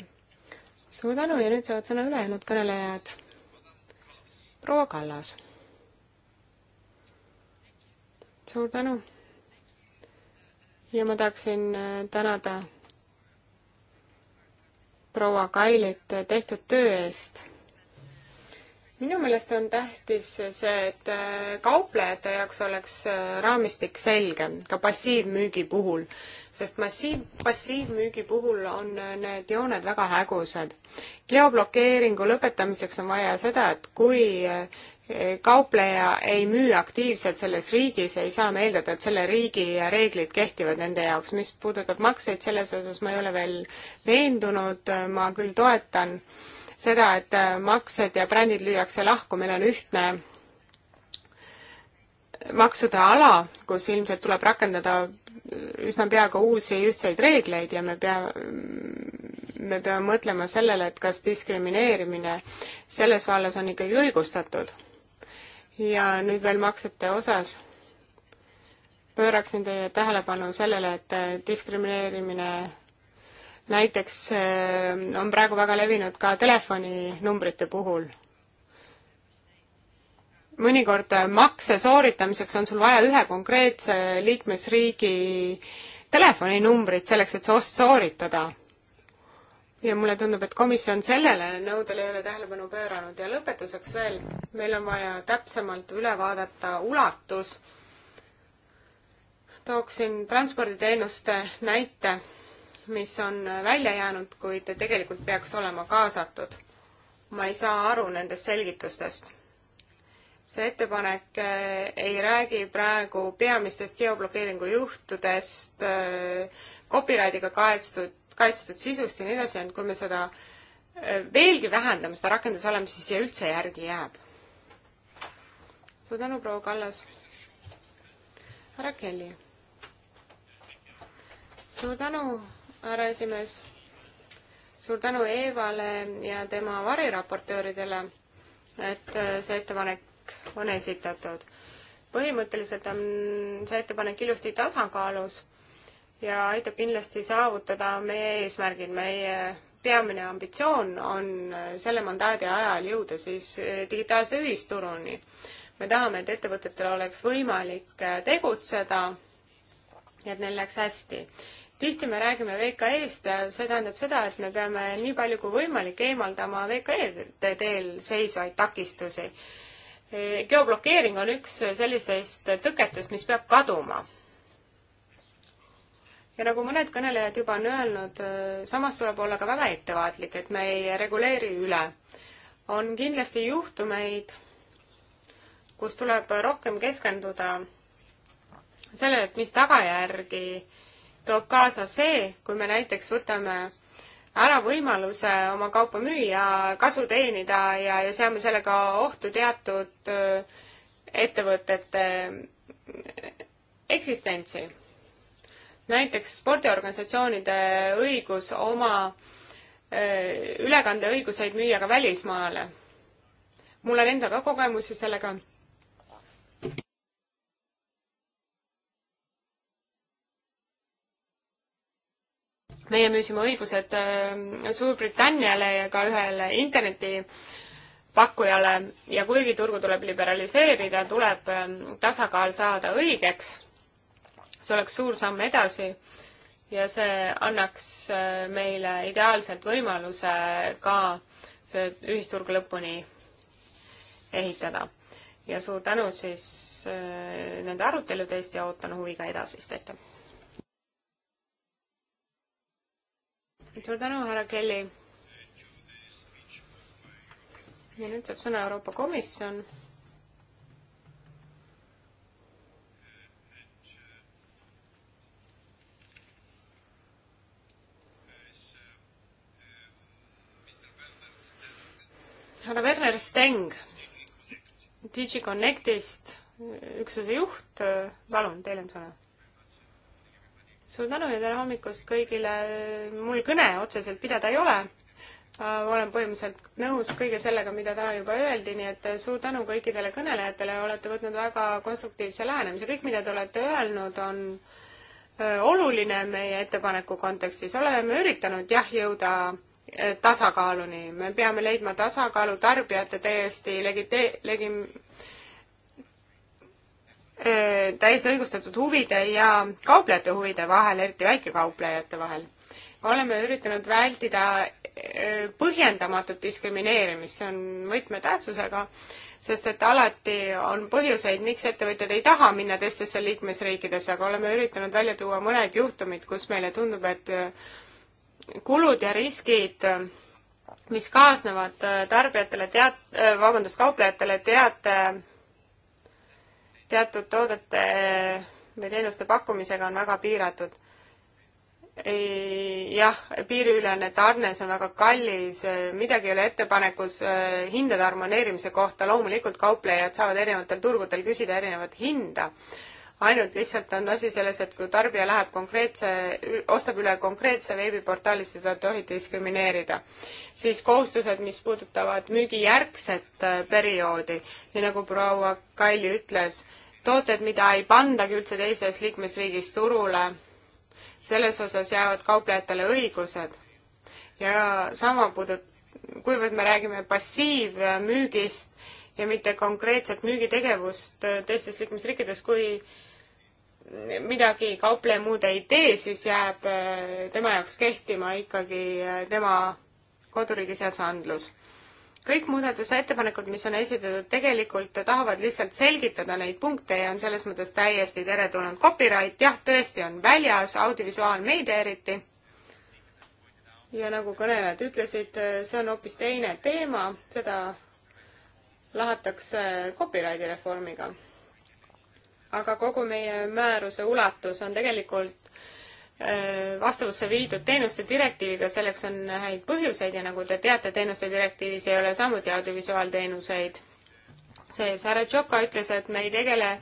suur tänu ja nüüd saavad sõna ülejäänud kõnelejad. proua Kallas. suur tänu. ja ma tahaksin äh, tänada proua Kailit äh, tehtud töö eest minu meelest on tähtis see, et äh, kauplejate jaoks oleks äh, raamistik selge ka passiivmüügi puhul, sest massiiv, passiivmüügi puhul on äh, need jooned väga hägusad. geoblokeeringu lõpetamiseks on vaja seda, et kui kaupleja ei müü aktiivselt selles riigis, ei saa me eeldada, et selle riigi reeglid kehtivad nende jaoks. mis puudutab makseid, selles osas ma ei ole veel veendunud, ma küll toetan äh, seda, et äh, maksed ja brändid lüüakse lahku, meil on ühtne maksude ala, kus ilmselt tuleb rakendada üsna pea ka uusi ühtseid reegleid ja me pea, me peame mõtlema sellele, et kas diskrimineerimine selles vallas on ikkagi õigustatud. ja nüüd veel maksete osas pööraksin teie tähelepanu sellele, et äh, diskrimineerimine näiteks äh, on praegu väga levinud ka telefoninumbrite puhul. mõnikord äh, makse sooritamiseks on sul vaja ühe konkreetse liikmesriigi telefoninumbrit selleks, et see ost sooritada. ja mulle tundub, et komisjon sellele nõudele ei ole tähelepanu pööranud ja lõpetuseks veel, meil on vaja täpsemalt üle vaadata ulatus. tooksin transporditeenuste näite mis on välja jäänud, kuid tegelikult peaks olema kaasatud. ma ei saa aru nendest selgitustest. see ettepanek eh, ei räägi praegu peamistest geoblokeeringu juhtudest, eh, copyrightiga kaetstud, kaitstud sisust ja nii edasi, ent kui me seda eh, veelgi vähendame, seda rakendusala, mis siis üldse järgi jääb. suur tänu, proua Kallas. härra Kelly. suur tänu härra esimees. suur tänu Eevale ja tema variraportööridele, et äh, see ettepanek on esitatud. põhimõtteliselt on see ettepanek ilusti tasakaalus ja aitab kindlasti saavutada meie eesmärgid, meie peamine ambitsioon on selle mandaadi ajal jõuda siis äh, digitaalse ühisturuni. me tahame, et ettevõtetel oleks võimalik äh, tegutseda ja et neil läheks hästi tihti me räägime VKE-st ja see tähendab seda, et me peame nii palju kui võimalik eemaldama VKE-de teel seisvaid takistusi. geoblokeering on üks sellistest tõketest, mis peab kaduma. ja nagu mõned kõnelejad juba on öelnud, samas tuleb olla ka väga ettevaatlik, et me ei reguleeri üle. on kindlasti juhtumeid, kus tuleb rohkem keskenduda sellele, et mis tagajärgi äh, toob kaasa see, kui me näiteks võtame ära võimaluse oma kaupa müüa, kasu teenida ja, ja seame sellega ohtu teatud äh, ettevõtete äh, eksistentsi. näiteks spordiorganisatsioonide õigus oma äh, ülekandeõiguseid müüa ka välismaale. mul on endal ka kogemusi sellega meie müüsime õigused äh, Suurbritanniale ja ka ühele internetipakkujale ja kuigi turgu tuleb liberaliseerida, tuleb ähm, tasakaal saada õigeks. see oleks suur samm edasi ja see annaks äh, meile ideaalselt võimaluse ka see ühisturg lõpuni ehitada. ja suur tänu siis äh, nende arutelude eest ja ootan huviga edasist, aitäh! suur tänu, härra Kelly. ja nüüd saab sõna Euroopa Komisjon. härra Werner Steng DigiConnectist, üksuse juht, palun, teil on sõna suur tänu ja tere hommikust kõigile. mul kõne otseselt pidada ei ole. olen põhimõtteliselt nõus kõige sellega, mida täna juba öeldi, nii et suur tänu kõikidele kõnelejatele, olete võtnud väga konstruktiivse lähenemise, kõik, mida te olete öelnud, on oluline meie ettepaneku kontekstis, oleme üritanud jah, jõuda tasakaaluni, me peame leidma tasakaalu tarbijate täiesti legite-, legi-, Äh, täiesti õigustatud huvide ja kauplejate huvide vahel, eriti väikekauplejate vahel. oleme üritanud vältida äh, põhjendamatut diskrimineerimist, see on võtmetähtsusega, sest et alati on põhjuseid, miks ettevõtjad ei taha minna teistesse liikmesriikidesse, aga oleme üritanud välja tuua mõned juhtumid, kus meile tundub, et äh, kulud ja riskid mis kaasnevad tarbijatele teat-, vabandust, kauplejatele teate teatud toodete või teenuste pakkumisega on väga piiratud. jah, piiriülene tarne, see on väga kallis, midagi ei ole ettepanekus eh, hindade harmoneerimise kohta, loomulikult kauplejad saavad erinevatel turgudel küsida erinevat hinda ainult lihtsalt on asi selles, et kui tarbija läheb konkreetse, ostab üle konkreetse veebiportaali, siis teda ei tohi diskrimineerida. siis kohustused, mis puudutavad müügijärgset äh, perioodi, nii nagu proua Kalli ütles, tooted, mida ei pandagi üldse teises liikmesriigis turule, selles osas jäävad kauplejatele õigused. ja sama puudut-, kuivõrd me räägime passiivmüügist ja mitte konkreetset müügitegevust äh, teistes liikmesriikides, kui midagi kaupleja muud ei tee, siis jääb äh, tema jaoks kehtima ikkagi äh, tema koduriigi seadusandlus. kõik muudatusettepanekud, mis on esitatud, tegelikult tahavad lihtsalt selgitada neid punkte ja on selles mõttes täiesti teretulnud. Copyright jah, tõesti on väljas, audiovisuaalmeedia eriti. ja nagu kõnelejad ütlesid, äh, see on hoopis teine teema, seda lahatakse copyrighti reformiga aga kogu meie määruse ulatus on tegelikult äh, vastavusse viidud teenuste direktiiviga, selleks on häid põhjuseid ja nagu te teate, teenuste direktiivis ei ole samuti audiovisuaalteenuseid sees. härra Tšoka ütles, et me ei tegele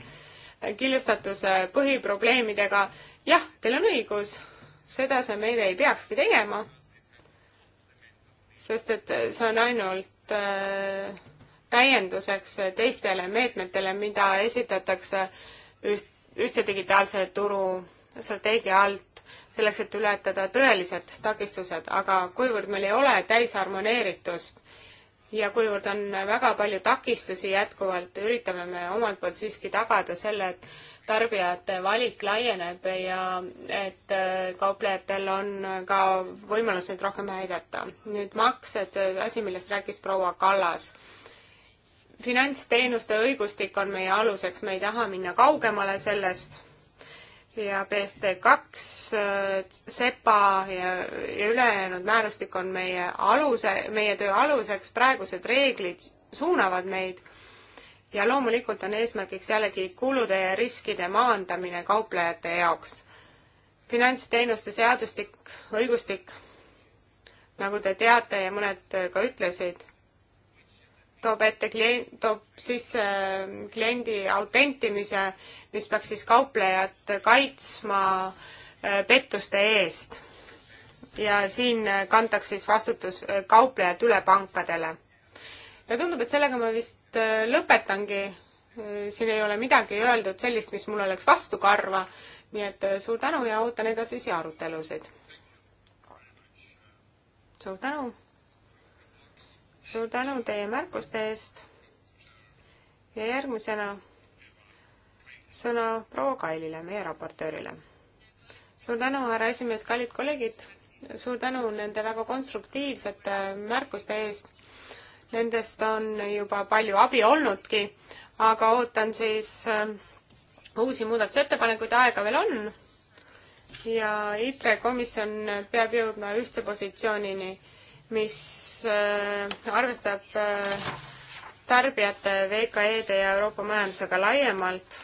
killustatuse põhiprobleemidega. jah, teil on õigus, seda see meede ei peakski tegema, sest et see on ainult äh, täienduseks teistele meetmetele, mida esitatakse äh, üht, ühtse digitaalse turu strateegia alt, selleks et ületada tõelised takistused, aga kuivõrd meil ei ole täisharmoneeritust ja kuivõrd on väga palju takistusi jätkuvalt, üritame me omalt poolt siiski tagada selle, et tarbijate valik laieneb ja et äh, kauplejatel on ka võimalus neid rohkem aidata. nüüd maksed, äh, asi, millest rääkis proua Kallas finantsteenuste õigustik on meie aluseks, me ei taha minna kaugemale sellest ja BSD kaks, äh, SEPA ja, ja ülejäänud määrustik on meie aluse, meie töö aluseks, praegused reeglid suunavad meid ja loomulikult on eesmärgiks jällegi kulude ja riskide maandamine kauplejate jaoks. finantsteenuste seadustik, õigustik, nagu te teate ja mõned ka ütlesid, toob ette klient, toob sisse äh, kliendi autentimise, mis peaks siis kauplejat kaitsma äh, pettuste eest. ja siin äh, kantakse siis vastutus kauplejalt üle pankadele. ja tundub, et sellega ma vist lõpetangi. siin ei ole midagi öeldud sellist, mis mul oleks vastu karva. nii et suur tänu ja ootan edasisi arutelusid. suur tänu! suur tänu teie märkuste eest. ja järgmisena sõna proua Kailile, meie raportöörile. suur tänu, härra esimees, kallid kolleegid, suur tänu nende väga konstruktiivsete märkuste eest. Nendest on juba palju abi olnudki, aga ootan siis äh, uusi muudatusettepanekuid, aega veel on. ja ITRE komisjon peab jõudma ühtse positsioonini mis äh, arvestab äh, tarbijate, VKE-de ja Euroopa majandusega laiemalt.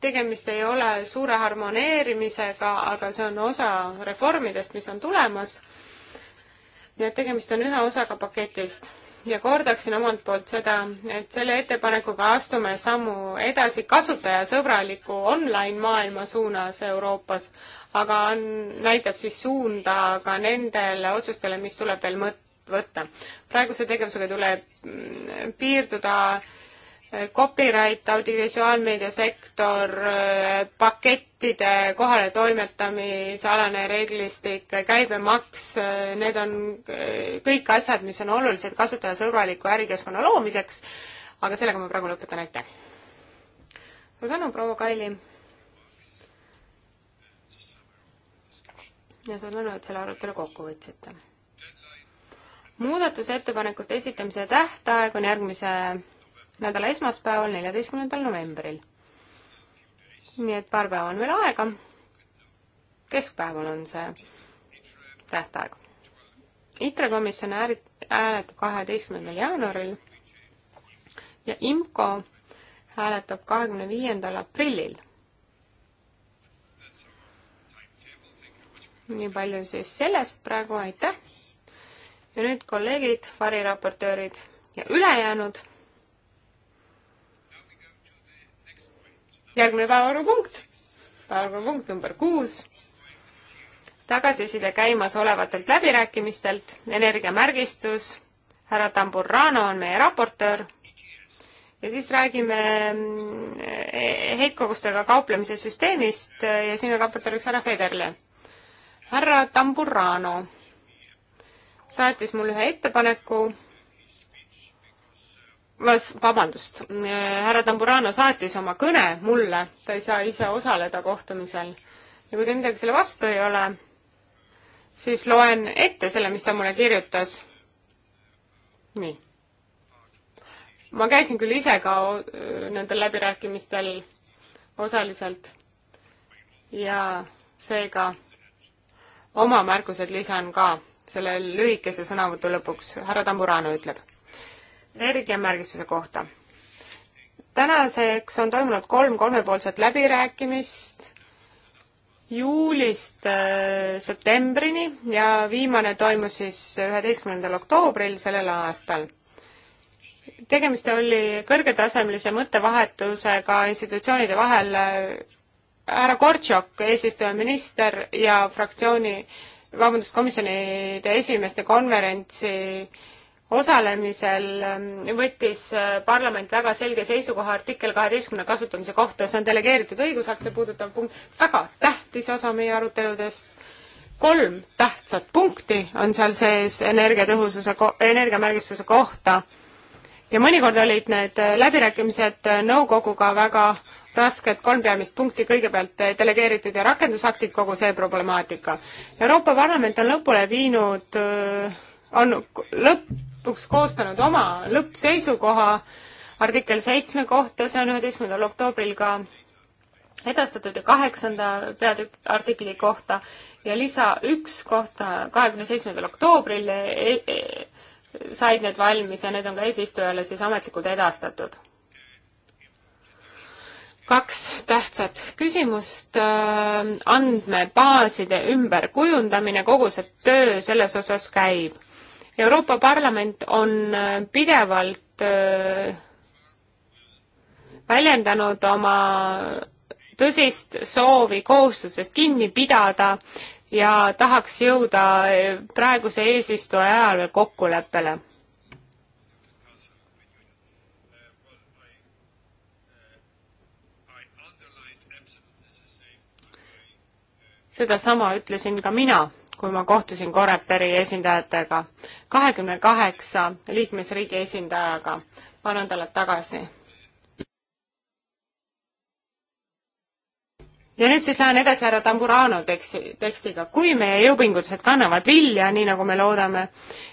tegemist ei ole suure harmoneerimisega, aga see on osa reformidest, mis on tulemas. nii et tegemist on ühe osaga paketist ja kordaksin omalt poolt seda, et selle ettepanekuga astume sammu edasi kasutajasõbraliku online maailma suunas Euroopas, aga on, näitab siis suunda ka nendele otsustele, mis tuleb veel mõt-, võtta. praeguse tegevusega tuleb mm, piirduda äh, copyright, audiovisuaalmeedia sektor, pakettide kohaletoimetamisalane reeglistik, käibemaks, need on eh, kõik asjad, mis on olulised kasutajasõbraliku ärikeskkonna loomiseks, aga sellega ma praegu lõpetan, aitäh! suur tänu, proua Kaili! ja suur tänu, et selle arutelu kokku võtsite! muudatusettepanekute esitamise tähtaeg on järgmise nädala esmaspäeval, neljateistkümnendal novembril. nii et paar päeva on veel aega. keskpäeval on see tähtaeg. ITRE komisjon hääletab kaheteistkümnendal jaanuaril ja IMCO hääletab kahekümne viiendal aprillil. nii palju siis sellest praegu, aitäh! ja nüüd kolleegid, variraportöörid ja ülejäänud järgmine päevakorrapunkt, päevakorrapunkt number kuus, tagasiside käimasolevatelt läbirääkimistelt, energiamärgistus, härra Tamburano on meie raportöör ja siis räägime mm, heitkogustega kauplemise süsteemist ja siin on raportööriks härra Federle. härra Tamburano saatis mulle ühe ettepaneku vabandust, härra Tamburano saatis oma kõne mulle, ta ei saa ise osaleda kohtumisel ja kui teil midagi selle vastu ei ole, siis loen ette selle, mis ta mulle kirjutas. nii. ma käisin küll ise ka nendel läbirääkimistel osaliselt ja seega oma märkused lisan ka selle lühikese sõnavõtu lõpuks. härra Tamburano ütleb energiamärgistuse kohta. tänaseks on toimunud kolm kolmepoolset läbirääkimist juulist äh, septembrini ja viimane toimus siis üheteistkümnendal oktoobril sellel aastal. tegemist oli kõrgetasemelise mõttevahetusega institutsioonide vahel härra Gortšok, eesistuja minister ja fraktsiooni, vabandust, komisjonide esimeeste konverentsi äh, osalemisel ähm, võttis äh, parlament väga selge seisukoha artikkel kaheteistkümne kasutamise kohta, see on delegeeritud õigusakte puudutav punkt, väga tähtis osa meie aruteludest. kolm tähtsat punkti on seal sees energiatõhususe, energiamärgistuse kohta ja mõnikord olid need äh, läbirääkimised äh, nõukoguga väga rasked kolm peamist punkti, kõigepealt delegeeritud ja rakendusaktid, kogu see problemaatika. Euroopa Parlament on lõpule viinud, on lõpp, lõpuks koostanud oma lõppseisukoha artikkel seitsme kohta, see on üheteistkümnendal oktoobril ka edastatud ja kaheksanda peatükk artikli kohta ja lisa üks kohta kahekümne seitsmendal oktoobril e e said need valmis ja need on ka eesistujale siis ametlikult edastatud. kaks tähtsat küsimust, äh, andmebaaside ümberkujundamine, kogu see töö selles osas käib Euroopa Parlament on äh, pidevalt äh, väljendanud oma tõsist soovi kohustusest kinni pidada ja tahaks jõuda äh, praeguse eesistuja ajal veel kokkuleppele. sedasama ütlesin ka mina kui ma kohtusin Coreperi esindajatega, kahekümne kaheksa liikmesriigi esindajaga paar nädalat tagasi. ja nüüd siis lähen edasi härra Tamburano teksti, tekstiga. kui meie jõupingutused kannavad vilja, nii nagu me loodame,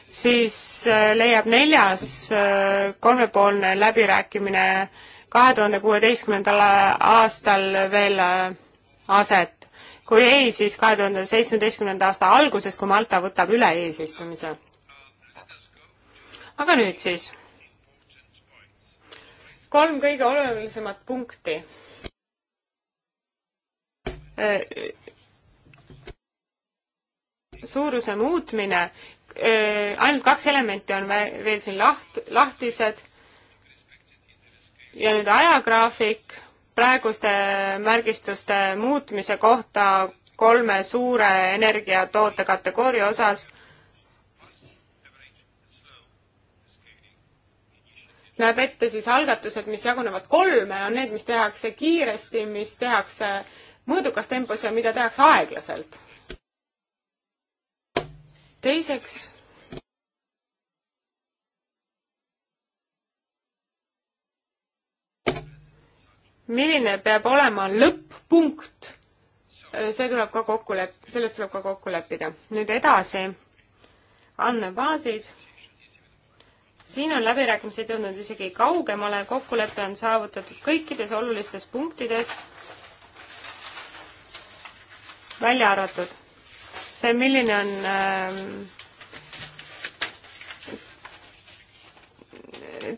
siis äh, leiab neljas äh, kolmepoolne läbirääkimine kahe tuhande kuueteistkümnendal aastal veel äh, aset kui ei, siis kahe tuhande seitsmeteistkümnenda aasta alguses, kui Malta võtab üle eesistumise. aga nüüd siis. kolm kõige olulisemat punkti äh, suuruse muutmine, äh, ainult kaks elementi on veel siin laht-, lahtised ja nüüd ajagraafik praeguste märgistuste muutmise kohta kolme suure energiatoote kategooria osas näeb ette siis algatused, mis jagunevad kolme, on need, mis tehakse kiiresti, mis tehakse mõõdukas tempos ja mida tehakse aeglaselt. teiseks milline peab olema lõpp-punkt, see tuleb ka kokku lep-, selles tuleb ka kokku leppida. nüüd edasi, andmebaasid. siin on läbirääkimised jõudnud isegi kaugemale, kokkulepe on saavutatud kõikides olulistes punktides, välja arvatud see, milline on äh,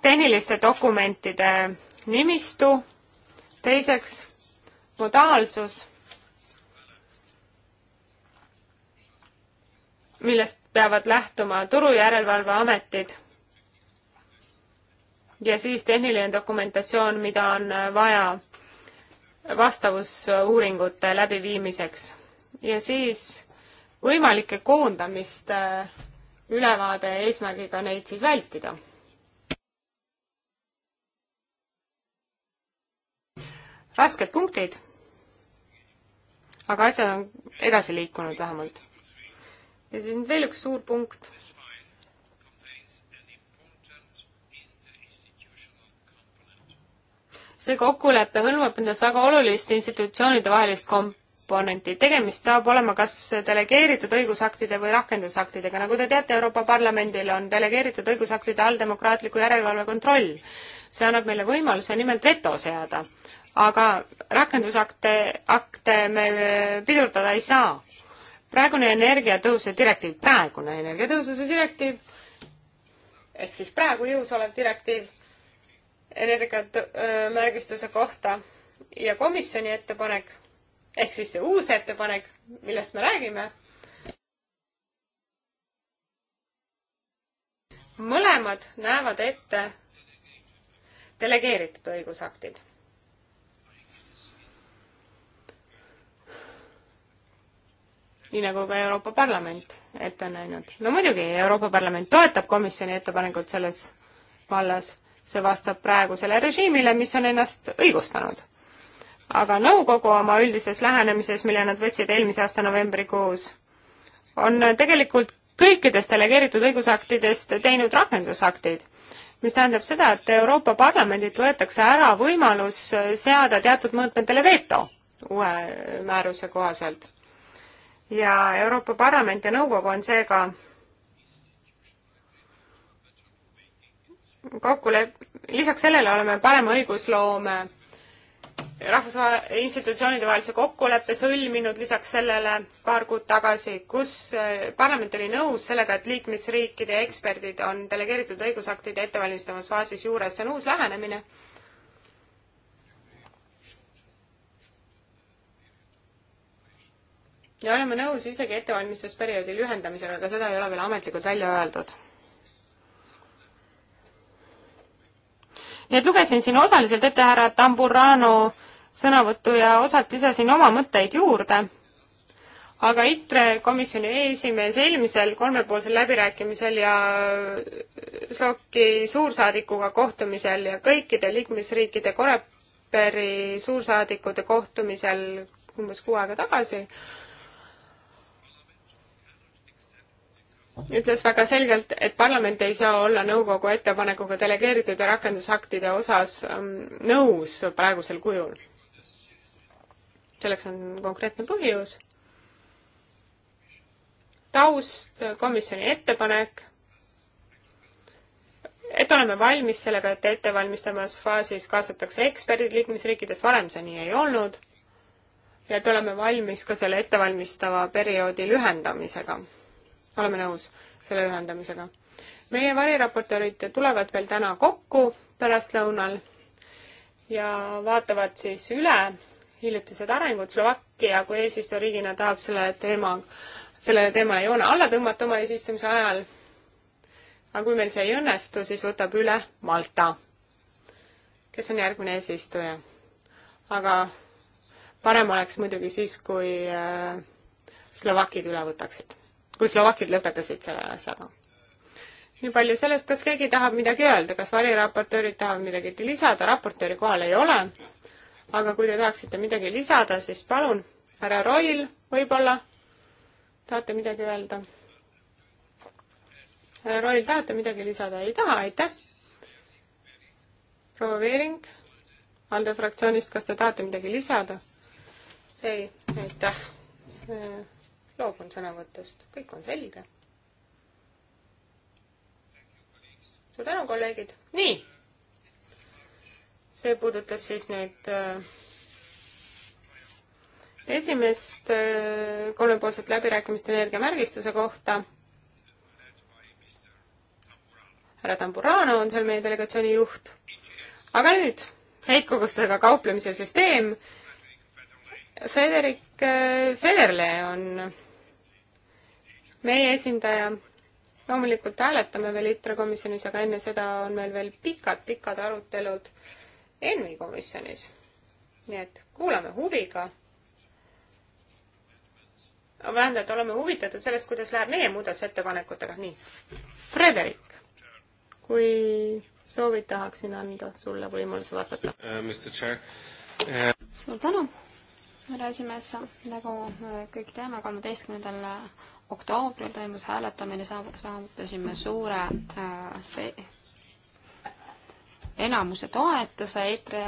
tehniliste dokumentide nimistu teiseks, modaalsus, millest peavad lähtuma turujärelevalveametid ja siis tehniline dokumentatsioon, mida on vaja vastavusuuringute läbiviimiseks. ja siis võimalike koondamiste ülevaade eesmärgiga neid siis vältida. rasked punktid, aga asjad on edasi liikunud vähemalt. ja siis on veel üks suur punkt. see kokkulepe hõlmab endas väga olulist institutsioonide vahelist komp-, komponenti. tegemist saab olema kas delegeeritud õigusaktide või rakendusaktidega. nagu te teate, Euroopa Parlamendil on delegeeritud õigusaktide all demokraatliku järelevalve kontroll. see annab meile võimaluse nimelt veto seada aga rakendusakte, akte me äh, pidurdada ei saa. praegune energiatõhususe direktiiv, praegune energiatõhususe direktiiv, ehk siis praegu jõus olev direktiiv energiamärgistuse äh, kohta ja komisjoni ettepanek, ehk siis see uus ettepanek, millest me räägime, mõlemad näevad ette delegeeritud õigusaktid nii nagu ka Euroopa Parlament ette on näinud. no muidugi, Euroopa Parlament toetab komisjoni ettepanekut selles vallas, see vastab praegusele režiimile, mis on ennast õigustanud. aga nõukogu oma üldises lähenemises, mille nad võtsid eelmise aasta novembrikuus, on tegelikult kõikidest delegeeritud õigusaktidest teinud rakendusaktid, mis tähendab seda, et Euroopa Parlamendilt võetakse ära võimalus seada teatud mõõtmetele veto uue määruse kohaselt ja Euroopa Parlament ja Nõukogu on seega kokkulep-, lisaks sellele oleme parema õigusloome rahvusvahelise institutsioonide vahelise kokkuleppe sõlminud lisaks sellele paar kuud tagasi, kus äh, parlament oli nõus sellega, et liikmesriikide eksperdid on delegeeritud õigusaktide ettevalmistamas faasis juures, see on uus lähenemine ja oleme nõus isegi ettevalmistusperioodi lühendamisega, aga seda ei ole veel ametlikult välja öeldud. nii et lugesin siin osaliselt ette härra Tamburano sõnavõttu ja osalt lisasin oma mõtteid juurde, aga ITRE komisjoni esimees eelmisel kolmepoolsel läbirääkimisel ja Slovaki suursaadikuga kohtumisel ja kõikide liikmesriikide Koreperi suursaadikute kohtumisel umbes kuu aega tagasi ütles väga selgelt, et parlament ei saa olla nõukogu ettepanekuga delegeeritud ja rakendusaktide osas ähm, nõus praegusel kujul. selleks on konkreetne põhjus. taust, komisjoni ettepanek, et oleme valmis sellega, et ettevalmistamas faasis kaasatakse eksperdid liikmesriikidest, varem see nii ei olnud, ja et oleme valmis ka selle ettevalmistava perioodi lühendamisega oleme nõus selle ühendamisega. meie variraportöörid tulevad veel täna kokku pärastlõunal ja vaatavad siis üle hiljutised arengud. Slovakkia kui eesistujariigina tahab selle teema, sellele teemale joone alla tõmmata oma eesistumise ajal. aga kui meil see ei õnnestu, siis võtab üle Malta, kes on järgmine eesistuja. aga parem oleks muidugi siis, kui äh, slovakid üle võtaksid kui slovakid lõpetasid selle asjaga. nii palju sellest, kas keegi tahab midagi öelda, kas variraportöörid tahavad midagi lisada, raportööri kohal ei ole, aga kui te tahaksite midagi lisada, siis palun, härra Roil võib-olla tahate midagi öelda? härra Roil, tahate midagi lisada? ei taha, aitäh! proua Veering, ALDE fraktsioonist, kas te tahate midagi lisada? ei, aitäh! loobun sõnavõtust, kõik on selge. suur tänu, kolleegid. nii. see puudutas siis nüüd äh, esimest äh, kolmepoolset läbirääkimist energiamärgistuse kohta. härra Tamburano on seal meie delegatsiooni juht. aga nüüd heitkogustega kauplemise süsteem. Federik äh, Federle on meie esindaja. loomulikult hääletame veel ITRE komisjonis, aga enne seda on meil veel pikad-pikad arutelud ENVI komisjonis. nii et kuulame huviga. vähemalt oleme huvitatud sellest, kuidas läheb meie muudatusettepanekutega, nii. Frederik, kui soovid, tahaksin anda sulle võimaluse vastata uh,. Uh... suur tänu, härra esimees, nagu kõik teame, kolmeteistkümnendal oktoobril toimus hääletamine, saavutasime suure äh, see, enamuse toetuse EKRE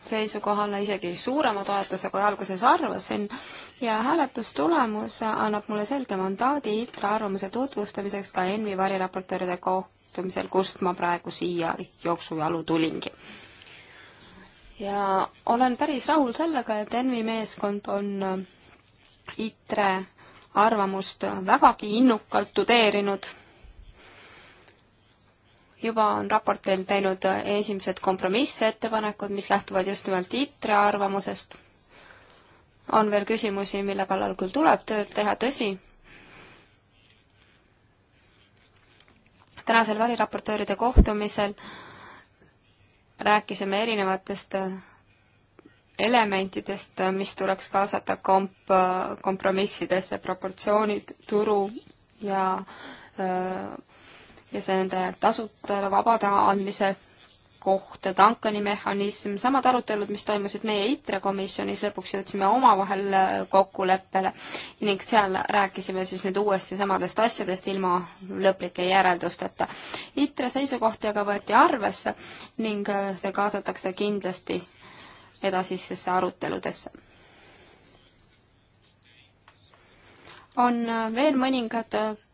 seisukohana, isegi suurema toetuse, kui alguses arvasin, ja hääletustulemus annab mulle selge mandaadi ITRA arvamuse tutvustamiseks ka ENMi variraportööride kohtumisel, kust ma praegu siia jooksujalu tulingi. ja olen päris rahul sellega, et ENMi meeskond on ITRE arvamust vägagi innukalt tudeerinud. juba on raportil teinud esimesed kompromissettepanekud, mis lähtuvad just nimelt ITRE arvamusest. on veel küsimusi, mille kallal küll tuleb tööd teha, tõsi. tänasel variraportööride kohtumisel rääkisime erinevatest elementidest, mis tuleks kaasata komp-, kompromissidesse, proportsioonid turu ja ja see nende tasuta vabade andmise kohta, Duncani mehhanism, samad arutelud, mis toimusid meie ITRE komisjonis, lõpuks jõudsime omavahel kokkuleppele ning seal rääkisime siis nüüd uuesti samadest asjadest ilma lõplike järeldusteta. ITRE seisukohti aga võeti arvesse ning see kaasatakse kindlasti edasistesse aruteludesse. on veel mõningad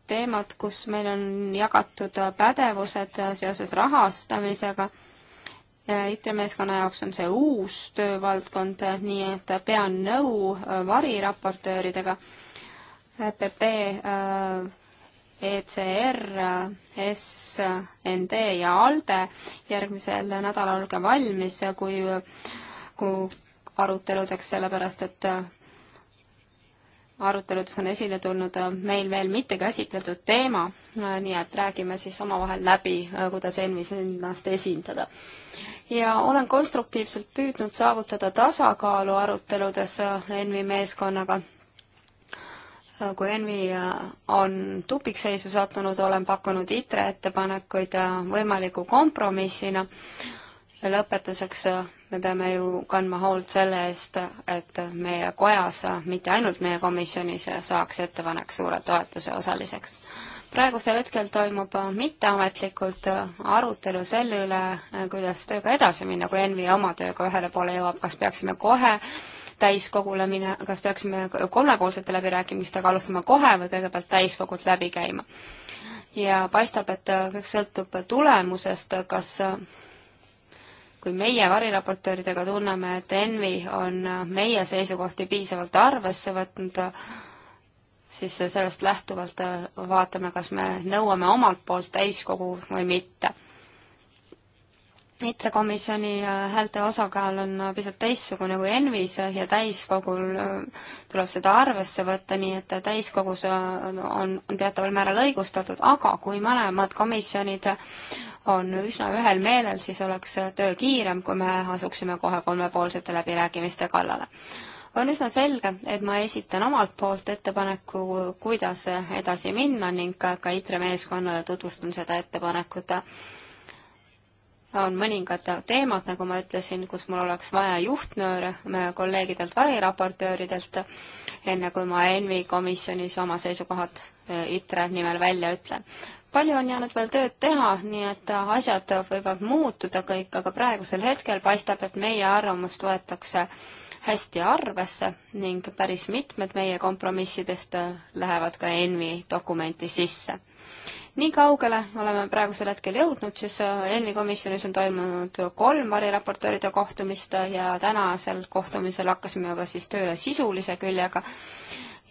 teemad, kus meil on jagatud pädevused seoses rahastamisega. IT-meeskonna jaoks on see uus töövaldkond, nii et pean nõu variraportööridega. EPP äh, ECR, SND ja ALDE järgmisel nädalal ka valmis, kui lahku aruteludeks, sellepärast et äh, aruteludes on esile tulnud äh, meil veel mitte käsitletud teema, äh, nii et räägime siis omavahel läbi, kuidas ENMis ennast esindada. ja olen konstruktiivselt püüdnud saavutada tasakaalu aruteludes ENMi meeskonnaga. kui ENMi on tupikseisu sattunud, olen pakkunud ITRE ettepanekuid võimaliku kompromissina. lõpetuseks me peame ju kandma hoolt selle eest, et meie kojas, mitte ainult meie komisjonis, saaks ettepanek suure toetuse osaliseks. praegusel hetkel toimub mitteametlikult arutelu selle üle, kuidas tööga edasi minna, kui ENVI oma tööga ühele poole jõuab, kas peaksime kohe täiskogule mine, kas peaksime kolmepoolsete läbirääkimistega alustama kohe või kõigepealt täiskogult läbi käima. ja paistab, et kõik sõltub tulemusest, kas kui meie variraportööridega tunneme, et ENVI on äh, meie seisukohti piisavalt arvesse võtnud, siis sellest lähtuvalt äh, vaatame, kas me nõuame omalt poolt täiskogu või mitte. ITRE komisjoni äh, häälte osakaal on äh, pisut teistsugune kui ENVis ja täiskogul äh, tuleb seda arvesse võtta, nii et täiskogus on teataval määral õigustatud, aga kui mõlemad komisjonid on üsna ühel meelel, siis oleks töö kiirem, kui me asuksime kohe kolmepoolsete läbirääkimiste kallale. on üsna selge, et ma esitan omalt poolt ettepaneku, kuidas edasi minna ning ka ITRE meeskonnale tutvustan seda ettepanekut on mõningad teemad, nagu ma ütlesin, kus mul oleks vaja juhtnööre kolleegidelt, variraportööridelt, enne kui ma ENVI komisjonis oma seisukohad eh, ITRE nimel välja ütlen. palju on jäänud veel tööd teha, nii et asjad võivad muutuda kõik, aga praegusel hetkel paistab, et meie arvamust võetakse hästi arvesse ning päris mitmed meie kompromissidest eh, lähevad ka ENVI dokumenti sisse nii kaugele oleme praegusel hetkel jõudnud, siis äh, ENMi komisjonis on toimunud kolm variraportööride kohtumist äh, ja tänasel kohtumisel hakkasime juba siis tööle sisulise küljega.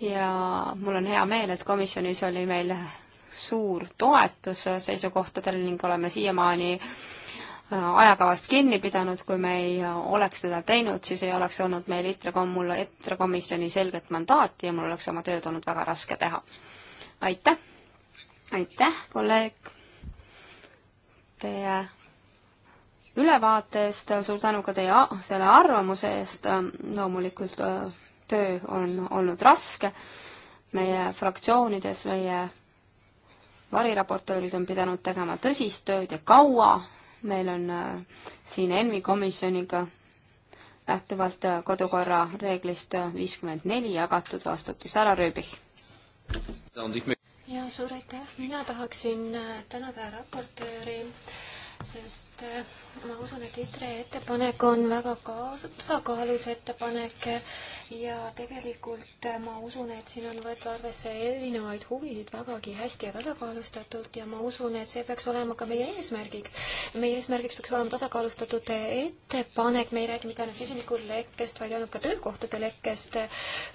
ja mul on hea meel, et komisjonis oli meil suur toetus äh, seisukohtadel ning oleme siiamaani ajakavast kinni pidanud, kui me ei oleks seda teinud, siis ei oleks olnud meil ITRE-kom-, mul ITRE komisjoni selget mandaati ja mul oleks oma tööd olnud väga raske teha. aitäh! aitäh, kolleeg, teie ülevaate eest, suur tänu ka teie selle arvamuse eest, loomulikult äh, töö on olnud raske meie fraktsioonides, meie variraportöörid on pidanud tegema tõsist tööd ja kaua, meil on äh, siin ENVI komisjoniga lähtuvalt äh, kodukorra reeglist viiskümmend neli jagatud vastutus, härra Rüübich ja suur aitäh, mina tahaksin äh, tänada raportööri, sest äh, ma usun, et ITRE ettepanek on väga tasakaalus ettepanek ja tegelikult äh, ma usun, et siin on võetud arvesse erinevaid huvisid vägagi hästi ja tasakaalustatult ja ma usun, et see peaks olema ka meie eesmärgiks. meie eesmärgiks peaks olema tasakaalustatud ettepanek, me ei räägi mitte ainult süsinikulekkest, vaid ainult ka töökohtade lekkest.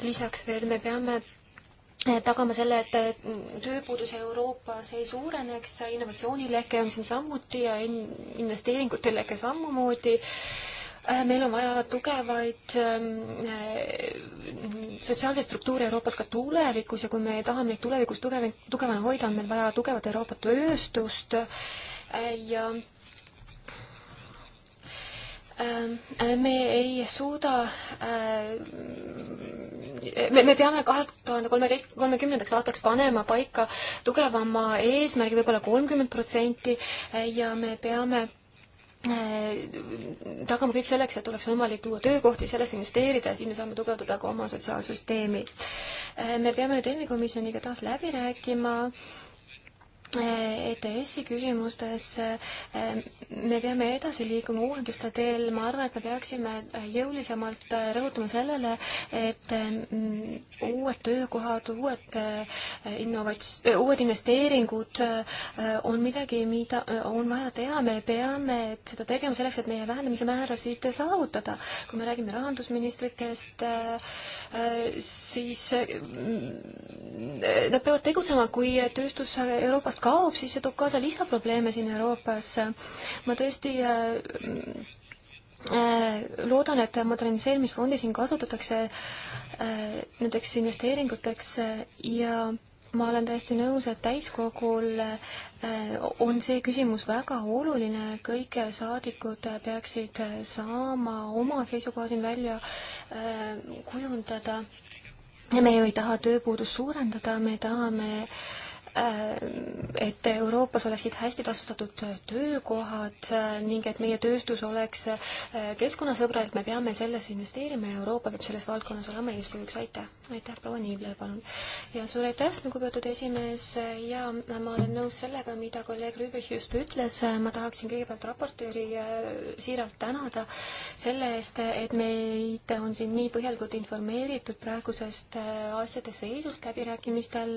lisaks veel me peame tagama selle, et tööpuudus Euroopas ei suureneks, innovatsioonilehke on siin samuti ja investeeringute lehke samamoodi. Äh, meil on vaja tugevaid ähm, äh, sotsiaalseid struktuure Euroopas ka tulevikus ja kui me tahame neid tulevikus tugev, tugevana hoida, on meil vaja tugevat Euroopa tööstust äh, ja Ähm, äh, me ei suuda, äh, me, me peame kahe tuhande kolmeteist, kolmekümnendaks aastaks panema paika tugevama eesmärgi võib-olla kolmkümmend protsenti äh, ja me peame tagama kõik selleks, et oleks võimalik luua töökohti, sellesse investeerida ja siis me saame tugevdada ka oma sotsiaalsüsteemi. me peame nüüd ENMi komisjoniga taas läbi rääkima Eh, ETS-i küsimustes eh, me peame edasi liikuma uuenduste teel, ma arvan, et me peaksime jõulisemalt eh, rõhutama sellele, et mm, uued töökohad, uued innovats-, uued investeeringud on midagi, mida on vaja teha, me peame seda tegema selleks, et meie vähenemise määrasid saavutada. kui me räägime rahandusministritest, siis mm, nad peavad tegutsema, kui tööstus Euroopas seadusandlust kaob, siis see toob kaasa lisaprobleeme siin Euroopas. ma tõesti äh, äh, loodan, et moderniseerimisfondi siin kasutatakse äh, nendeks investeeringuteks ja ma olen täiesti nõus, et täiskogul on see küsimus väga oluline, kõik saadikud peaksid saama oma seisukoha siin välja kujundada. me ju ei taha tööpuudust suurendada, me tahame äh, Äh, et Euroopas oleksid hästi tasustatud töökohad äh, ning et meie tööstus oleks äh, keskkonnasõbralik, me peame sellesse investeerima ja Euroopa peab selles valdkonnas olema eeskujuks, aitäh. aitäh, proua Niibler, palun. ja suur aitäh, lugupeetud esimees ja ma olen nõus sellega, mida kolleeg Rüübich just ütles, ma tahaksin kõigepealt raportööri siiralt tänada selle eest, et meid on siin nii põhjalikult informeeritud praegusest asjade seisust läbirääkimistel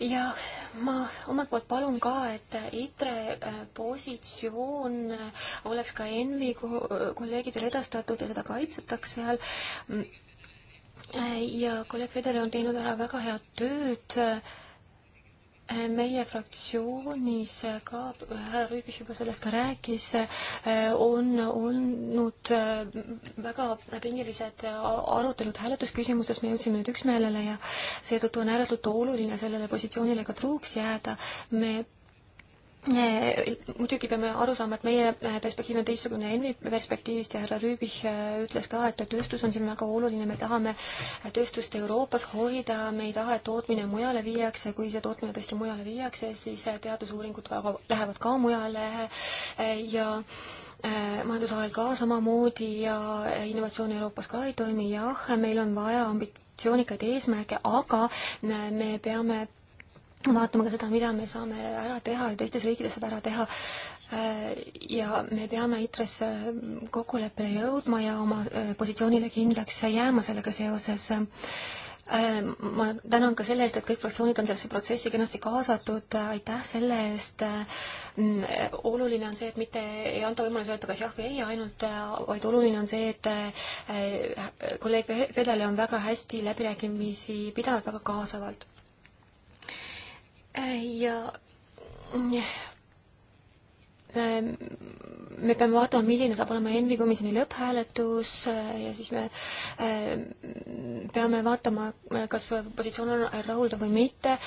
ja ma omalt poolt palun ka, et ITRE äh, positsioon äh, oleks ka ENVi kolleegidele edastatud ja seda kaitsetaks seal. Mm, äh, ja kolleeg Fedele on teinud ära väga head tööd meie fraktsioonis ka, härra Rüübis juba sellest ka rääkis, on olnud äh, väga pingelised arutelud hääletusküsimuses, me jõudsime nüüd üksmeelele ja seetõttu on ääretult oluline sellele positsioonile ka truuks jääda. me Eh, muidugi peame aru saama, et meie eh, perspektiiv on teistsugune ENMi perspektiivist ja härra Rüübich eh, ütles ka, et tööstus on siin väga oluline, me tahame tööstust Euroopas hoida, me ei taha, et tootmine mujale viiakse, kui see tootmine tõesti mujale viiakse, siis teadusuuringud ka, lähevad ka mujale ja majandusahel ka samamoodi ja innovatsioon Euroopas ka ei toimi, jah, meil on vaja ambitsioonikaid eesmärke, aga me peame vaatama ka seda, mida me saame ära teha ja teistes riikides saab ära teha. Äh, ja me peame ITRES äh, kokkuleppele jõudma ja oma äh, positsioonile kindlaks jääma sellega seoses. ma tänan ka selle eest, et kõik fraktsioonid on sellesse protsessi kenasti kaasatud, aitäh selle eest. Mm, oluline on see, et mitte ei anta võimalusi öelda kas jah või ei ainult, vaid oluline on see, et kolleeg Fedele on väga hästi läbirääkimisi pidanud, väga kaasavalt ja eh, me peame vaatama, milline saab olema ENVI komisjoni lõpphääletus eh, ja siis me eh, peame vaatama, kas positsioon on rahuldav või mitte.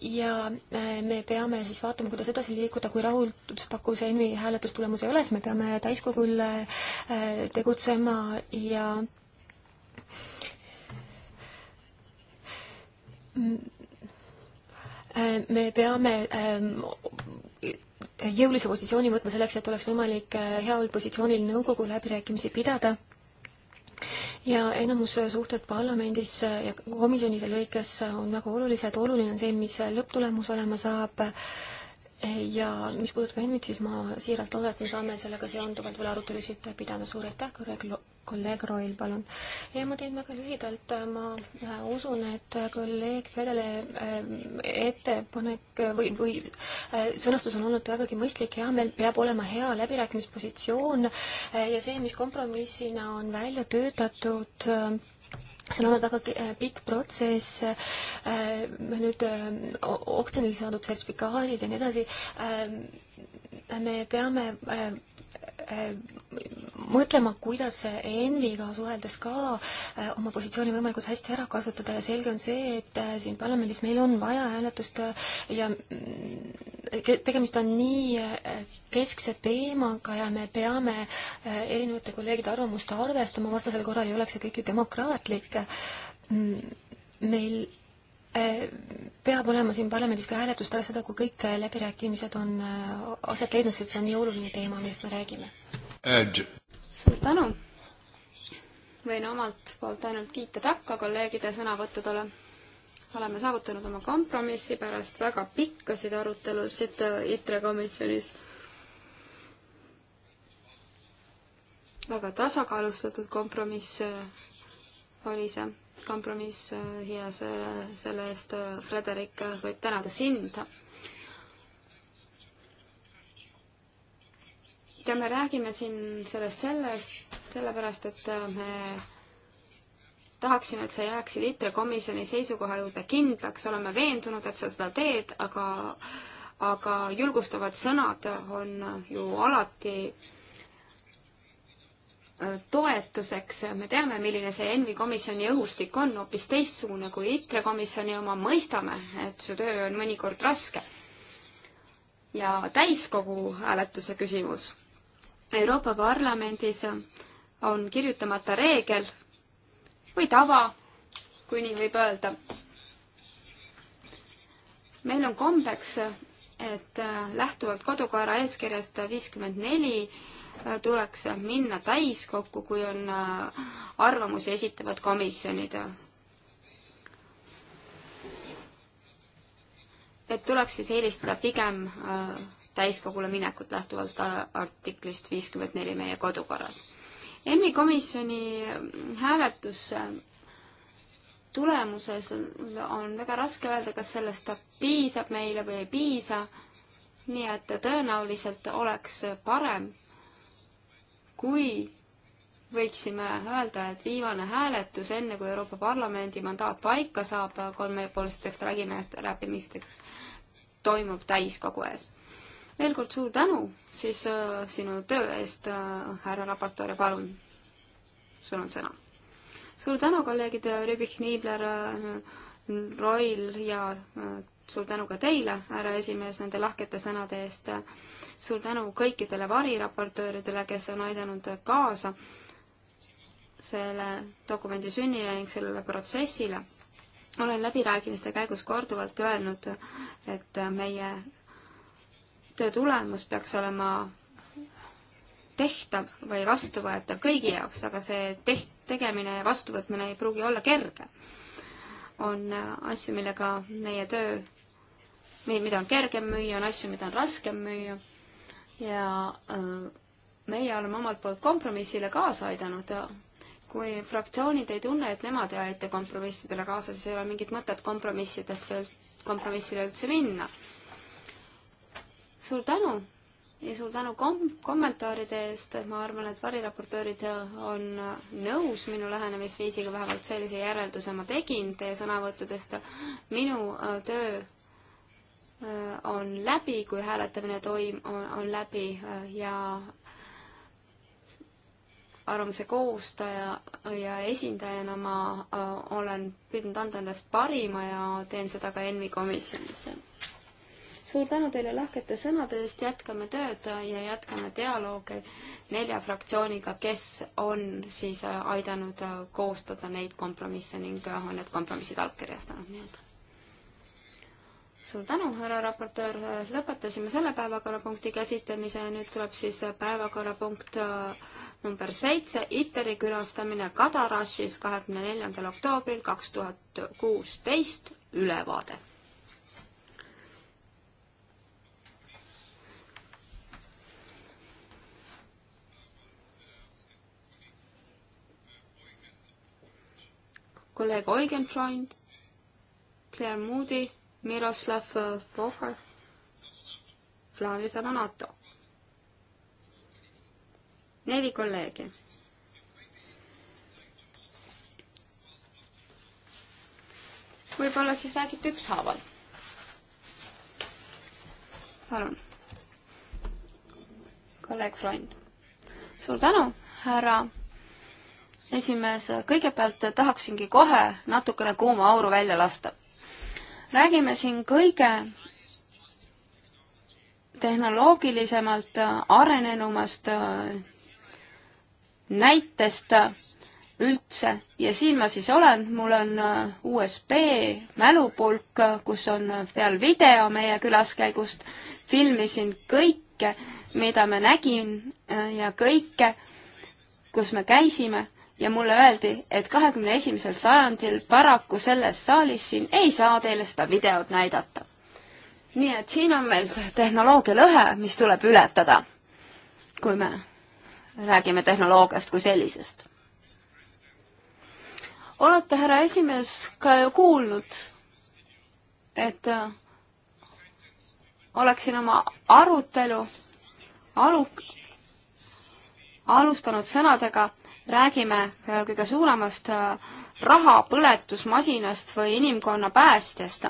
ja me peame siis vaatama, kuidas edasi liikuda, kui rahulduspakkuv see ENVI hääletustulemus ei ole, siis me peame täiskogul tegutsema ja Äh, me peame ähm, jõulise positsiooni võtma selleks, et oleks võimalik äh, heal positsioonil nõukogu läbirääkimisi pidada ja enamus suhted parlamendis äh, ja komisjonide lõikes on väga olulised, oluline on see, mis lõpptulemus olema saab ja mis puudutab Envit, siis ma siiralt loodan, et me saame sellega seonduvalt veel arutelusid pidada. suur aitäh, kolleeg Roil, palun. ja ma teen väga lühidalt, ma äh, usun, et kolleeg Fedele äh, ettepanek või, või äh, sõnastus on olnud vägagi mõistlik ja meil peab olema hea läbirääkimispositsioon ja see, mis kompromissina on välja töötatud, see on olnud väga äh, pikk protsess, äh, nüüd äh, oktsionil saadud sertifikaadid ja nii edasi, ähm, me peame mõtlema, kuidas ENViga suheldes ka äh, oma positsiooni võimalikult hästi ära kasutada ja selge on see, et äh, siin parlamendis meil on vaja hääletust äh, ja mm, tegemist on nii keskse teemaga ja me peame erinevate kolleegide arvamust arvestama, vastasel korral ei oleks see kõik ju demokraatlik. Mm, meil peab olema siin parlamendis ka hääletus pärast seda, kui kõik läbirääkimised on äh, aset leidnud, sest see on nii oluline teema, millest me räägime. suur tänu! võin omalt poolt ainult kiita takka kolleegide sõnavõttudele. oleme saavutanud oma kompromissi pärast väga pikkasid arutelusid äh, ITRE komisjonis. väga tasakaalustatud kompromiss äh, oli see kompromiss äh, ja selle, selle eest äh, Frederik äh, võib tänada sind. ja me räägime siin sellest sellest, sellepärast et me tahaksime, et sa jääksid ITRE komisjoni seisukoha juurde kindlaks, oleme veendunud, et sa seda teed, aga aga julgustavad sõnad on ju alati toetuseks, me teame, milline see ENVI komisjoni õhustik on, hoopis teistsugune kui ITRE komisjoni oma, mõistame, et su töö on mõnikord raske. ja täiskogu hääletuse küsimus. Euroopa Parlamendis on kirjutamata reegel või tava, kui nii võib öelda. meil on kombeks et äh, lähtuvalt kodukorra eeskirjast viiskümmend neli äh, tuleks minna täiskokku, kui on äh, arvamusi esitavad komisjonid. et tuleks siis eelistada pigem täiskogule minekut lähtuvalt artiklist viiskümmend neli meie kodukorras. ENMi komisjoni hääletus tulemuses on väga raske öelda, kas sellest piisab meile või ei piisa. nii et tõenäoliselt oleks parem, kui võiksime öelda, et viimane hääletus, enne kui Euroopa Parlamendi mandaat paika saab kolmepoolseteks läbimisteks, toimub täiskogu ees. veel kord suur tänu siis äh, sinu töö eest äh,, härra raportöör ja palun, sul on sõna suur tänu, kolleegid Rübich, Niibler, Roil ja äh, suur tänu ka teile, härra esimees, nende lahkete sõnade eest. suur tänu kõikidele variraportööridele, kes on aidanud kaasa selle dokumendi sünnile ning sellele protsessile. olen läbirääkimiste käigus korduvalt öelnud, et meie töö tulemus peaks olema tehtav või vastuvõetav kõigi jaoks, aga see teht-, tegemine ja vastuvõtmine ei pruugi olla kerge. on äh, asju, millega meie töö, mida on kergem müüa, on asju, mida on raskem müüa ja äh, meie oleme omalt poolt kompromissile kaasa aidanud ja kui fraktsioonid ei tunne, et nemad ei aita kompromissidele kaasa, siis ei ole mingit mõtet kompromissidesse, kompromissile üldse minna. suur tänu ja suur tänu kom-, kommentaaride eest, ma arvan, et variraportöörid on nõus minu lähenemisviisiga, vähemalt sellise järelduse ma tegin teie sõnavõttudest. minu äh, töö äh, on läbi, kui hääletamine toim-, on läbi äh, ja arvamuse koostaja ja esindajana ma olen püüdnud anda endast parima ja teen seda ka ENVI komisjonis suur tänu teile lahkete sõnade eest, jätkame tööd ja jätkame dialoogi nelja fraktsiooniga, kes on siis äh, aidanud äh, koostada neid kompromisse ning äh, on need kompromissid allkirjastanud nii-öelda. suur tänu, härra raportöör, lõpetasime selle päevakorrapunkti käsitlemise ja nüüd tuleb siis päevakorrapunkt number seitse, ITER-i külastamine Kadarashis kahekümne neljandal oktoobril kaks tuhat kuusteist, ülevaade kolleeg Eugen Freund, Claire Moody, Miroslav äh, Voha, Flavio Savanato. neli kolleegi. võib-olla siis räägite ükshaaval. palun. kolleeg Freund. suur tänu, härra esimees, kõigepealt tahaksingi kohe natukene kuuma auru välja lasta. räägime siin kõige tehnoloogilisemalt arenenumast äh, näitest üldse ja siin ma siis olen, mul on äh, USB mälupulk, kus on peal video meie külaskäigust, filmisin kõike, mida ma nägin äh, ja kõike, kus me käisime ja mulle öeldi, et kahekümne esimesel sajandil paraku selles saalis siin ei saa teile seda videot näidata. nii et siin on meil tehnoloogia lõhe, mis tuleb ületada, kui me räägime tehnoloogiast kui sellisest. olete, härra esimees, ka ju kuulnud, et äh, oleksin oma arutelu aru, alustanud sõnadega räägime äh, kõige suuremast äh, rahapõletusmasinast või inimkonna päästjast.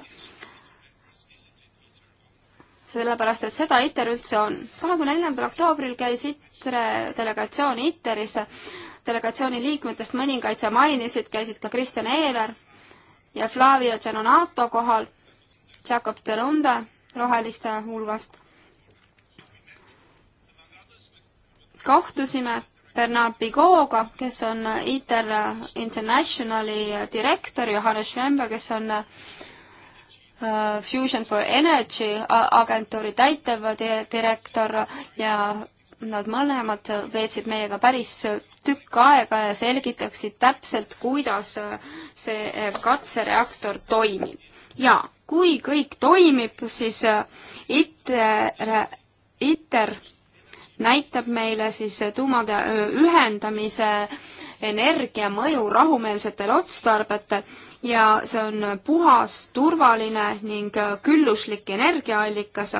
sellepärast, et seda ITER üldse on. kahekümne neljandal oktoobril käis ITRE delegatsioon ITERis, delegatsiooni liikmetest mõningaid sa mainisid, käisid ka Kristjan Eeler ja Flavio Genonato kohal, Jakob Terunda roheliste hulgast. kohtusime Bernard Bigoga, kes on ITER Internationali direktor, Johannes Schwembe, kes on äh, Fusion for Energy agentuuri täitevdirektor ja nad mõlemad veetsid meiega päris tükk aega ja selgitaksid täpselt, kuidas see katsereaktor toimib. ja kui kõik toimib, siis äh, ITER, ITER näitab meile siis tuumade ühendamise energia mõju rahumeelsetel otstarbetel ja see on puhas, turvaline ning külluslik energiaallikas.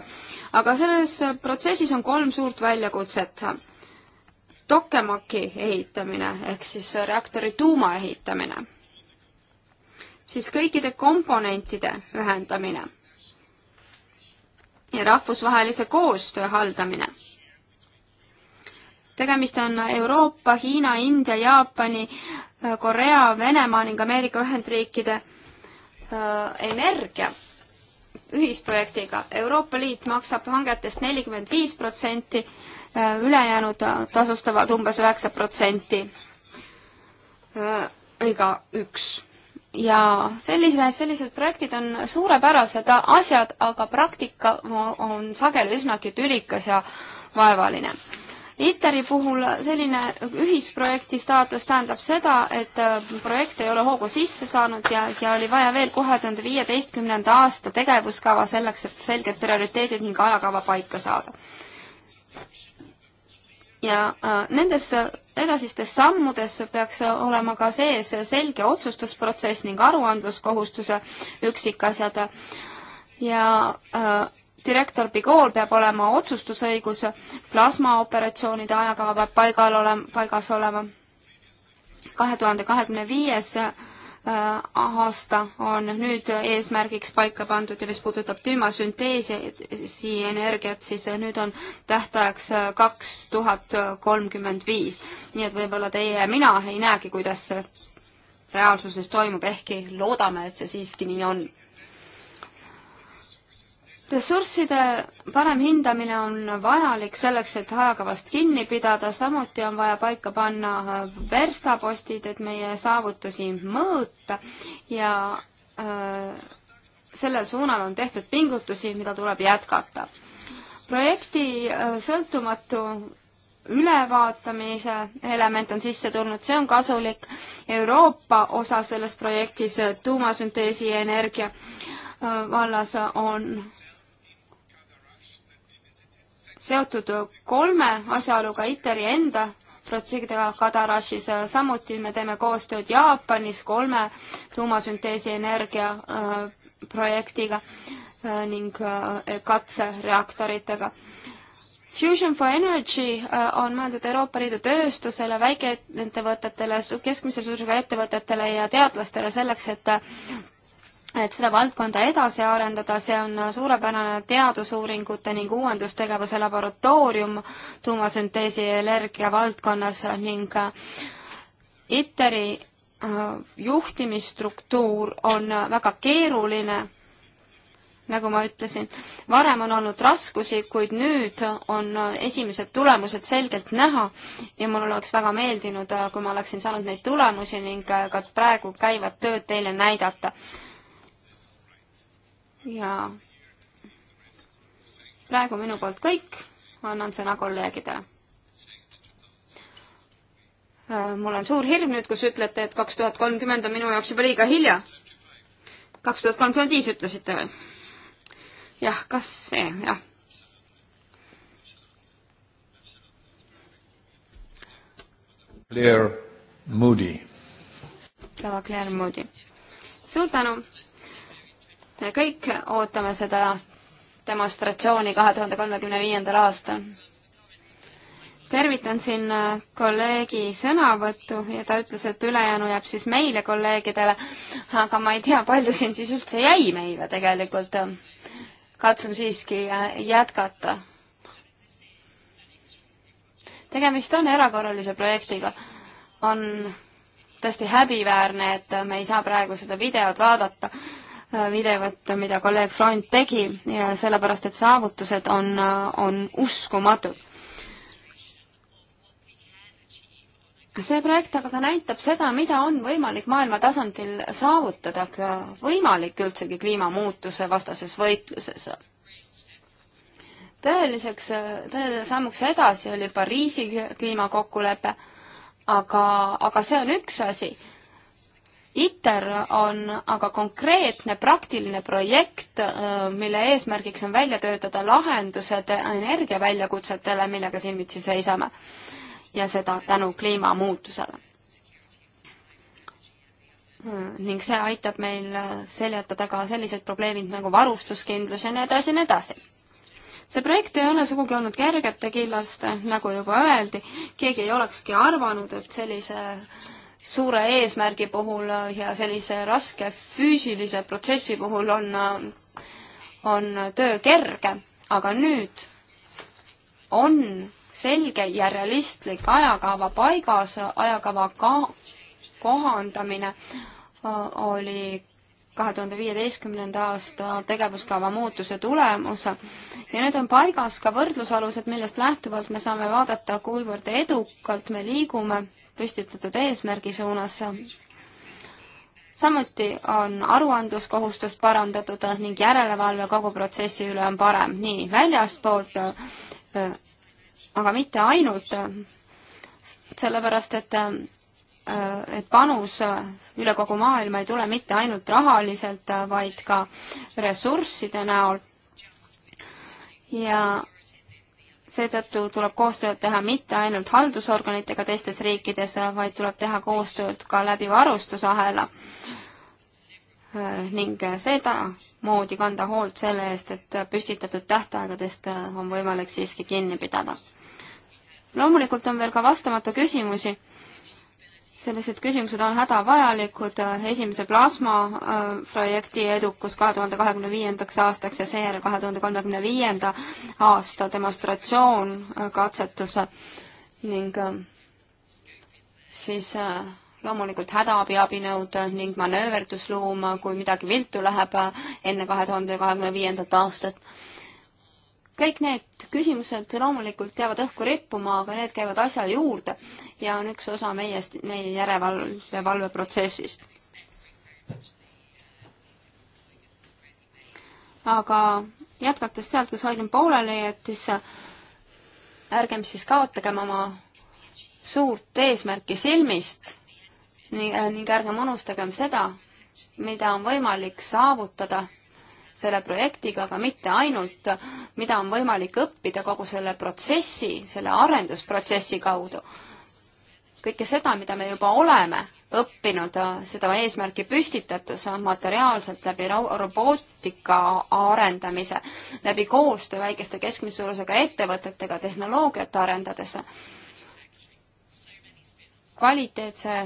aga selles protsessis on kolm suurt väljakutset. Tokemaki ehitamine ehk siis reaktori tuuma ehitamine, siis kõikide komponentide ühendamine ja rahvusvahelise koostöö haldamine tegemist on Euroopa, Hiina, India, Jaapani, Korea, Venemaa ning Ameerika Ühendriikide energia ühisprojektiga. Euroopa Liit maksab hangetest nelikümmend viis protsenti, ülejäänud tasustavad umbes üheksa protsenti igaüks ja sellise, sellised projektid on suurepärased asjad, aga praktika on sageli üsnagi tülikas ja vaevaline ITER-i puhul selline ühisprojekti staatus tähendab seda, et äh, projekt ei ole hoogu sisse saanud ja, ja oli vaja veel kahe tuhande viieteistkümnenda aasta tegevuskava selleks, et selged prioriteedid ning ajakava paika saada. ja äh, nendes edasistes sammudes peaks olema ka sees selge otsustusprotsess ning aruandluskohustuse üksikasjad ja äh, direktor Bigol peab olema otsustusõigus, plasmaoperatsioonide ajakava peab paigal olema, paigas olema. kahe tuhande kahekümne viies äh, aasta on nüüd eesmärgiks paika pandud ja mis puudutab tüümasünteesi energiat, siis nüüd on tähtajaks äh, kaks tuhat kolmkümmend viis. nii et võib-olla teie ja mina ei näegi, kuidas see reaalsuses toimub, ehkki loodame, et see siiski nii on ressursside parem hindamine on vajalik selleks, et ajakavast kinni pidada, samuti on vaja paika panna verstapostid, et meie saavutusi mõõta ja öö, äh, sellel suunal on tehtud pingutusi, mida tuleb jätkata. projekti äh, sõltumatu ülevaatamise element on sisse tulnud, see on kasulik. Euroopa osa selles projektis tuumasünteesi ja energia äh, vallas on seotud kolme asjaoluga, ITER-i enda protseduuriga Kadarashis, samuti me teeme koostööd Jaapanis kolme tuumasünteesi energia äh, projektiga äh, ning äh, katsereaktoritega. Fusion for Energy on mõeldud Euroopa Liidu tööstusele, väikeettevõtetele, keskmise suurusega ettevõtetele ja teadlastele selleks, et et seda valdkonda edasi arendada, see on suurepärane teadusuuringute ning uuendustegevuse laboratoorium tuumasünteesi energia valdkonnas ning äh, ITER-i äh, juhtimisstruktuur on väga keeruline, nagu ma ütlesin. varem on olnud raskusi, kuid nüüd on äh, esimesed tulemused selgelt näha ja mul oleks väga meeldinud, kui ma oleksin saanud neid tulemusi ning ka praegu käivat tööd teile näidata ja praegu minu poolt kõik, annan sõna kolleegidele. Äh, mul on suur hirm nüüd, kus ütlete, et kaks tuhat kolmkümmend on minu jaoks juba liiga hilja. kaks tuhat kolmkümmend viis ütlesite või? jah, kas see, jah Claire Moody. proua Claire Moody. suur tänu me kõik ootame seda demonstratsiooni kahe tuhande kolmekümne viiendal aastal. tervitan siin äh, kolleegi sõnavõttu ja ta ütles, et ülejäänu jääb siis meile, kolleegidele, aga ma ei tea, palju siin siis üldse jäi meile tegelikult. katsun siiski äh, jätkata. tegemist on erakorralise projektiga. on tõesti häbiväärne, et me ei saa praegu seda videot vaadata videot, mida kolleeg Freund tegi ja sellepärast, et saavutused on, on uskumatud. see projekt aga ka näitab seda, mida on võimalik maailma tasandil saavutada, võimalik üldsegi kliimamuutuse vastases võitluses. tõeliseks, tõeline sammuks edasi oli Pariisi kliimakokkulepe, aga, aga see on üks asi ITER on aga konkreetne praktiline projekt, äh, mille eesmärgiks on välja töötada lahendused energiaväljakutsetele, millega silmitsi seisame. ja seda tänu kliimamuutusele. Äh, ning see aitab meil seljatada ka sellised probleemid nagu varustuskindlus ja nii edasi ja nii edasi see projekt ei ole sugugi olnud kergetekillast, nagu juba öeldi, keegi ei olekski arvanud, et sellise äh, suure eesmärgi puhul äh, ja sellise raske füüsilise protsessi puhul on, äh, on töö kerge, aga nüüd on selge ja realistlik ajakava paigas, ajakava ka kohandamine äh, oli kahe tuhande viieteistkümnenda aasta tegevuskava muutuse tulemus ja nüüd on paigas ka võrdlusalused, millest lähtuvalt me saame vaadata, kuivõrd edukalt me liigume püstitatud eesmärgi suunas. samuti on aruandluskohustust parandatud ning järelevalve kogu protsessi üle on parem nii väljastpoolt, aga mitte ainult, sellepärast et et panus üle kogu maailma ei tule mitte ainult rahaliselt, vaid ka ressursside näol. ja seetõttu tuleb koostööd teha mitte ainult haldusorganitega teistes riikides, vaid tuleb teha koostööd ka läbi varustusahela ning sedamoodi kanda hoolt selle eest, et püstitatud tähtaegadest on võimalik siiski kinni pidada. loomulikult on veel ka vastamata küsimusi sellised küsimused on hädavajalikud, esimese plasma äh, projekti edukus kahe tuhande kahekümne viiendaks aastaks ja seejärel kahe tuhande kolmekümne viienda aasta demonstratsioon, äh, katsetus ning äh, siis loomulikult hädaabiabinõud ning manööverdusruum, kui midagi viltu läheb enne kahe tuhande kahekümne viiendat aastat kõik need küsimused loomulikult jäävad õhku rippuma, aga need käivad asja juurde ja on üks osa meie, meie järelevalve, valveprotsessist. aga jätkates sealt, kus hoidin pooleli, et siis ärgem siis kaotagem oma suurt eesmärki silmist ning, ning ärgem unustagem seda, mida on võimalik saavutada selle projektiga, aga mitte ainult, mida on võimalik õppida kogu selle protsessi, selle arendusprotsessi kaudu. kõike seda, mida me juba oleme õppinud, seda eesmärki püstitatus materiaalselt läbi robootika arendamise, läbi koostöö väikeste keskmise suurusega ettevõtetega tehnoloogiat arendades kvaliteetse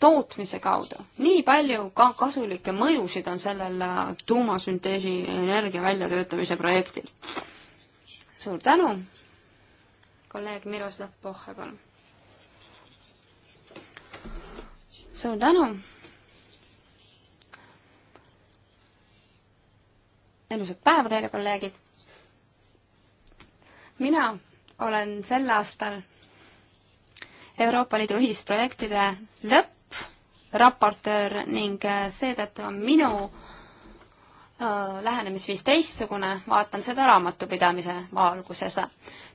tootmise kaudu. nii palju ka kasulikke mõjusid on sellel äh, tuumasünteesi energia väljatöötamise projektil. suur tänu, kolleeg Miroslav Pohhe, palun. suur tänu. ilusat päeva teile, kolleegid. mina olen sel aastal Euroopa Liidu ühisprojektide lõpp raportöör ning äh, seetõttu on minu äh, lähenemisviis teistsugune, vaatan seda raamatupidamise valguses.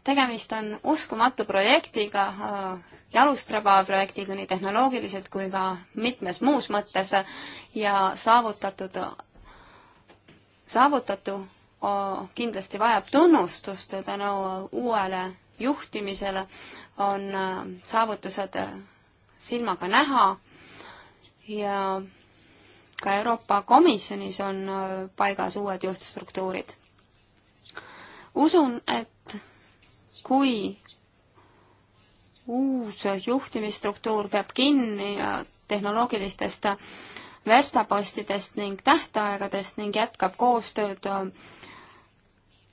tegemist on uskumatu projektiga, äh, jalustraba projektiga nii tehnoloogiliselt kui ka mitmes muus mõttes ja saavutatud, saavutatu kindlasti vajab tunnustust tänu uuele juhtimisele, on saavutused silmaga näha ja ka Euroopa Komisjonis on äh, paigas uued juhtstruktuurid. usun, et kui uus juhtimisstruktuur peab kinni tehnoloogilistest verstapostidest ning tähtaegadest ning jätkab koostööd äh,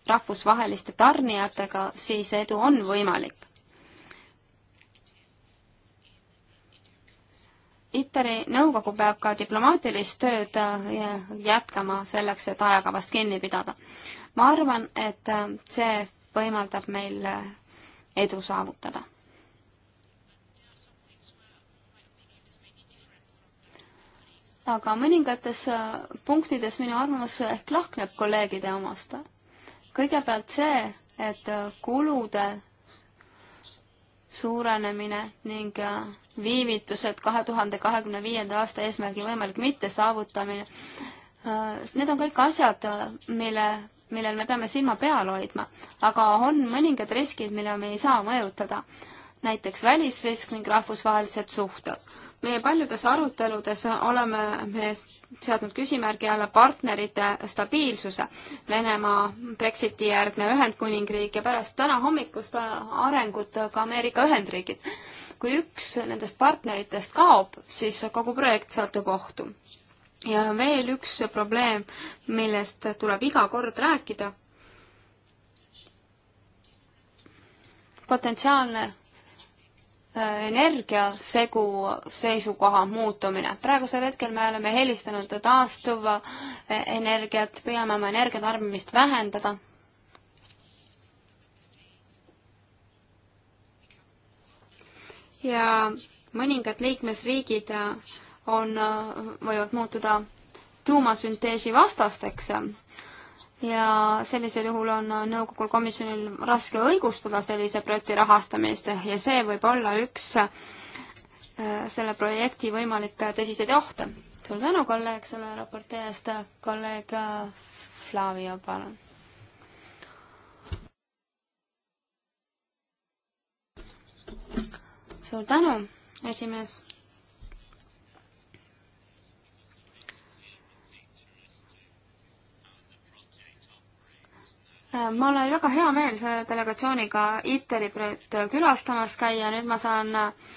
rahvusvaheliste tarnijatega, siis edu on võimalik. ITER-i nõukogu peab ka diplomaatilist tööd äh, jätkama selleks, et ajakavast kinni pidada. ma arvan, et äh, see võimaldab meil äh, edu saavutada. aga mõningates punktides minu arvamus ehk lahkneb kolleegide omast. kõigepealt see, et kulude suurenemine ning äh, viivitused kahe tuhande kahekümne viienda aasta eesmärgi võimalik mittesaavutamine. Äh, need on kõik asjad, äh, mille, millel me peame silma peal hoidma, aga on mõningad riskid, mille me ei saa mõjutada, näiteks välisrisk ning rahvusvahelised suhted meie paljudes aruteludes oleme me seadnud küsimärgi alla partnerite stabiilsuse. Venemaa, Brexiti järgne Ühendkuningriik ja pärast täna hommikust arengut ka Ameerika Ühendriigid. kui üks nendest partneritest kaob, siis kogu projekt satub ohtu. ja veel üks probleem, millest tuleb iga kord rääkida, potentsiaalne Äh, energiasegu seisukoha muutumine. praegusel hetkel me oleme helistanud taastuva äh, energiat, püüame oma energiatarbimist vähendada. ja mõningad liikmesriigid äh, on, võivad muutuda tuumasünteesi vastasteks ja sellisel juhul on nõukogul komisjonil raske õigustada sellise projekti rahastamist ja see võib olla üks äh, selle projekti võimalikke tõsiseid ohte. suur tänu, kolleeg, selle raporti eest, kolleeg äh, Flavio, palun. suur tänu, esimees Äh, mul oli väga hea meel selle delegatsiooniga Iterit külastamas käia, nüüd ma saan äh,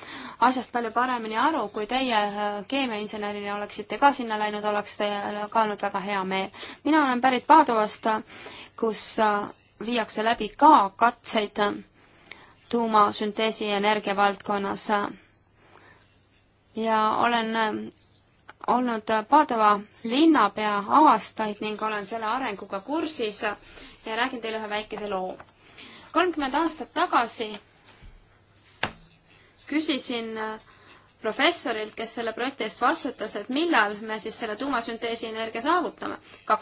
asjast palju paremini aru, kui teie äh, keemiainsenerina oleksite ka sinna läinud, oleks teil ka olnud väga hea meel. mina olen pärit Padovast, kus viiakse läbi ka katseid tuumasünteesi energiavaldkonnas ja olen olnud Padova linnapea aastaid ning olen selle arenguga kursis ja räägin teile ühe väikese loo. kolmkümmend aastat tagasi küsisin professorilt, kes selle projekti eest vastutas, et millal me siis selle tuumasünteesi energia saavutame.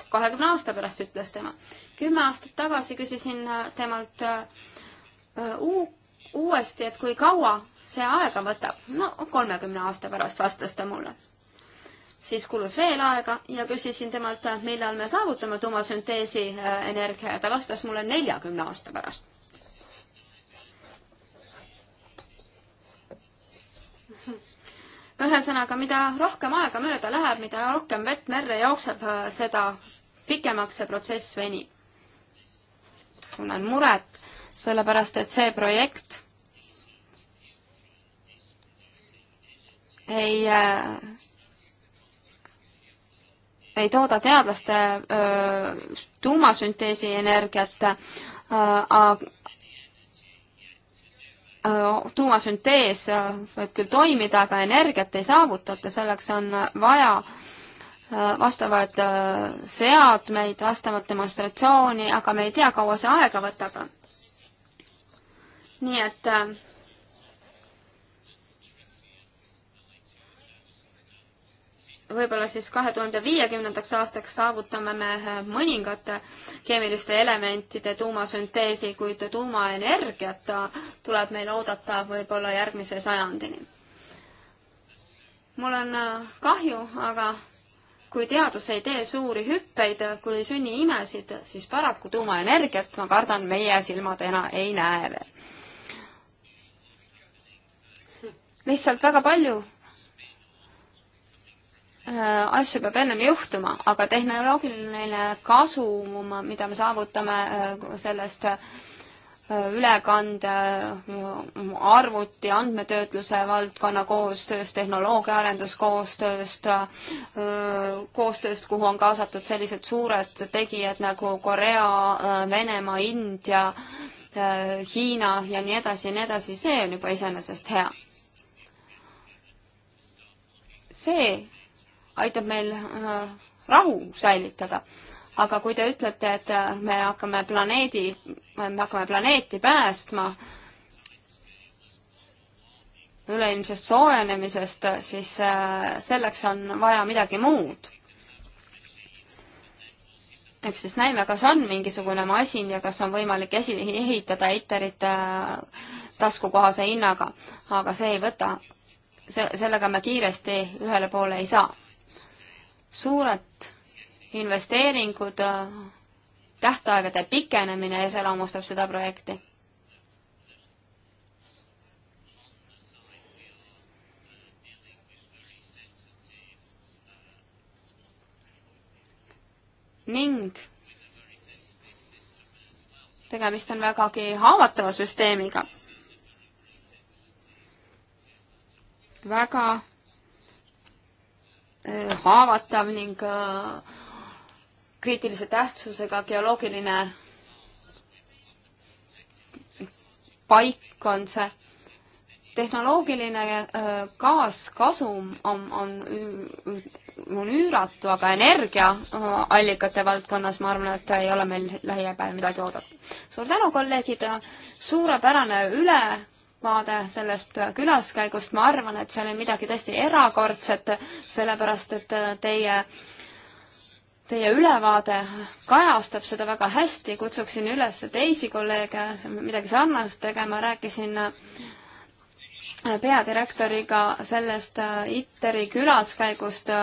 kahekümne aasta pärast, ütles tema. kümme aastat tagasi küsisin temalt uh, uuesti, et kui kaua see aega võtab. no kolmekümne aasta pärast, vastas ta mulle siis kulus veel aega ja küsisin temalt, millal me saavutame tuumasünteesi äh, energia ja ta vastas mulle neljakümne aasta pärast. ühesõnaga, mida rohkem aega mööda läheb, mida rohkem vett merre jookseb, äh, seda pikemaks see protsess venib. tunnen muret, sellepärast et see projekt ei äh, ei tooda teadlaste tuumasünteesi energiat, tuumasüntees võib küll toimida, aga energiat ei saavutata, selleks on vaja vastavaid seadmeid, vastavat demonstratsiooni, aga me ei tea, kaua see aega võtab. nii et võib-olla siis kahe tuhande viiekümnendaks aastaks saavutame me eh, mõningate keemiliste elementide tuumasünteesi, kuid tuumaenergiat tuleb meil oodata võib-olla järgmise sajandini. mul on eh, kahju, aga kui teadus ei tee suuri hüppeid, kui ei sünni imesid, siis paraku tuumaenergiat, ma kardan, meie silmad enam ei näe veel. lihtsalt väga palju Äh, asju peab ennem juhtuma, aga tehnoloogiline kasu, mida me saavutame äh, sellest äh, ülekande, arvuti, andmetöötluse valdkonna koostööst, tehnoloogia arenduskoostööst, koostööst, kuhu on kaasatud sellised suured tegijad nagu Korea, Venemaa, India, Hiina ja nii edasi ja nii edasi, see on juba iseenesest hea. see aitab meil äh, rahu säilitada. aga kui te ütlete, et äh, me hakkame planeedi, me hakkame planeeti päästma üleilmsest soojenemisest, siis äh, selleks on vaja midagi muud. eks siis näime, kas on mingisugune masin ja kas on võimalik esi-, ehitada eiterit taskukohase hinnaga, aga see ei võta, see, sellega me kiiresti ühele poole ei saa suured investeeringud, tähtaegade pikenemine iseloomustab seda projekti. ning tegemist on vägagi haavatava süsteemiga. väga Äh, haavatav ning äh, kriitilise tähtsusega geoloogiline paik on see. tehnoloogiline äh, kaaskasum on, on, on üüratu, aga energiaallikate valdkonnas ma arvan, et ei ole meil lähiajal midagi oodata. suur tänu, kolleegid, suurepärane üle maade sellest külaskäigust, ma arvan, et see oli midagi täiesti erakordset, sellepärast et teie, teie ülevaade kajastab seda väga hästi, kutsuksin üles teisi kolleege midagi sarnast tegema, rääkisin peadirektoriga sellest ITER-i külaskäigust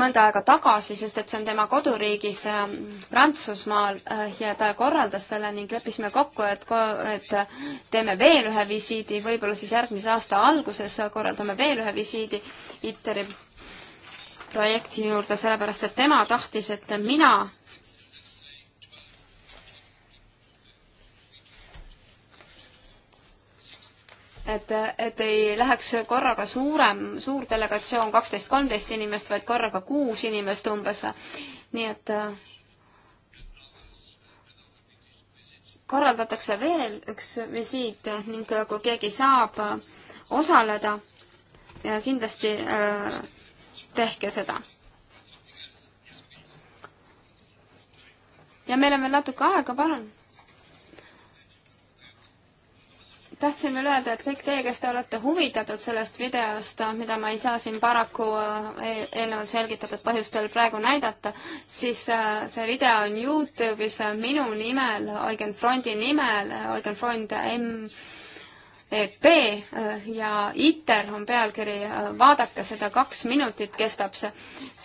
mõnda aega tagasi, sest et see on tema koduriigis äh, Prantsusmaal äh, ja ta korraldas selle ning leppisime kokku, et ko, et teeme veel ühe visiidi, võib-olla siis järgmise aasta alguses korraldame veel ühe visiidi ITER-i projekti juurde, sellepärast et tema tahtis, et mina et, et ei läheks korraga suurem, suur delegatsioon, kaksteist, kolmteist inimest, vaid korraga kuus inimest umbes. nii et korraldatakse veel üks visiit ning kui keegi saab osaleda, kindlasti äh, tehke seda. ja meil on veel natuke aega, palun tahtsin veel öelda, et kõik teie, kes te olete huvitatud sellest videost, mida ma ei saa siin paraku äh, e-, eelnevalt selgitatud põhjustel praegu näidata, siis äh, see video on Youtube'is äh, minu nimel, Eugen Frondi nimel, Eugen Frond M. EP ja ITER on pealkiri, vaadake seda, kaks minutit kestab see,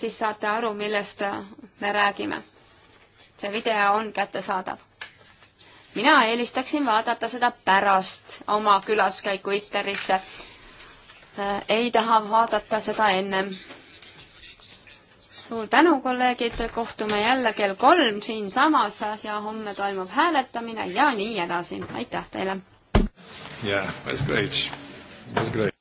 siis saate aru, millest me räägime. see video on kättesaadav mina eelistaksin vaadata seda pärast oma külaskäiku Iterisse. Äh, ei taha vaadata seda ennem. suur tänu, kolleegid, kohtume jälle kell kolm siinsamas ja homme toimub hääletamine ja nii edasi. aitäh teile! Yeah, that's great. That's great.